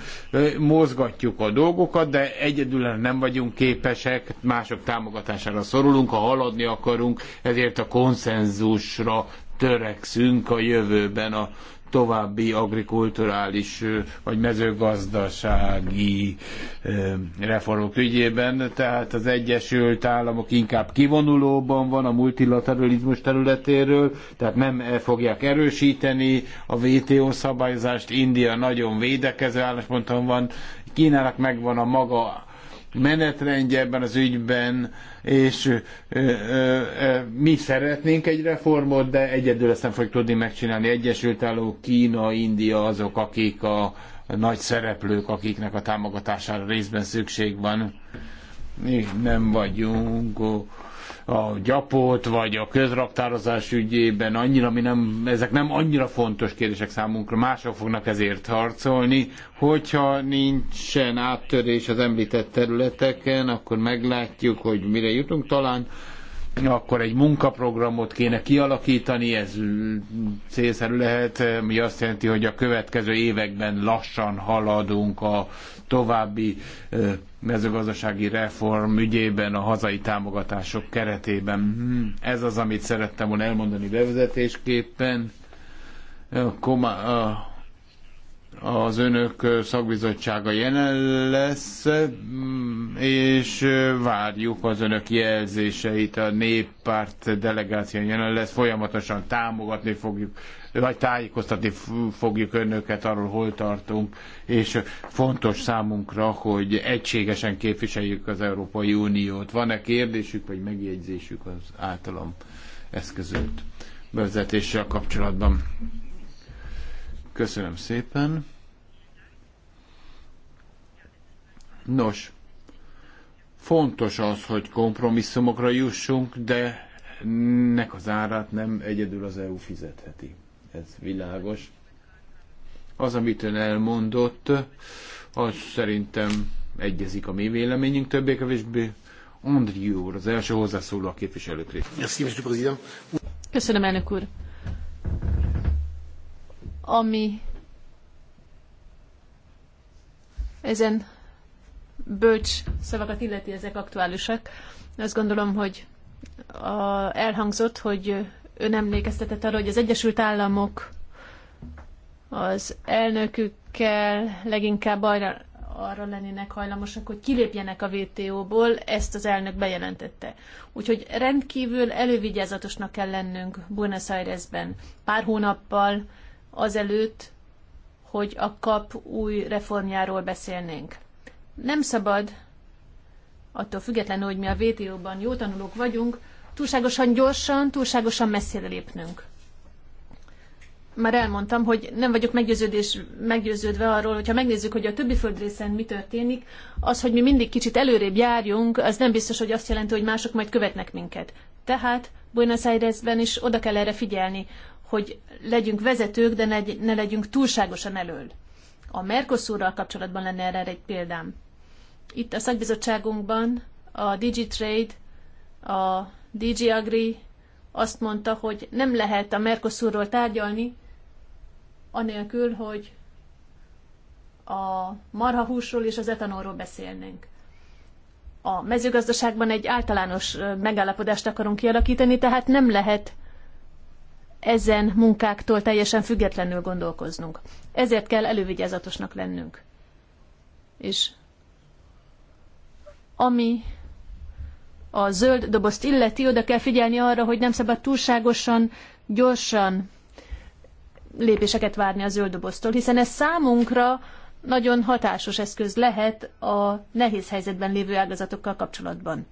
mozgatjuk a dolgokat, de egyedül nem vagyunk képesek, mások támogatására szorulunk, ha haladni akarunk, ezért a konszenzusra törekszünk a jövőben a további agrikulturális vagy mezőgazdasági reformok ügyében. Tehát az Egyesült Államok inkább kivonulóban van a multilateralizmus területéről, tehát nem e fogják erősíteni a WTO szabályozást. India nagyon védekező állásponton van, Kínának megvan a maga menetrendje ebben az ügyben, és ö, ö, ö, mi szeretnénk egy reformot, de egyedül ezt nem fogjuk tudni megcsinálni. Egyesült Államok, Kína, India azok, akik a nagy szereplők, akiknek a támogatására részben szükség van. Mi nem vagyunk a gyapot, vagy a közraktározás ügyében annyira, mi nem, ezek nem annyira fontos kérdések számunkra, mások fognak ezért harcolni. Hogyha nincsen áttörés az említett területeken, akkor meglátjuk, hogy mire jutunk talán akkor egy munkaprogramot kéne kialakítani, ez célszerű lehet, mi azt jelenti, hogy a következő években lassan haladunk a további mezőgazdasági reform ügyében a hazai támogatások keretében. Hmm, ez az, amit szerettem volna elmondani bevezetésképpen. A az önök szakbizottsága jelen lesz, és várjuk az önök jelzéseit, a néppárt delegáció jelen lesz, folyamatosan támogatni fogjuk, vagy tájékoztatni fogjuk önöket arról, hol tartunk, és fontos számunkra, hogy egységesen képviseljük az Európai Uniót. Van-e kérdésük, vagy megjegyzésük az általam eszközölt bevezetéssel kapcsolatban? Köszönöm szépen. Nos, fontos az, hogy kompromisszumokra jussunk, de nek az árát nem egyedül az EU fizetheti. Ez világos. Az, amit ön elmondott, az szerintem egyezik a mi véleményünk többé-kevésbé. Andrió úr, az első hozzászóló a képviselőkré. Köszönöm, elnök úr ami ezen bölcs szavakat illeti, ezek aktuálisak. Azt gondolom, hogy a, elhangzott, hogy ön emlékeztetett arra, hogy az Egyesült Államok az elnökükkel leginkább arra, arra lennének hajlamosak, hogy kilépjenek a WTO-ból, ezt az elnök bejelentette. Úgyhogy rendkívül elővigyázatosnak kell lennünk Buenos Airesben. Pár hónappal azelőtt, hogy a kap új reformjáról beszélnénk. Nem szabad, attól függetlenül, hogy mi a vto ban jó tanulók vagyunk, túlságosan gyorsan, túlságosan messzire lépnünk. Már elmondtam, hogy nem vagyok meggyőződés, meggyőződve arról, hogyha megnézzük, hogy a többi földrészen mi történik, az, hogy mi mindig kicsit előrébb járjunk, az nem biztos, hogy azt jelenti, hogy mások majd követnek minket. Tehát Buenos Airesben is oda kell erre figyelni, hogy legyünk vezetők, de ne, ne legyünk túlságosan elől. A Mercosurral kapcsolatban lenne erre egy példám. Itt a szakbizottságunkban a DigiTrade, a DigiAgri azt mondta, hogy nem lehet a Mercosurról tárgyalni, anélkül, hogy a marhahúsról és az etanolról beszélnénk. A mezőgazdaságban egy általános megállapodást akarunk kialakítani, tehát nem lehet ezen munkáktól teljesen függetlenül gondolkoznunk. Ezért kell elővigyázatosnak lennünk. És ami a zöld dobozt illeti, oda kell figyelni arra, hogy nem szabad túlságosan, gyorsan lépéseket várni a zöld doboztól, hiszen ez számunkra nagyon hatásos eszköz lehet a nehéz helyzetben lévő ágazatokkal kapcsolatban.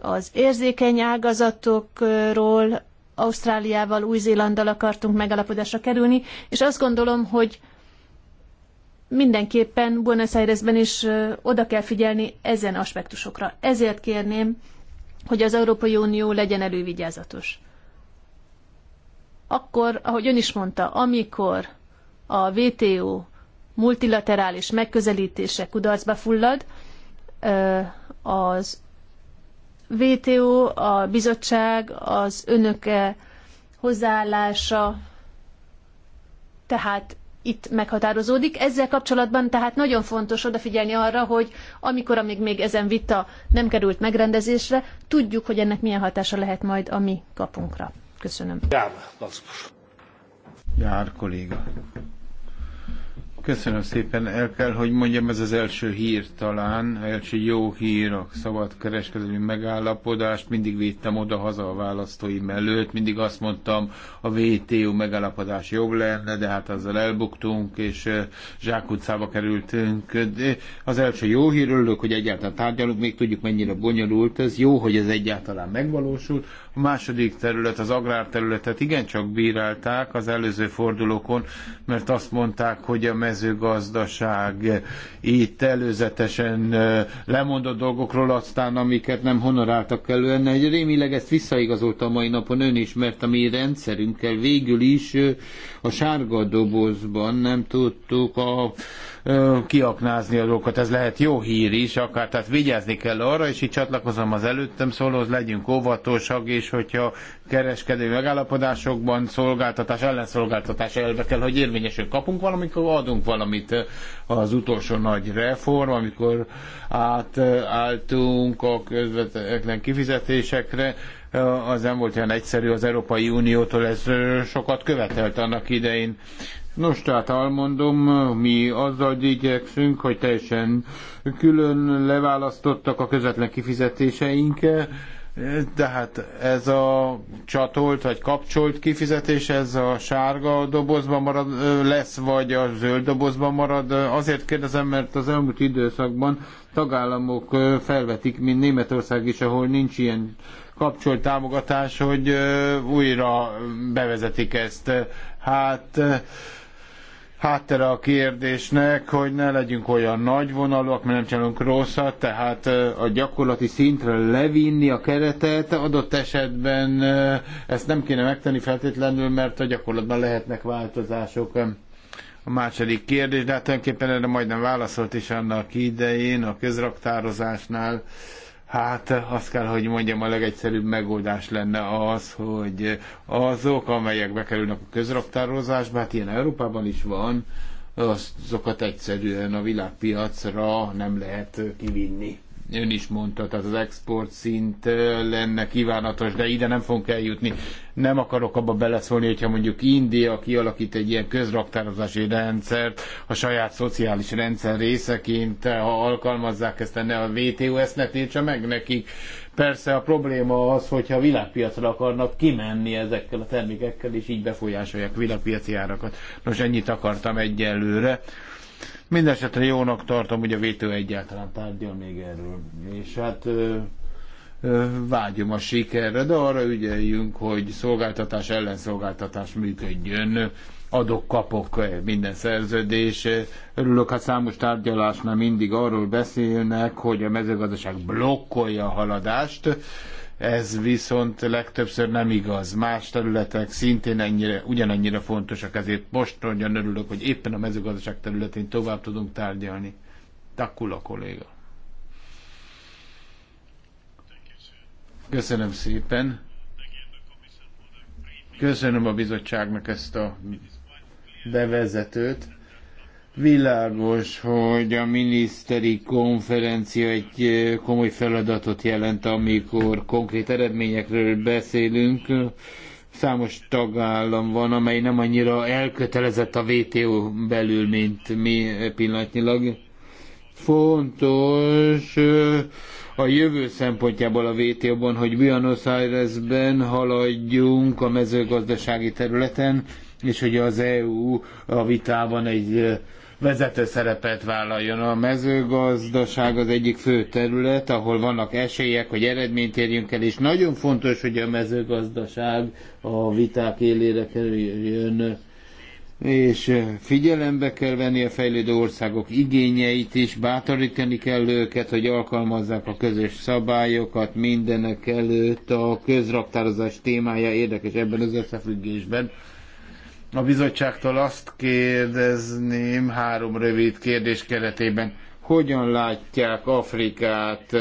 Az érzékeny ágazatokról Ausztráliával, Új-Zélanddal akartunk megalapodásra kerülni, és azt gondolom, hogy mindenképpen Buenos Airesben is oda kell figyelni ezen aspektusokra. Ezért kérném, hogy az Európai Unió legyen elővigyázatos. Akkor, ahogy ön is mondta, amikor a WTO multilaterális megközelítése kudarcba fullad, az WTO, a bizottság, az önöke hozzáállása, tehát itt meghatározódik. Ezzel kapcsolatban tehát nagyon fontos odafigyelni arra, hogy amikor, amíg még ezen vita nem került megrendezésre, tudjuk, hogy ennek milyen hatása lehet majd a mi kapunkra. Köszönöm. Jár, Jár kolléga. Köszönöm szépen. El kell, hogy mondjam, ez az első hír talán, első jó hír a szabad kereskedelmi megállapodást. Mindig védtem oda-haza a választóim előtt, mindig azt mondtam, a WTO megállapodás jobb lenne, de hát azzal elbuktunk, és zsákutcába kerültünk. De az első jó hír, örülök, hogy egyáltalán tárgyalunk, még tudjuk mennyire bonyolult ez. Jó, hogy ez egyáltalán megvalósult. A második terület, az agrárterületet igencsak bírálták az előző fordulókon, mert azt mondták, hogy a mezőgazdaság itt előzetesen lemondott dolgokról, aztán amiket nem honoráltak kellően. Egy rémileg ezt visszaigazolta a mai napon ön is, mert a mi rendszerünkkel végül is a sárga dobozban nem tudtuk a kiaknázni a dolgokat. Ez lehet jó hír is, akár tehát vigyázni kell arra, és itt csatlakozom az előttem szólóhoz, legyünk óvatosak, és hogyha kereskedő megállapodásokban szolgáltatás, ellenszolgáltatás elve kell, hogy érvényesen kapunk valamit, akkor adunk valamit az utolsó nagy reform, amikor átálltunk a közvetlen kifizetésekre, az nem volt olyan egyszerű az Európai Uniótól, ez sokat követelt annak idején. Nos, tehát elmondom, mi azzal igyekszünk, hogy teljesen külön leválasztottak a közvetlen kifizetéseink, tehát ez a csatolt vagy kapcsolt kifizetés, ez a sárga dobozban marad, lesz, vagy a zöld dobozban marad. Azért kérdezem, mert az elmúlt időszakban tagállamok felvetik, mint Németország is, ahol nincs ilyen kapcsolt támogatás, hogy újra bevezetik ezt. Hát háttere a kérdésnek, hogy ne legyünk olyan nagyvonalúak, mert nem csinálunk rosszat, tehát a gyakorlati szintre levinni a keretet, adott esetben ezt nem kéne megtenni feltétlenül, mert a gyakorlatban lehetnek változások. A második kérdés, de hát tulajdonképpen erre majdnem válaszolt is annak idején a közraktározásnál. Hát azt kell, hogy mondjam, a legegyszerűbb megoldás lenne az, hogy azok, amelyek bekerülnek a közraktározásba, hát ilyen Európában is van, azokat egyszerűen a világpiacra nem lehet kivinni ön is mondta, tehát az export szint lenne kívánatos, de ide nem fogunk eljutni. Nem akarok abba beleszólni, hogyha mondjuk India kialakít egy ilyen közraktározási rendszert, a saját szociális rendszer részeként, ha alkalmazzák ezt, ne a WTO ezt ne tiltsa meg nekik. Persze a probléma az, hogyha világpiacra akarnak kimenni ezekkel a termékekkel, és így befolyásolják világpiaci árakat. Nos, ennyit akartam egyelőre. Mindenesetre jónak tartom, hogy a vétő egyáltalán tárgyal még erről. És hát vágyom a sikerre, de arra ügyeljünk, hogy szolgáltatás ellen szolgáltatás működjön, adok-kapok minden szerződés. Örülök, hát számos tárgyalásnál mindig arról beszélnek, hogy a mezőgazdaság blokkolja a haladást, ez viszont legtöbbször nem igaz. Más területek szintén ennyire, ugyanannyira fontosak, ezért most nagyon örülök, hogy éppen a mezőgazdaság területén tovább tudunk tárgyalni. Takula kolléga. Köszönöm szépen. Köszönöm a bizottságnak ezt a bevezetőt. Világos, hogy a miniszteri konferencia egy eh, komoly feladatot jelent, amikor konkrét eredményekről beszélünk. Számos tagállam van, amely nem annyira elkötelezett a WTO belül, mint mi pillanatnyilag. Fontos eh, a jövő szempontjából a WTO-ban, hogy Buenos Airesben haladjunk a mezőgazdasági területen, és hogy az EU a vitában egy eh, vezető szerepet vállaljon. A mezőgazdaság az egyik fő terület, ahol vannak esélyek, hogy eredményt érjünk el, és nagyon fontos, hogy a mezőgazdaság a viták élére kerüljön és eh, figyelembe kell venni a fejlődő országok igényeit is, bátorítani kell őket, hogy alkalmazzák a közös szabályokat, mindenek előtt a közraktározás témája érdekes ebben az összefüggésben. A bizottságtól azt kérdezném három rövid kérdés keretében, hogyan látják Afrikát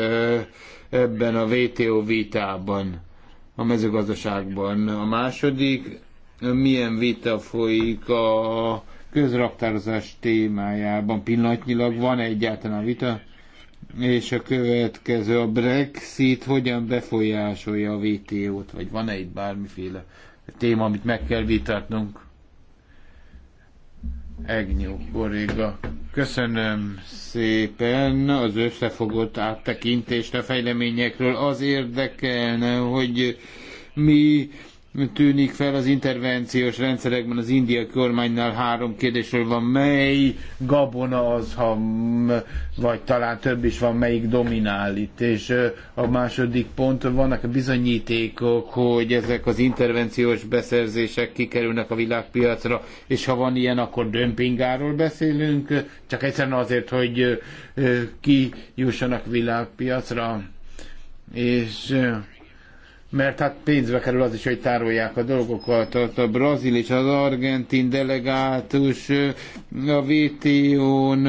ebben a WTO vitában, a mezőgazdaságban? A második, milyen vita folyik a közraktározás témájában pillanatnyilag van egyáltalán vita, és a következő a Brexit hogyan befolyásolja a WTO-t, vagy van-e itt bármiféle téma, amit meg kell vitatnunk? Egnyó kolléga. Köszönöm szépen az összefogott áttekintést a fejleményekről. Az érdekelne, hogy mi tűnik fel az intervenciós rendszerekben az indiai kormánynál három kérdésről van, mely gabona az, ha, vagy talán több is van, melyik dominál itt. És a második pont, vannak bizonyítékok, hogy ezek az intervenciós beszerzések kikerülnek a világpiacra, és ha van ilyen, akkor dömpingáról beszélünk, csak egyszerűen azért, hogy kijussanak világpiacra. És mert hát pénzbe kerül az is, hogy tárolják a dolgokat. Hát a brazil és az argentin delegátus a VTO-n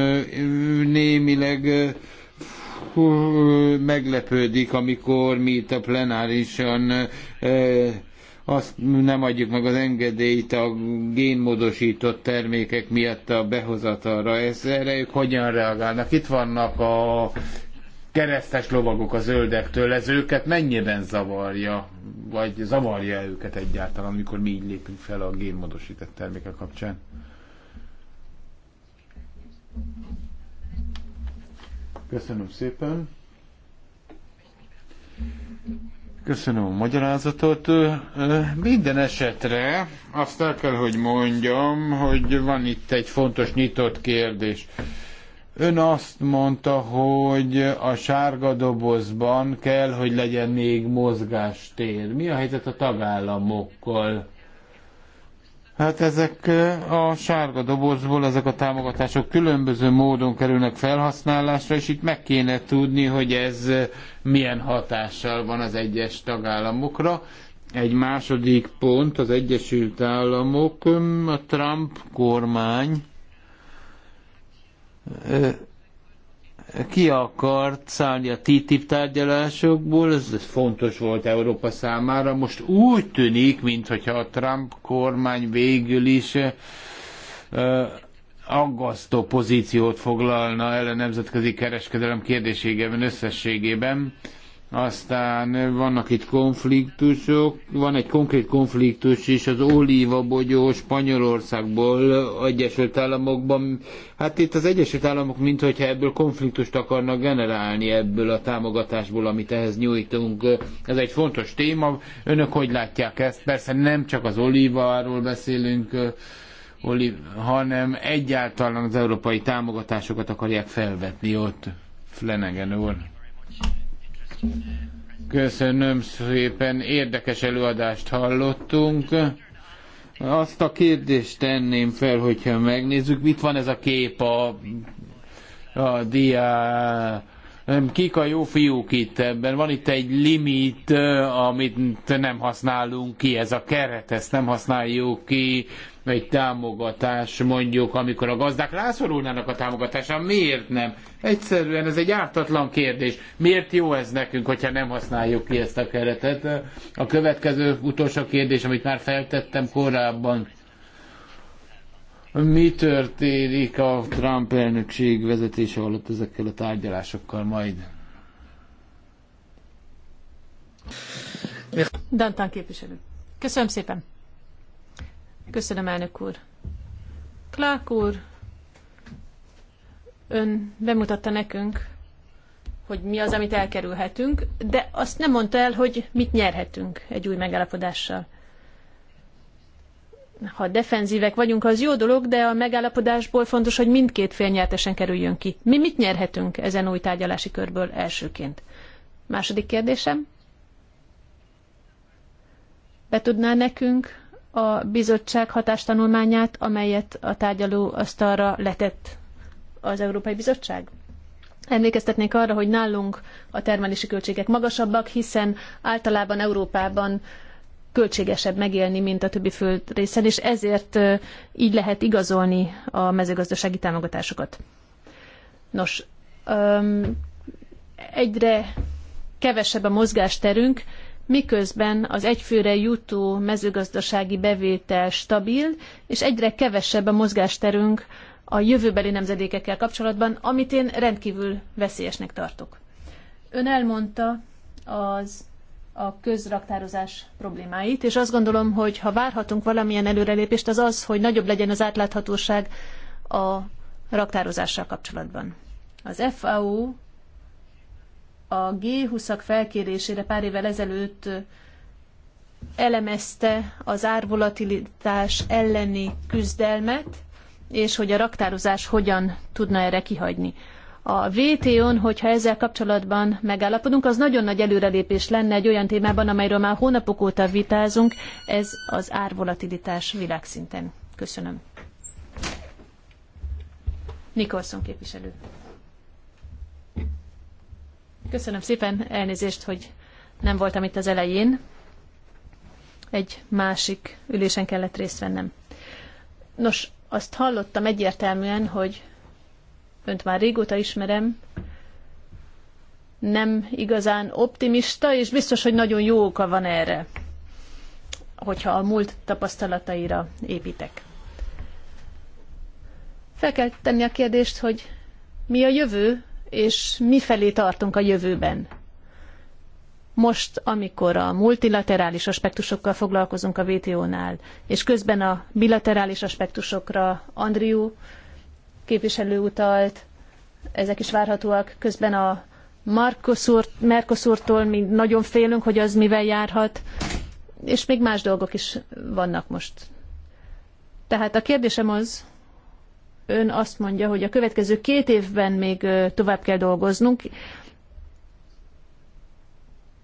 némileg meglepődik, amikor mi itt a plenárisan e, azt nem adjuk meg az engedélyt a génmódosított termékek miatt a behozatalra. Ez, erre ők hogyan reagálnak? Itt vannak a keresztes lovagok a zöldektől, ez őket mennyiben zavarja, vagy zavarja őket egyáltalán, amikor mi így lépünk fel a génmodosított termékek kapcsán? Köszönöm szépen. Köszönöm a magyarázatot. Minden esetre azt el kell, hogy mondjam, hogy van itt egy fontos nyitott kérdés. Ön azt mondta, hogy a sárga dobozban kell, hogy legyen még mozgástér. Mi a helyzet a tagállamokkal? Hát ezek a sárga dobozból, ezek a támogatások különböző módon kerülnek felhasználásra, és itt meg kéne tudni, hogy ez milyen hatással van az egyes tagállamokra. Egy második pont, az Egyesült Államok, a Trump kormány ki akart szállni a TTIP tárgyalásokból, ez fontos volt Európa számára. Most úgy tűnik, mintha a Trump kormány végül is aggasztó pozíciót foglalna el a nemzetközi kereskedelem kérdésében összességében. Aztán eh, vannak itt konfliktusok, van egy konkrét konfliktus is az olíva bogyó Spanyolországból, eh, Egyesült Államokban. Hát itt az Egyesült Államok mintha ebből konfliktust akarnak generálni ebből a támogatásból, amit ehhez nyújtunk. Eh, ez egy fontos téma. Önök hogy látják ezt? Persze nem csak az olíváról beszélünk, hanem egyáltalán az európai támogatásokat akarják felvetni ott. Flanagan úr. Köszönöm szépen, érdekes előadást hallottunk. Azt a kérdést tenném fel, hogyha megnézzük, mit van ez a kép a, a diá kik a jó fiúk itt ebben. Van itt egy limit, amit nem használunk ki, ez a keret, ezt nem használjuk ki, egy támogatás mondjuk, amikor a gazdák rászorulnának a támogatásra, miért nem? Egyszerűen ez egy ártatlan kérdés. Miért jó ez nekünk, hogyha nem használjuk ki ezt a keretet? A következő utolsó kérdés, amit már feltettem korábban, mi történik a Trump elnökség vezetése alatt ezekkel a tárgyalásokkal majd. Dantán képviselő. Köszönöm szépen. Köszönöm, elnök úr. Clark úr, ön bemutatta nekünk, hogy mi az, amit elkerülhetünk, de azt nem mondta el, hogy mit nyerhetünk egy új megállapodással ha defenzívek vagyunk, az jó dolog, de a megállapodásból fontos, hogy mindkét fél nyertesen kerüljön ki. Mi mit nyerhetünk ezen új tárgyalási körből elsőként? Második kérdésem. Be tudná nekünk a bizottság hatástanulmányát, amelyet a tárgyaló asztalra letett az Európai Bizottság? Emlékeztetnék arra, hogy nálunk a termelési költségek magasabbak, hiszen általában Európában költségesebb megélni, mint a többi földrészen, és ezért így lehet igazolni a mezőgazdasági támogatásokat. Nos, egyre kevesebb a mozgásterünk, miközben az egyfőre jutó mezőgazdasági bevétel stabil, és egyre kevesebb a mozgásterünk a jövőbeli nemzedékekkel kapcsolatban, amit én rendkívül veszélyesnek tartok. Ön elmondta az a közraktározás problémáit, és azt gondolom, hogy ha várhatunk valamilyen előrelépést, az az, hogy nagyobb legyen az átláthatóság a raktározással kapcsolatban. Az FAO a G20-ak felkérésére pár évvel ezelőtt elemezte az árvolatilitás elleni küzdelmet, és hogy a raktározás hogyan tudna erre kihagyni a VTO-n, hogyha ezzel kapcsolatban megállapodunk, az nagyon nagy előrelépés lenne egy olyan témában, amelyről már hónapok óta vitázunk, ez az árvolatilitás világszinten. Köszönöm. Nikolson képviselő. Köszönöm szépen, elnézést, hogy nem voltam itt az elején. Egy másik ülésen kellett részt vennem. Nos, azt hallottam egyértelműen, hogy önt már régóta ismerem, nem igazán optimista, és biztos, hogy nagyon jó oka van erre, hogyha a múlt tapasztalataira építek. Fel kell tenni a kérdést, hogy mi a jövő, és mi felé tartunk a jövőben. Most, amikor a multilaterális aspektusokkal foglalkozunk a WTO-nál, és közben a bilaterális aspektusokra Andriu képviselő utalt, ezek is várhatóak. Közben a Mercosurtól mi nagyon félünk, hogy az mivel járhat, és még más dolgok is vannak most. Tehát a kérdésem az, ön azt mondja, hogy a következő két évben még tovább kell dolgoznunk.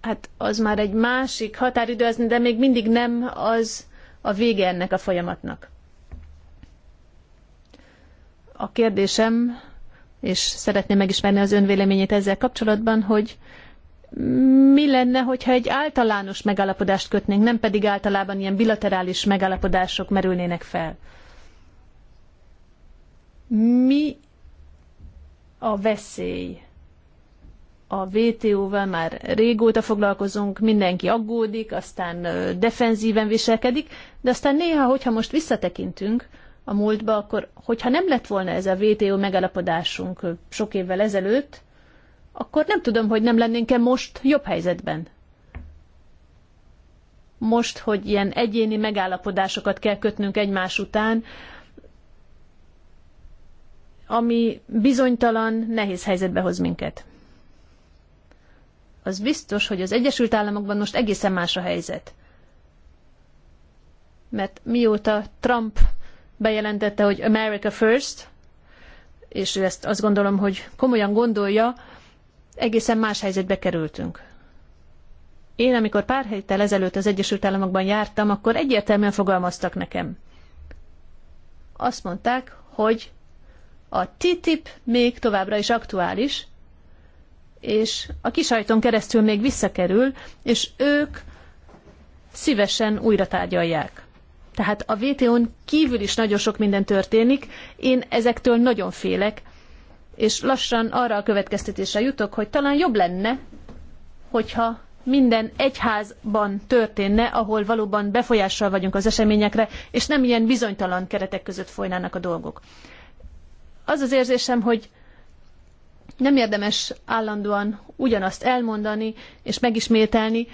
Hát az már egy másik határidő, de még mindig nem az a vége ennek a folyamatnak. A kérdésem, és szeretném megismerni az ön véleményét ezzel kapcsolatban, hogy mi lenne, hogyha egy általános megállapodást kötnénk, nem pedig általában ilyen bilaterális megállapodások merülnének fel? Mi a veszély? a VTO-val már régóta foglalkozunk, mindenki aggódik, aztán defenzíven viselkedik, de aztán néha, hogyha most visszatekintünk, a múltba, akkor hogyha nem lett volna ez a WTO megállapodásunk sok évvel ezelőtt, akkor nem tudom, hogy nem lennénk-e most jobb helyzetben. Most, hogy ilyen egyéni megállapodásokat kell kötnünk egymás után, ami bizonytalan, nehéz helyzetbe hoz minket. Az biztos, hogy az Egyesült Államokban most egészen más a helyzet. Mert mióta Trump bejelentette, hogy America First, és ő ezt azt gondolom, hogy komolyan gondolja, egészen más helyzetbe kerültünk. Én, amikor pár héttel ezelőtt az Egyesült Államokban jártam, akkor egyértelműen fogalmaztak nekem. Azt mondták, hogy a TTIP még továbbra is aktuális, és a kisajton keresztül még visszakerül, és ők szívesen újra tárgyalják. Tehát a WTO-n kívül is nagyon sok minden történik, én ezektől nagyon félek, és lassan arra a következtetésre jutok, hogy talán jobb lenne, hogyha minden egyházban történne, ahol valóban befolyással vagyunk az eseményekre, és nem ilyen bizonytalan keretek között folynának a dolgok. Az az érzésem, hogy nem érdemes állandóan ugyanazt elmondani és megismételni,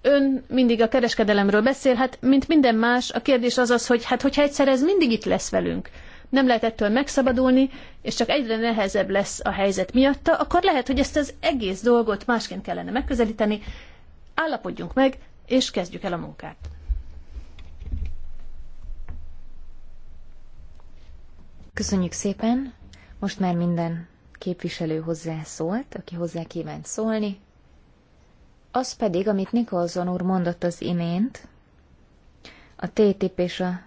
ön mindig a kereskedelemről beszél, hát mint minden más, a kérdés az az, hogy hát hogyha egyszer ez mindig itt lesz velünk, nem lehet ettől megszabadulni, és csak egyre nehezebb lesz a helyzet miatta, akkor lehet, hogy ezt az egész dolgot másként kellene megközelíteni. Állapodjunk meg, és kezdjük el a munkát. Köszönjük szépen! Most már minden képviselő hozzá szólt, aki hozzá kívánt szólni. Az pedig, amit Nikolson úr mondott az imént, a TTIP és a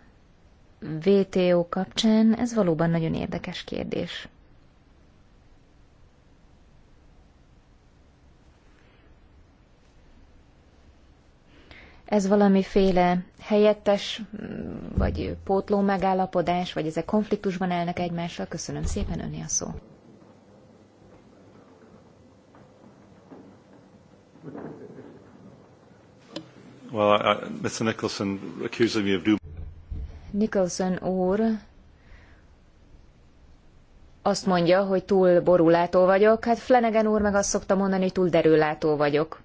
VTO kapcsán, ez valóban nagyon érdekes kérdés. ez valamiféle helyettes, vagy pótló megállapodás, vagy ezek konfliktusban állnak egymással? Köszönöm szépen, öné a szó. Well, I, Mr. Nicholson accuses me of doing... Nicholson úr azt mondja, hogy túl borulátó vagyok, hát Flanagan úr meg azt szokta mondani, hogy túl derülátó vagyok.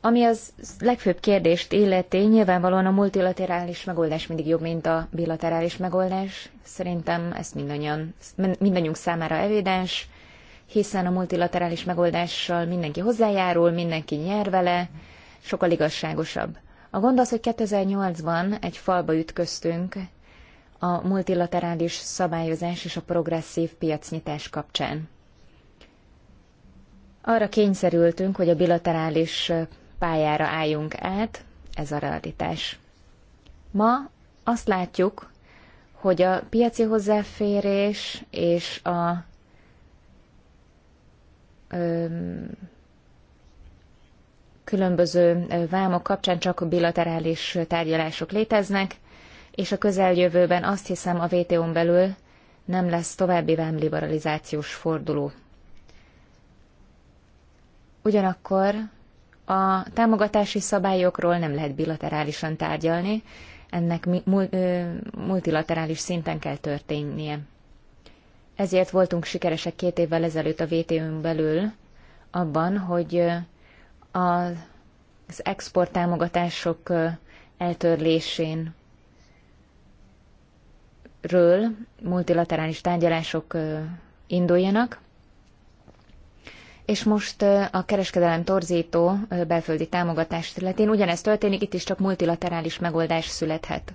Ami az legfőbb kérdést illeti, nyilvánvalóan a multilaterális megoldás mindig jobb, mint a bilaterális megoldás. Szerintem ez mindannyian, mindannyiunk számára evidens hiszen a multilaterális megoldással mindenki hozzájárul, mindenki nyer vele, sokkal igazságosabb. A gond az, hogy 2008-ban egy falba ütköztünk a multilaterális szabályozás és a progresszív piacnyitás kapcsán. Arra kényszerültünk, hogy a bilaterális pályára álljunk át, ez a realitás. Ma azt látjuk, hogy a piaci hozzáférés és a különböző vámok kapcsán csak bilaterális tárgyalások léteznek, és a közeljövőben azt hiszem a vto n belül nem lesz további vámliberalizációs forduló. Ugyanakkor a támogatási szabályokról nem lehet bilaterálisan tárgyalni, ennek multilaterális szinten kell történnie. Ezért voltunk sikeresek két évvel ezelőtt a WTO-n belül abban, hogy az export támogatások eltörlésén ről multilaterális tárgyalások induljanak, és most a kereskedelem torzító belföldi támogatás területén ugyanezt történik, itt is csak multilaterális megoldás születhet.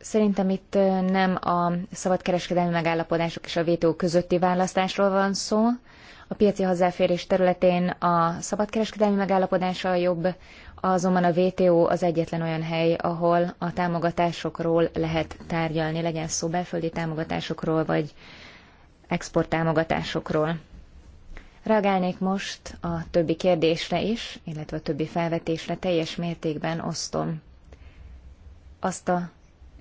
Szerintem itt nem a szabadkereskedelmi megállapodások és a WTO közötti választásról van szó. A piaci hozzáférés területén a szabadkereskedelmi megállapodása a jobb, azonban a WTO az egyetlen olyan hely, ahol a támogatásokról lehet tárgyalni, legyen szó belföldi támogatásokról vagy exporttámogatásokról. Reagálnék most a többi kérdésre is, illetve a többi felvetésre teljes mértékben osztom azt a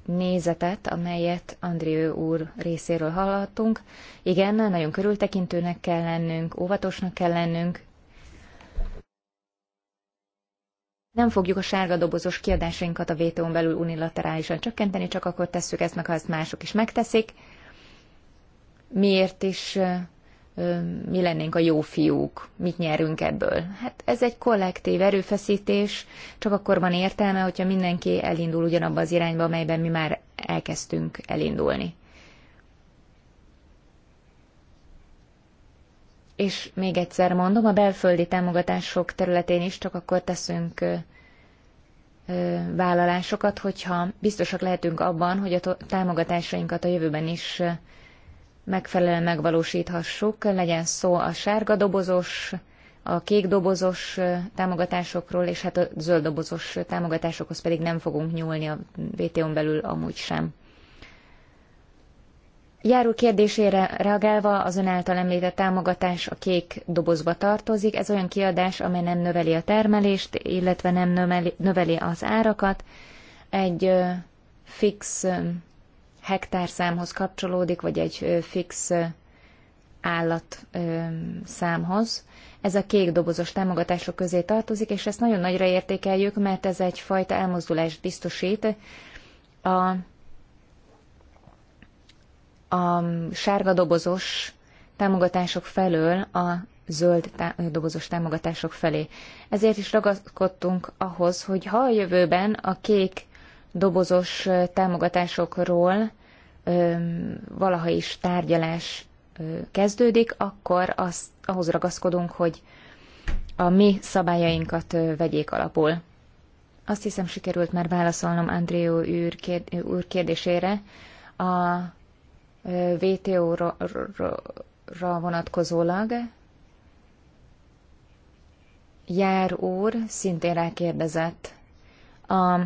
nézetet, amelyet Andrió úr részéről hallhattunk. Igen, nagyon körültekintőnek kell lennünk, óvatosnak kell lennünk. Nem fogjuk a sárga dobozos kiadásainkat a WTO-n belül unilaterálisan csökkenteni, csak akkor tesszük ezt meg, ha ezt mások is megteszik. Miért is mi lennénk a jó fiúk, mit nyerünk ebből. Hát ez egy kollektív erőfeszítés, csak akkor van értelme, hogyha mindenki elindul ugyanabba az irányba, amelyben mi már elkezdtünk elindulni. És még egyszer mondom, a belföldi támogatások területén is csak akkor teszünk vállalásokat, hogyha biztosak lehetünk abban, hogy a támogatásainkat a jövőben is megfelelően megvalósíthassuk. Legyen szó a sárga dobozos, a kék dobozos támogatásokról, és hát a zöld dobozos támogatásokhoz pedig nem fogunk nyúlni a WTO-n belül amúgy sem. Járó kérdésére reagálva az ön által említett támogatás a kék dobozba tartozik. Ez olyan kiadás, amely nem növeli a termelést, illetve nem növeli az árakat. Egy fix hektárszámhoz kapcsolódik, vagy egy fix állat számhoz. Ez a kék dobozos támogatások közé tartozik, és ezt nagyon nagyra értékeljük, mert ez egyfajta elmozdulást biztosít a, a sárga dobozos támogatások felől a zöld tá- dobozos támogatások felé. Ezért is ragaszkodtunk ahhoz, hogy ha a jövőben a kék dobozos támogatásokról valaha is tárgyalás kezdődik, akkor az, ahhoz ragaszkodunk, hogy a mi szabályainkat vegyék alapul. Azt hiszem, sikerült már válaszolnom Andréó úr kérdésére. A VTO-ra vonatkozólag Jár úr szintén rákérdezett a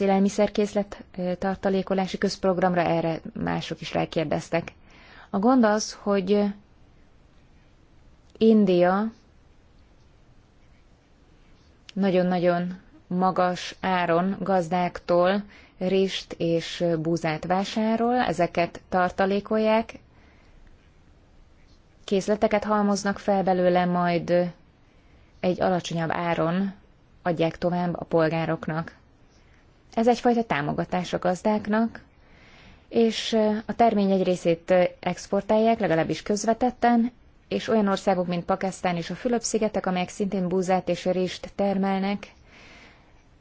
élelmiszerkészlet tartalékolási közprogramra, erre mások is rákérdeztek. A gond az, hogy India nagyon-nagyon magas áron gazdáktól rist és búzát vásárol, ezeket tartalékolják, készleteket halmoznak fel belőle, majd egy alacsonyabb áron adják tovább a polgároknak. Ez egyfajta támogatás a gazdáknak, és a termény egy részét exportálják, legalábbis közvetetten, és olyan országok, mint Pakisztán és a Fülöp-szigetek, amelyek szintén búzát és rist termelnek,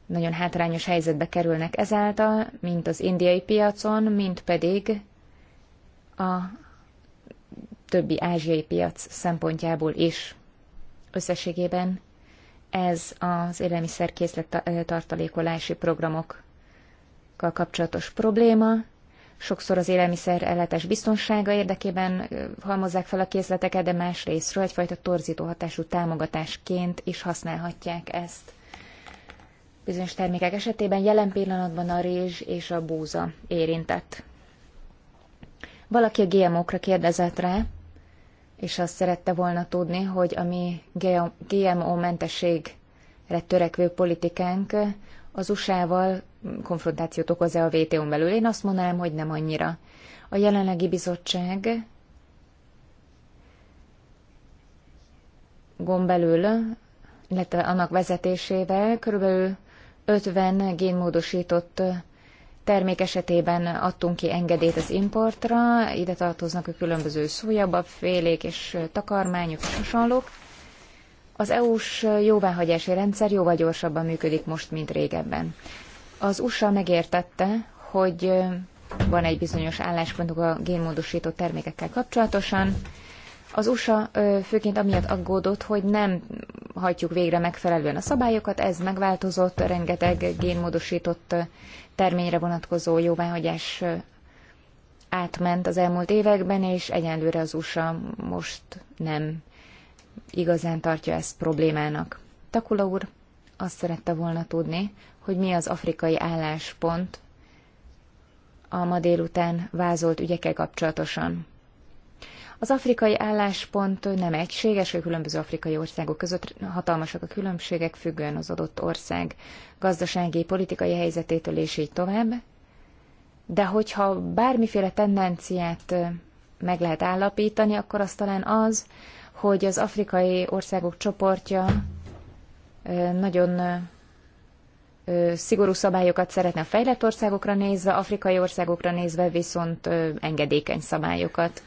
nagyon hátrányos helyzetbe kerülnek ezáltal, mint az indiai piacon, mint pedig a többi ázsiai piac szempontjából is. Összességében ez az élelmiszerkészlet eh, tartalékolási programokkal kapcsolatos probléma. Sokszor az élelmiszer ellátás biztonsága érdekében eh, halmozzák fel a készleteket, de más részről egyfajta torzító hatású támogatásként is használhatják ezt. Bizonyos termékek esetében jelen pillanatban a rézs és a búza érintett. Valaki a GMO-kra kérdezett rá, és azt szerette volna tudni, hogy a mi GMO-mentességre törekvő politikánk az USA-val konfrontációt okoz-e a WTO-n belül. Én azt mondanám, hogy nem annyira. A jelenlegi bizottság gomb belül, illetve annak vezetésével körülbelül 50 génmódosított termék esetében adtunk ki engedélyt az importra, ide tartoznak a különböző szójababfélék és takarmányok és hasonlók. Az EU-s jóváhagyási rendszer jóval gyorsabban működik most, mint régebben. Az USA megértette, hogy van egy bizonyos álláspontok a génmódosított termékekkel kapcsolatosan. Az USA főként amiatt aggódott, hogy nem hajtjuk végre megfelelően a szabályokat, ez megváltozott, rengeteg génmódosított terményre vonatkozó jóváhagyás átment az elmúlt években, és egyenlőre az USA most nem igazán tartja ezt problémának. Takula úr azt szerette volna tudni, hogy mi az afrikai álláspont a ma délután vázolt ügyekkel kapcsolatosan. Az afrikai álláspont nem egységes, a különböző afrikai országok között hatalmasak a különbségek, függően az adott ország gazdasági, politikai helyzetétől és így tovább. De hogyha bármiféle tendenciát meg lehet állapítani, akkor az talán az, hogy az afrikai országok csoportja nagyon szigorú szabályokat szeretne a fejlett országokra nézve, afrikai országokra nézve viszont engedékeny szabályokat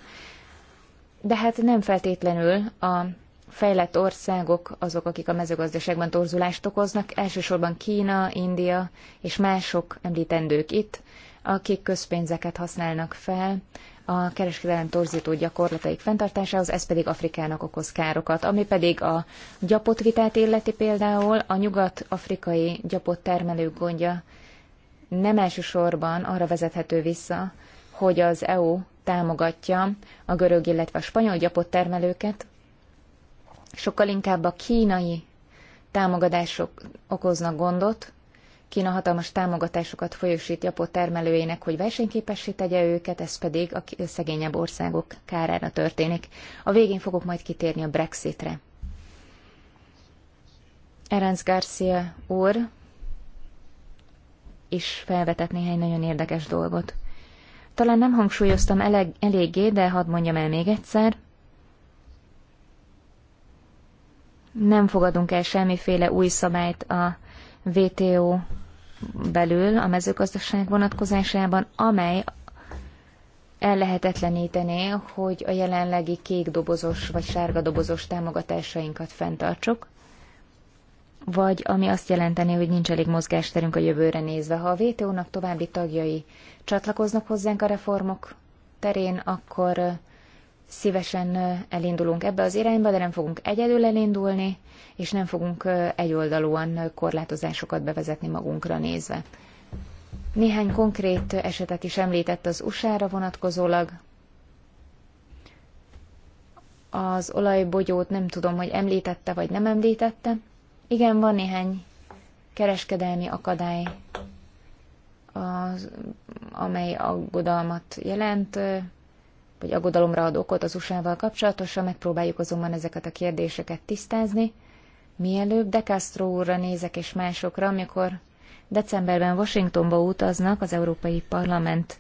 de hát nem feltétlenül a fejlett országok azok, akik a mezőgazdaságban torzulást okoznak, elsősorban Kína, India és mások említendők itt, akik közpénzeket használnak fel a kereskedelem torzító gyakorlataik fenntartásához, ez pedig Afrikának okoz károkat. Ami pedig a gyapotvitát illeti például, a nyugat-afrikai gyapot termelők gondja nem elsősorban arra vezethető vissza, hogy az EU támogatja a görög, illetve a spanyol gyapott termelőket, sokkal inkább a kínai támogatások okoznak gondot. Kína hatalmas támogatásokat folyosít gyapott termelőjének, hogy versenyképessé tegye őket, ez pedig a szegényebb országok kárára történik. A végén fogok majd kitérni a Brexitre. Erenc Garcia úr is felvetett néhány nagyon érdekes dolgot. Talán nem hangsúlyoztam eleg, eléggé, de hadd mondjam el még egyszer. Nem fogadunk el semmiféle új szabályt a WTO belül a mezőgazdaság vonatkozásában, amely ellehetetlenítené, hogy a jelenlegi kék dobozos vagy sárga dobozos támogatásainkat fenntartsuk vagy ami azt jelenteni, hogy nincs elég mozgásterünk a jövőre nézve. Ha a WTO-nak további tagjai csatlakoznak hozzánk a reformok terén, akkor szívesen elindulunk ebbe az irányba, de nem fogunk egyedül elindulni, és nem fogunk egyoldalúan korlátozásokat bevezetni magunkra nézve. Néhány konkrét esetet is említett az USA-ra vonatkozólag. Az olajbogyót nem tudom, hogy említette vagy nem említette. Igen, van néhány kereskedelmi akadály, az, amely aggodalmat jelent, vagy aggodalomra ad okot az USA-val kapcsolatosan, megpróbáljuk azonban ezeket a kérdéseket tisztázni. Mielőbb De Castro úrra nézek és másokra, amikor decemberben Washingtonba utaznak az Európai Parlament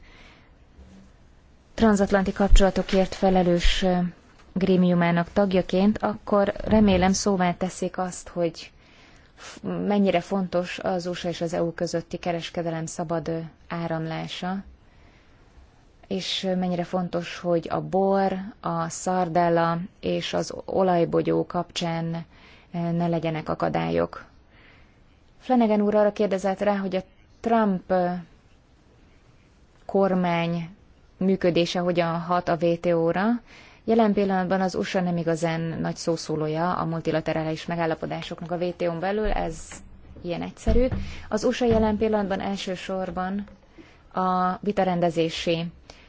transatlanti kapcsolatokért felelős grémiumának tagjaként, akkor remélem szóvá teszik azt, hogy mennyire fontos az USA és az EU közötti kereskedelem szabad áramlása, és mennyire fontos, hogy a bor, a szardella és az olajbogyó kapcsán ne legyenek akadályok. Flanagan úr arra kérdezett rá, hogy a Trump kormány működése hogyan hat a WTO-ra. Jelen pillanatban az USA nem igazán nagy szószólója a multilaterális megállapodásoknak a WTO-n belül, ez ilyen egyszerű. Az USA jelen pillanatban elsősorban a vitarendezési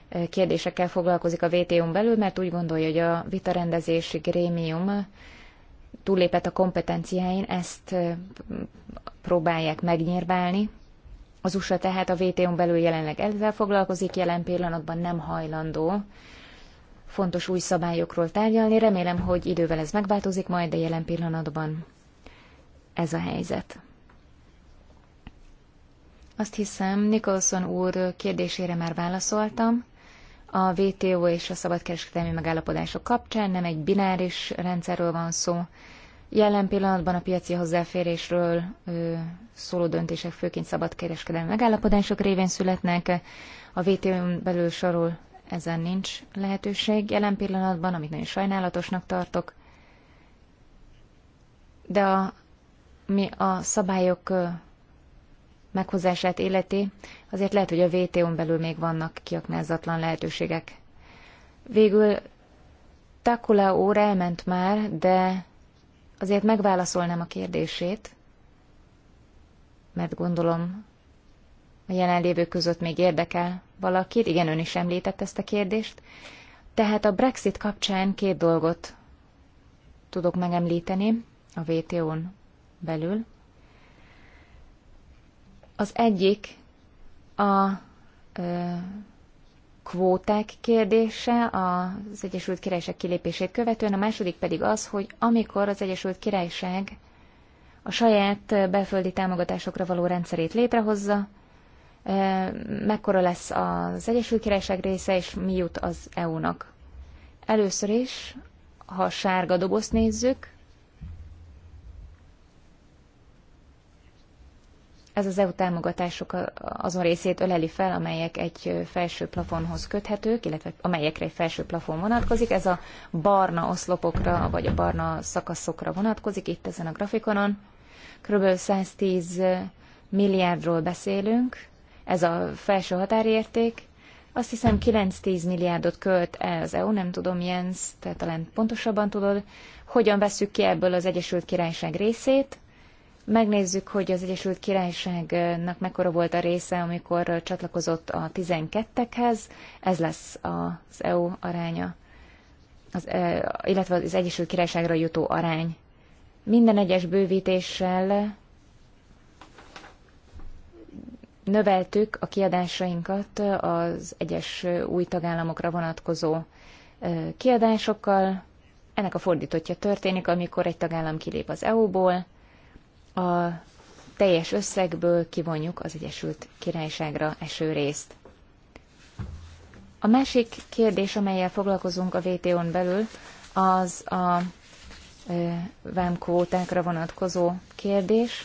eh, kérdésekkel foglalkozik a WTO-n belül, mert úgy gondolja, hogy a vitarendezési grémium túllépett a kompetenciáin, ezt eh, próbálják megnyírbálni. Az USA tehát a WTO-n belül jelenleg ezzel foglalkozik, jelen pillanatban nem hajlandó fontos új szabályokról tárgyalni. Remélem, hogy idővel ez megváltozik majd, de jelen pillanatban ez a helyzet. Azt hiszem, Nicholson úr kérdésére már válaszoltam. A WTO és a szabadkereskedelmi megállapodások kapcsán nem egy bináris rendszerről van szó. Jelen pillanatban a piaci hozzáférésről ö, szóló döntések főként szabadkereskedelmi megállapodások révén születnek. A WTO-n belül sorol ezen nincs lehetőség jelen pillanatban, amit nagyon sajnálatosnak tartok. De a, mi a szabályok meghozását életi, azért lehet, hogy a VTO-n belül még vannak kiaknázatlan lehetőségek. Végül Takula óra elment már, de azért megválaszolnám a kérdését, mert gondolom a jelenlévők között még érdekel valakit, igen, ön is említett ezt a kérdést. Tehát a Brexit kapcsán két dolgot tudok megemlíteni a WTO-n belül. Az egyik a ö, kvóták kérdése az Egyesült Királyság kilépését követően, a második pedig az, hogy amikor az Egyesült Királyság a saját belföldi támogatásokra való rendszerét létrehozza, mekkora lesz az Egyesült Királyság része, és mi jut az EU-nak. Először is, ha a sárga dobozt nézzük, ez az EU támogatások azon részét öleli fel, amelyek egy felső plafonhoz köthetők, illetve amelyekre egy felső plafon vonatkozik. Ez a barna oszlopokra, vagy a barna szakaszokra vonatkozik itt ezen a grafikonon. Körülbelül 110 milliárdról beszélünk, ez a felső határérték. Azt hiszem 9-10 milliárdot költ el az EU, nem tudom, Jens, te talán pontosabban tudod, hogyan veszük ki ebből az Egyesült Királyság részét. Megnézzük, hogy az Egyesült Királyságnak mekkora volt a része, amikor csatlakozott a 12-ekhez. Ez lesz az EU aránya, az, e, illetve az Egyesült Királyságra jutó arány. Minden egyes bővítéssel növeltük a kiadásainkat az egyes új tagállamokra vonatkozó kiadásokkal. Ennek a fordítottja történik, amikor egy tagállam kilép az EU-ból, a teljes összegből kivonjuk az Egyesült Királyságra eső részt. A másik kérdés, amelyel foglalkozunk a WTO-n belül, az a vámkvótákra vonatkozó kérdés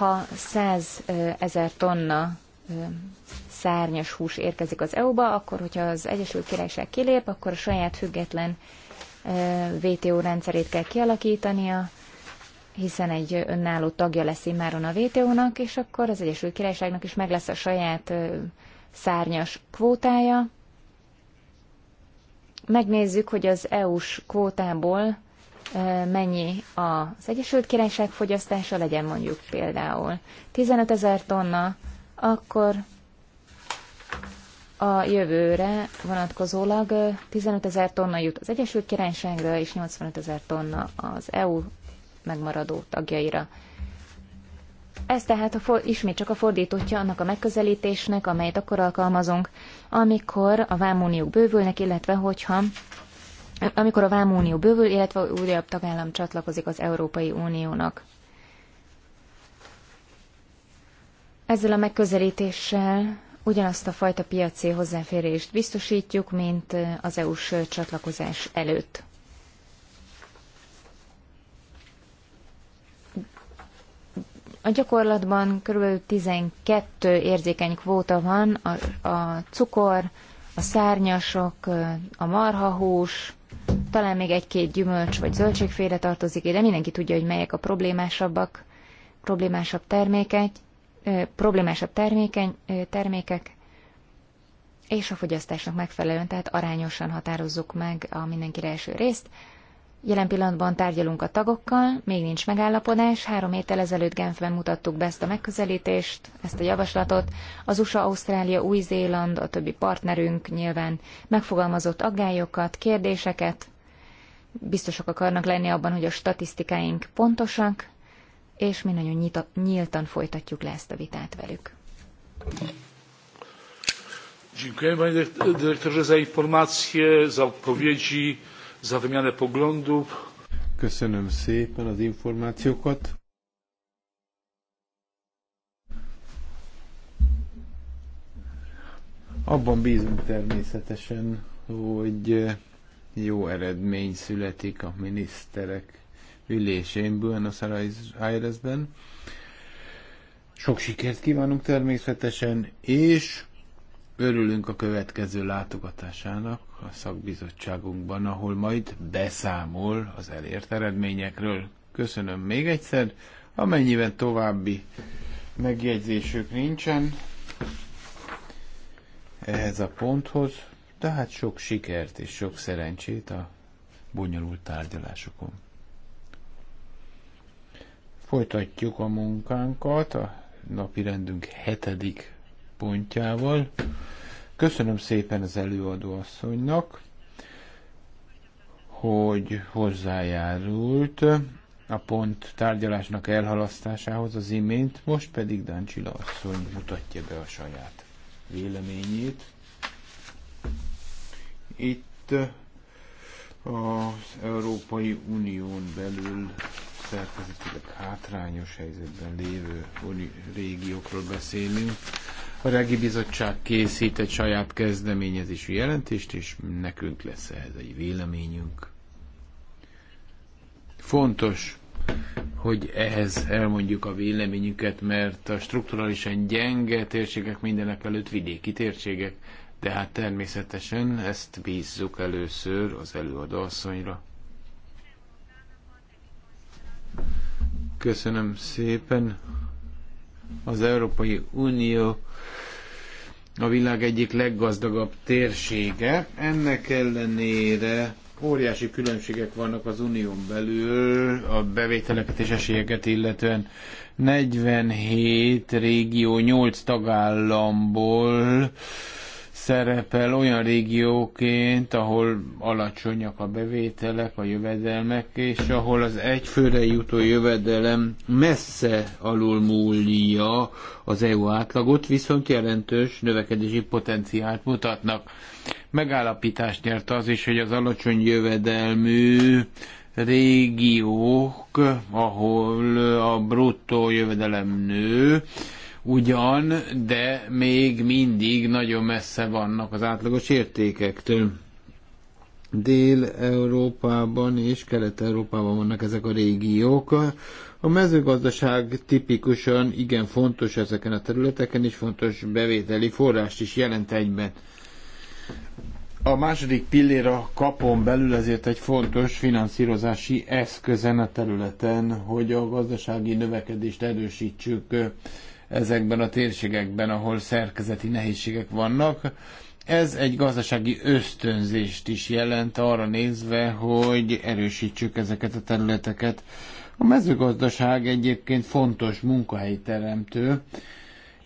ha 100 ezer tonna szárnyas hús érkezik az EU-ba, akkor hogyha az Egyesült Királyság kilép, akkor a saját független WTO rendszerét kell kialakítania, hiszen egy önálló tagja lesz immáron a WTO-nak, és akkor az Egyesült Királyságnak is meg lesz a saját szárnyas kvótája. Megnézzük, hogy az EU-s kvótából mennyi az Egyesült Királyság fogyasztása, legyen mondjuk például 15 ezer tonna, akkor a jövőre vonatkozólag 15 ezer tonna jut az Egyesült Királyságra, és 85 ezer tonna az EU megmaradó tagjaira. Ez tehát a for- ismét csak a fordítottja annak a megközelítésnek, amelyet akkor alkalmazunk, amikor a vámuniók bővülnek, illetve hogyha amikor a Vámunió bővül, illetve újabb tagállam csatlakozik az Európai Uniónak. Ezzel a megközelítéssel ugyanazt a fajta piaci hozzáférést biztosítjuk, mint az EU-s csatlakozás előtt. A gyakorlatban kb. 12 érzékeny kvóta van, a, a cukor, a szárnyasok, a marhahús, talán még egy-két gyümölcs vagy zöldségféle tartozik ide, mindenki tudja, hogy melyek a problémásabbak, problémásabb termékek, problémásabb termékeny, termékek, és a fogyasztásnak megfelelően, tehát arányosan határozzuk meg a mindenki első részt. Jelen pillanatban tárgyalunk a tagokkal, még nincs megállapodás. Három héttel ezelőtt Genfben mutattuk be ezt a megközelítést, ezt a javaslatot. Az USA, Ausztrália, Új-Zéland, a többi partnerünk nyilván megfogalmazott aggályokat, kérdéseket. Biztosak akarnak lenni abban, hogy a statisztikáink pontosak, és mi nagyon nyita, nyíltan folytatjuk le ezt a vitát velük. Dziękuję panie dyrektorze za informacje, za odpowiedzi za wymianę poglądów. Köszönöm szépen az információkat. Abban bízunk természetesen, hogy jó eredmény születik a miniszterek ülésén Buenos Airesben. Sok sikert kívánunk természetesen, és Örülünk a következő látogatásának a szakbizottságunkban, ahol majd beszámol az elért eredményekről. Köszönöm még egyszer, amennyiben további megjegyzésük nincsen ehhez a ponthoz, tehát sok sikert és sok szerencsét a bonyolult tárgyalásokon. Folytatjuk a munkánkat, a napi rendünk hetedik pontjával. Köszönöm szépen az előadóasszonynak, hogy hozzájárult a pont tárgyalásnak elhalasztásához az imént, most pedig Dancsila asszony mutatja be a saját véleményét. Itt az Európai Unión belül szerkezetileg hátrányos helyzetben lévő régiókról beszélünk. A regi bizottság készít egy saját kezdeményezésű jelentést, és nekünk lesz ehhez egy véleményünk. Fontos, hogy ehhez elmondjuk a véleményünket, mert a strukturálisan gyenge térségek mindenek előtt vidéki térségek, de hát természetesen ezt bízzuk először az előadó asszonyra. Köszönöm szépen. Az Európai Unió a világ egyik leggazdagabb térsége. Ennek ellenére óriási különbségek vannak az unión belül a bevételeket és esélyeket illetően. 47 régió, 8 tagállamból szerepel olyan régióként, ahol alacsonyak a bevételek, a jövedelmek, és ahol az egyfőre jutó jövedelem messze alul múlja az EU átlagot, viszont jelentős növekedési potenciált mutatnak. Megállapítást nyert az is, hogy az alacsony jövedelmű régiók, ahol a bruttó jövedelem nő, ugyan, de még mindig nagyon messze vannak az átlagos értékektől. Dél-Európában és Kelet-Európában vannak ezek a régiók. A mezőgazdaság tipikusan igen fontos ezeken a területeken, és fontos bevételi forrást is jelent egyben. A második pillér a kapon belül ezért egy fontos finanszírozási eszközen a területen, hogy a gazdasági növekedést erősítsük ezekben a térségekben, ahol szerkezeti nehézségek vannak. Ez egy gazdasági ösztönzést is jelent arra nézve, hogy erősítsük ezeket a területeket. A mezőgazdaság egyébként fontos munkahelyi teremtő,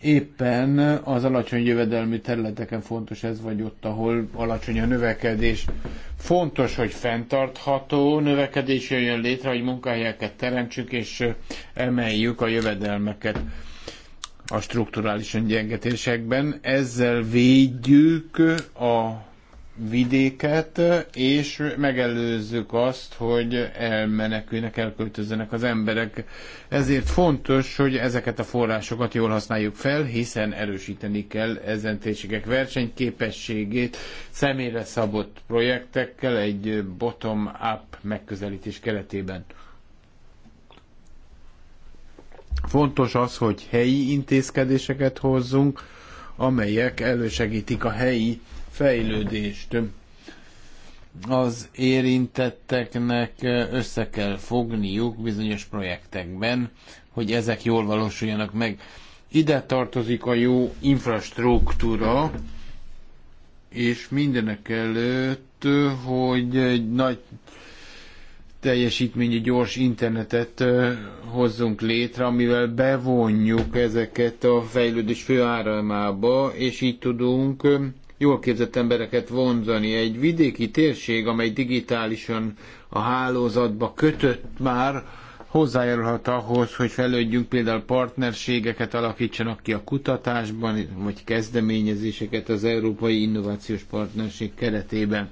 éppen az alacsony jövedelmi területeken fontos ez, vagy ott, ahol alacsony a növekedés. Fontos, hogy fenntartható növekedés jöjjön létre, hogy munkahelyeket teremtsük, és emeljük a jövedelmeket a strukturális öngyengetésekben Ezzel védjük a vidéket, és megelőzzük azt, hogy elmenekülnek, elköltözzenek az emberek. Ezért fontos, hogy ezeket a forrásokat jól használjuk fel, hiszen erősíteni kell ezen térségek versenyképességét személyre szabott projektekkel egy bottom-up megközelítés keretében. Fontos az, hogy helyi intézkedéseket hozzunk, amelyek elősegítik a helyi fejlődést. Az érintetteknek össze kell fogniuk bizonyos projektekben, hogy ezek jól valósuljanak meg. Ide tartozik a jó infrastruktúra, és mindenek előtt, hogy egy nagy teljesítményi gyors internetet hozzunk létre, amivel bevonjuk ezeket a fejlődés főáramába, és így tudunk jól képzett embereket vonzani. Egy vidéki térség, amely digitálisan a hálózatba kötött már, hozzájárulhat ahhoz, hogy felődjünk például partnerségeket alakítsanak ki a kutatásban, vagy kezdeményezéseket az Európai Innovációs Partnerség keretében.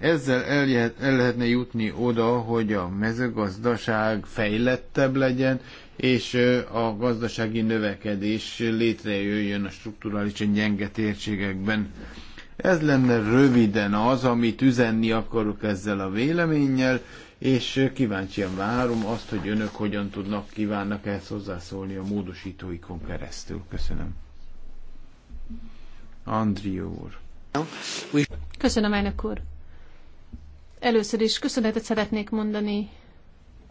Ezzel el, el lehetne jutni oda, hogy a mezőgazdaság fejlettebb legyen, és a gazdasági növekedés létrejöjjön a strukturálisan gyenge térségekben. Ez lenne röviden az, amit üzenni akarok ezzel a véleménnyel, és kíváncsian várom azt, hogy önök hogyan tudnak, kívánnak ehhez hozzászólni a módosítóikon keresztül. Köszönöm. Andrió úr. Köszönöm, elnök úr. Először is köszönetet szeretnék mondani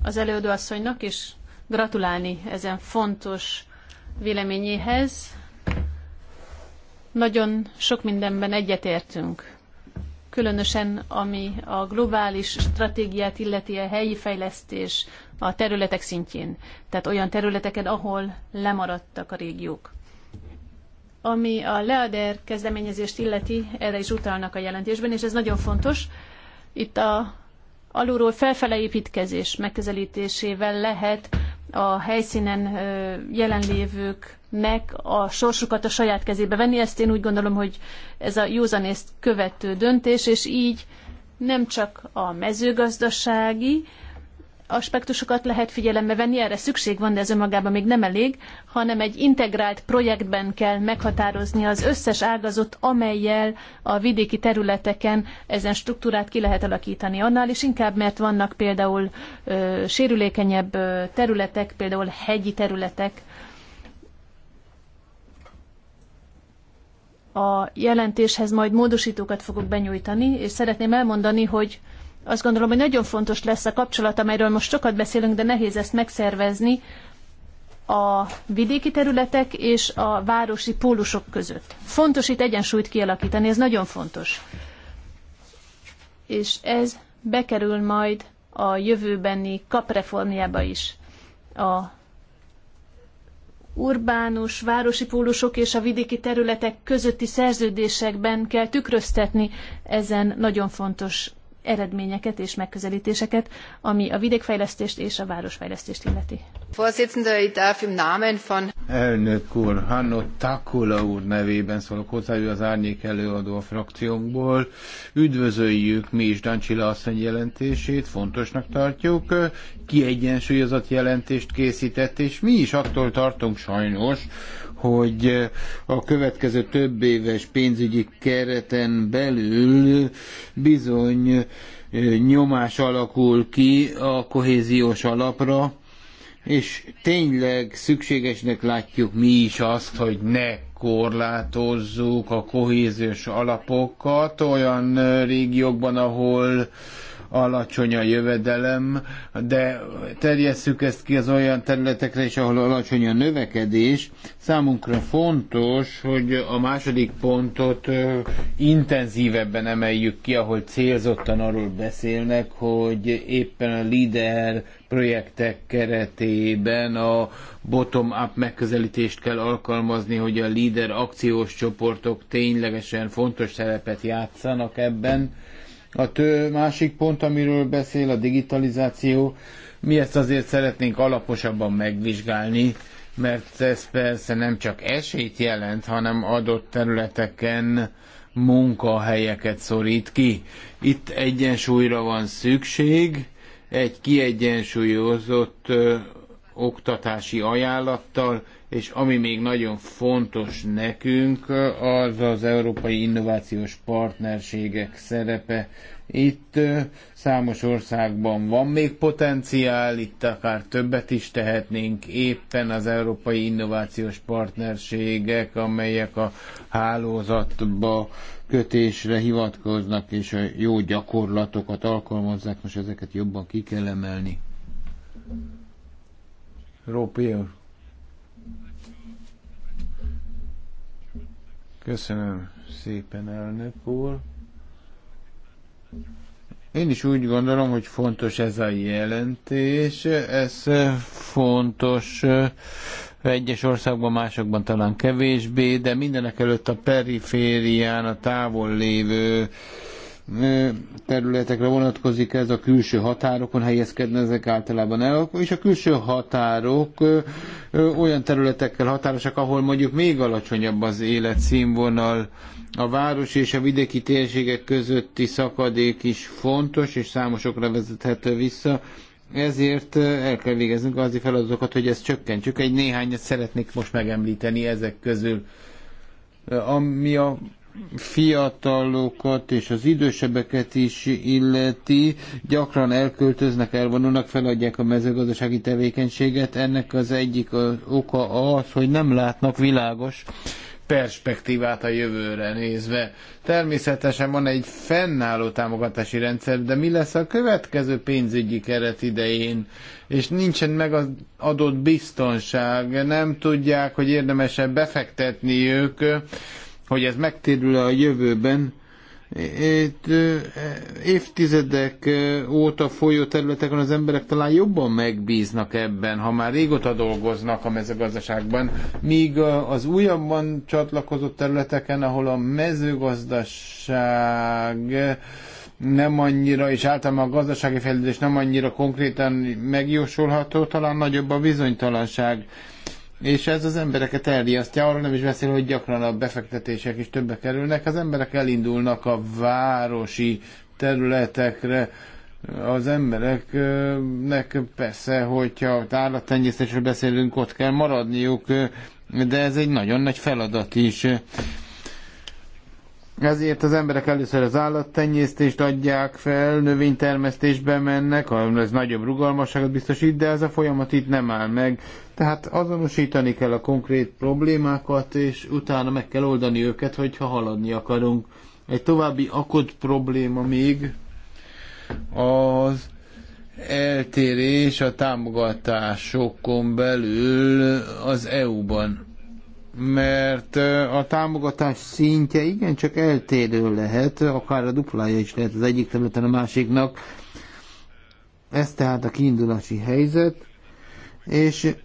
az előadóasszonynak, és gratulálni ezen fontos véleményéhez. Nagyon sok mindenben egyetértünk, különösen ami a globális stratégiát illeti a helyi fejlesztés a területek szintjén, tehát olyan területeken, ahol lemaradtak a régiók. Ami a LEADER kezdeményezést illeti, erre is utalnak a jelentésben, és ez nagyon fontos, itt a alulról felfele építkezés megközelítésével lehet a helyszínen jelenlévőknek a sorsukat a saját kezébe venni. Ezt én úgy gondolom, hogy ez a józanészt követő döntés, és így nem csak a mezőgazdasági, aspektusokat lehet figyelembe venni, erre szükség van, de ez önmagában még nem elég, hanem egy integrált projektben kell meghatározni az összes ágazat, amelyel a vidéki területeken ezen struktúrát ki lehet alakítani. Annál is inkább, mert vannak például ö, sérülékenyebb ö, területek, például hegyi területek, a jelentéshez majd módosítókat fogok benyújtani, és szeretném elmondani, hogy azt gondolom, hogy nagyon fontos lesz a kapcsolat, amelyről most sokat beszélünk, de nehéz ezt megszervezni a vidéki területek és a városi pólusok között. Fontos itt egyensúlyt kialakítani, ez nagyon fontos. És ez bekerül majd a jövőbeni kapreformjába is. A urbánus, városi pólusok és a vidéki területek közötti szerződésekben kell tükröztetni ezen nagyon fontos eredményeket és megközelítéseket, ami a vidékfejlesztést és a városfejlesztést illeti. Elnök úr, Hanno Takula úr nevében szólok hozzá, ő az árnyék előadó a frakciónkból. Üdvözöljük mi is Dancsila asszony jelentését, fontosnak tartjuk. Kiegyensúlyozott jelentést készített, és mi is attól tartunk sajnos, hogy a következő több éves pénzügyi kereten belül bizony nyomás alakul ki a kohéziós alapra, és tényleg szükségesnek látjuk mi is azt, hogy ne korlátozzuk a kohéziós alapokat olyan régiókban, ahol alacsony a jövedelem, de terjesszük ezt ki az olyan területekre is, ahol alacsony a növekedés. Számunkra fontos, hogy a második pontot intenzívebben emeljük ki, ahol célzottan arról beszélnek, hogy éppen a LIDER projektek keretében a bottom-up megközelítést kell alkalmazni, hogy a LIDER akciós csoportok ténylegesen fontos szerepet játszanak ebben, a tő, másik pont, amiről beszél, a digitalizáció. Mi ezt azért szeretnénk alaposabban megvizsgálni, mert ez persze nem csak esélyt jelent, hanem adott területeken munkahelyeket szorít ki. Itt egyensúlyra van szükség, egy kiegyensúlyozott ö, oktatási ajánlattal, és ami még nagyon fontos nekünk, az az Európai Innovációs Partnerségek szerepe. Itt számos országban van még potenciál, itt akár többet is tehetnénk, éppen az Európai Innovációs Partnerségek, amelyek a hálózatba kötésre hivatkoznak, és a jó gyakorlatokat alkalmazzák, most ezeket jobban ki kell emelni. Rópi Köszönöm szépen, elnök úr. Én is úgy gondolom, hogy fontos ez a jelentés. Ez fontos egyes országban, másokban talán kevésbé, de mindenek előtt a periférián, a távol lévő területekre vonatkozik ez, a külső határokon helyezkedne ezek általában el, és a külső határok olyan területekkel határosak, ahol mondjuk még alacsonyabb az életszínvonal, a város és a vidéki térségek közötti szakadék is fontos, és számosokra vezethető vissza, ezért el kell végeznünk az feladatokat, hogy ezt csökkentsük. Egy néhányat szeretnék most megemlíteni ezek közül. Ami a fiatalokat és az idősebbeket is illeti, gyakran elköltöznek, elvonulnak, feladják a mezőgazdasági tevékenységet. Ennek az egyik az oka az, hogy nem látnak világos perspektívát a jövőre nézve. Természetesen van egy fennálló támogatási rendszer, de mi lesz a következő pénzügyi keret idején? És nincsen meg az adott biztonság, nem tudják, hogy érdemesebb befektetni ők hogy ez megtérül a jövőben. Itt évtizedek óta folyó területeken az emberek talán jobban megbíznak ebben, ha már régóta dolgoznak a mezőgazdaságban, míg az újabban csatlakozott területeken, ahol a mezőgazdaság nem annyira, és általában a gazdasági fejlődés nem annyira konkrétan megjósolható, talán nagyobb a bizonytalanság. És ez az embereket elriasztja, arról nem is beszél, hogy gyakran a befektetések is többe kerülnek. Az emberek elindulnak a városi területekre, az embereknek persze, hogyha állattenyésztésről beszélünk, ott kell maradniuk, de ez egy nagyon nagy feladat is. Ezért az emberek először az állattenyésztést adják fel, növénytermesztésbe mennek, ez nagyobb rugalmasságot biztosít, de ez a folyamat itt nem áll meg. Tehát azonosítani kell a konkrét problémákat, és utána meg kell oldani őket, hogyha haladni akarunk. Egy további akut probléma még az eltérés a támogatásokon belül az EU-ban mert a támogatás szintje igencsak eltérő lehet, akár a duplája is lehet az egyik területen a másiknak. Ez tehát a kiindulási helyzet, és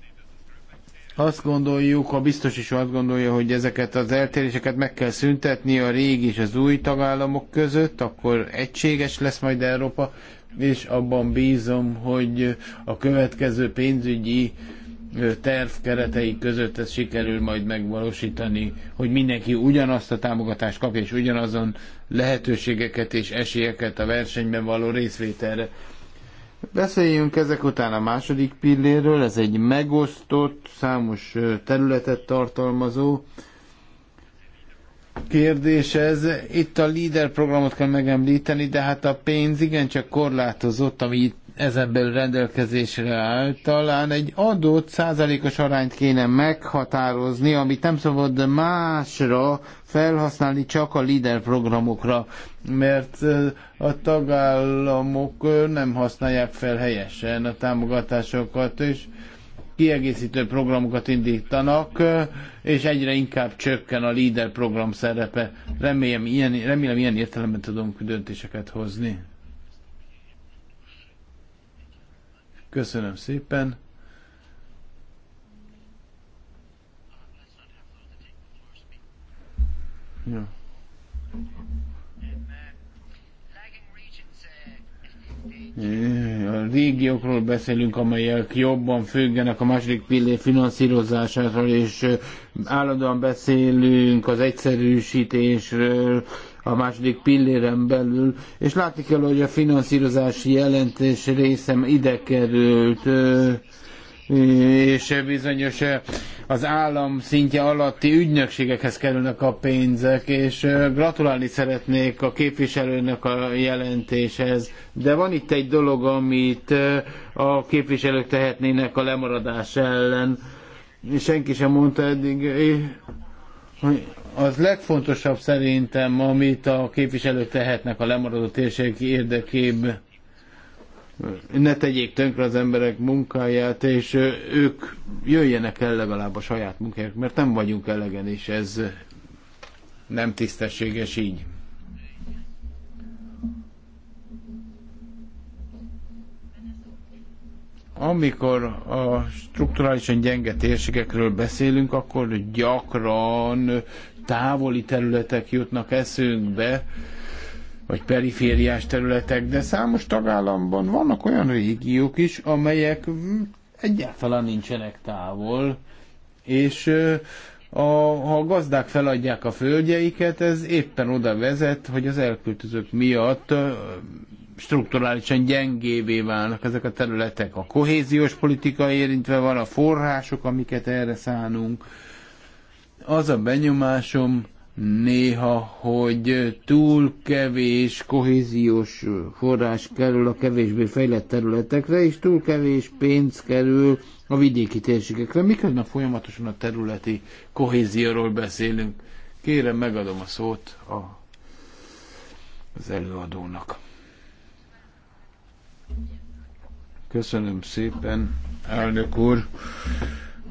azt gondoljuk, a biztos is azt gondolja, hogy ezeket az eltéréseket meg kell szüntetni a régi és az új tagállamok között, akkor egységes lesz majd Európa, és abban bízom, hogy a következő pénzügyi uh, terv keretei között ez sikerül majd megvalósítani, hogy mindenki ugyanazt a támogatást kapja, és ugyanazon lehetőségeket és esélyeket a versenyben való részvételre. Beszéljünk ezek után a második pilléről, ez egy megosztott, számos területet tartalmazó kérdés ez. Itt a LEADER programot kell megemlíteni, de hát a pénz igencsak korlátozott, ami itt ezen belül rendelkezésre áll, talán egy adott százalékos arányt kéne meghatározni, amit nem szabad másra felhasználni, csak a LIDER programokra, mert a tagállamok nem használják fel helyesen a támogatásokat, és kiegészítő programokat indítanak, és egyre inkább csökken a LIDER program szerepe. Remélem ilyen, remélem, ilyen értelemben tudunk döntéseket hozni. Köszönöm szépen. Ja. A régiókról beszélünk, amelyek jobban függenek a második pillér finanszírozásáról, és állandóan beszélünk az egyszerűsítésről, a második pilléren belül, és látni kell, hogy a finanszírozási jelentés részem ide került, és bizonyos az állam szintje alatti ügynökségekhez kerülnek a pénzek, és gratulálni szeretnék a képviselőnek a jelentéshez. De van itt egy dolog, amit a képviselők tehetnének a lemaradás ellen. Senki sem mondta eddig, hogy az legfontosabb szerintem, amit a képviselők tehetnek a lemaradó térség érdekében. Ne tegyék tönkre az emberek munkáját, és ők jöjjenek el legalább a saját munkájuk, mert nem vagyunk elegen, és ez nem tisztességes így. amikor a strukturálisan gyenge térségekről beszélünk, akkor gyakran távoli területek jutnak eszünkbe, vagy perifériás területek, de számos tagállamban vannak olyan régiók is, amelyek egyáltalán nincsenek távol, és a, ha a gazdák feladják a földjeiket, ez éppen oda vezet, hogy az elköltözők miatt strukturálisan gyengévé válnak ezek a területek. A kohéziós politika érintve van, a források, amiket erre szánunk, az a benyomásom néha, hogy túl kevés kohéziós forrás kerül a kevésbé fejlett területekre, és túl kevés pénz kerül a vidéki térségekre, miközben folyamatosan a területi kohézióról beszélünk. Kérem, megadom a szót a, az előadónak. Köszönöm szépen, elnök úr.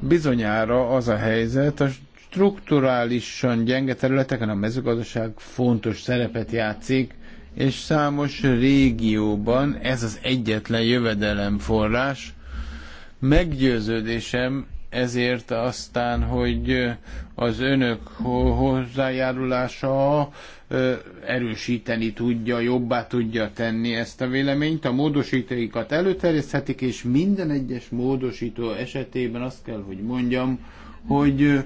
Bizonyára az a helyzet, a strukturálisan gyenge területeken a mezőgazdaság fontos szerepet játszik, és számos régióban ez az egyetlen jövedelemforrás. Meggyőződésem ezért aztán, hogy az önök hozzájárulása erősíteni tudja, jobbá tudja tenni ezt a véleményt. A módosítóikat előterjeszthetik, és minden egyes módosító esetében azt kell, hogy mondjam, hogy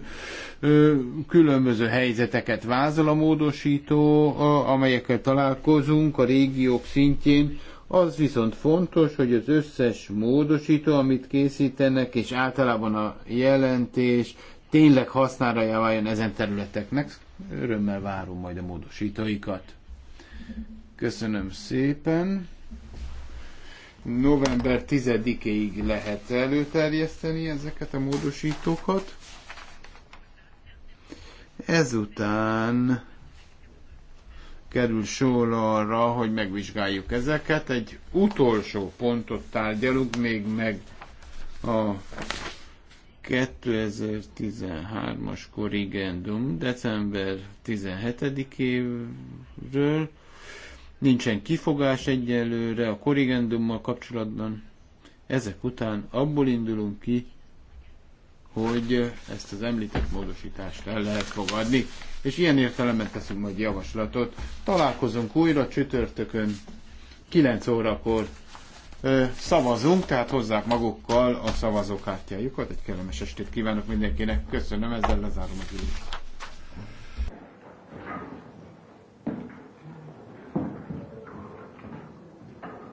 különböző helyzeteket vázol a módosító, amelyekkel találkozunk a régiók szintjén, az viszont fontos, hogy az összes módosító, amit készítenek, és általában a jelentés tényleg hasznára javáljon ezen területeknek. Örömmel várom majd a módosítóikat. Köszönöm szépen. November 10-ig lehet előterjeszteni ezeket a módosítókat. Ezután kerül sor arra, hogy megvizsgáljuk ezeket. Egy utolsó pontot tárgyalunk még meg a 2013-as korrigendum december 17-éről. Nincsen kifogás egyelőre a korrigendummal kapcsolatban. Ezek után abból indulunk ki, hogy ezt az említett módosítást el lehet fogadni. És ilyen értelemben teszünk majd javaslatot. Találkozunk újra csütörtökön 9 órakor ö, szavazunk, tehát hozzák magukkal a szavazókártyájukat. Egy kellemes estét kívánok mindenkinek. Köszönöm, ezzel lezárom az ülést.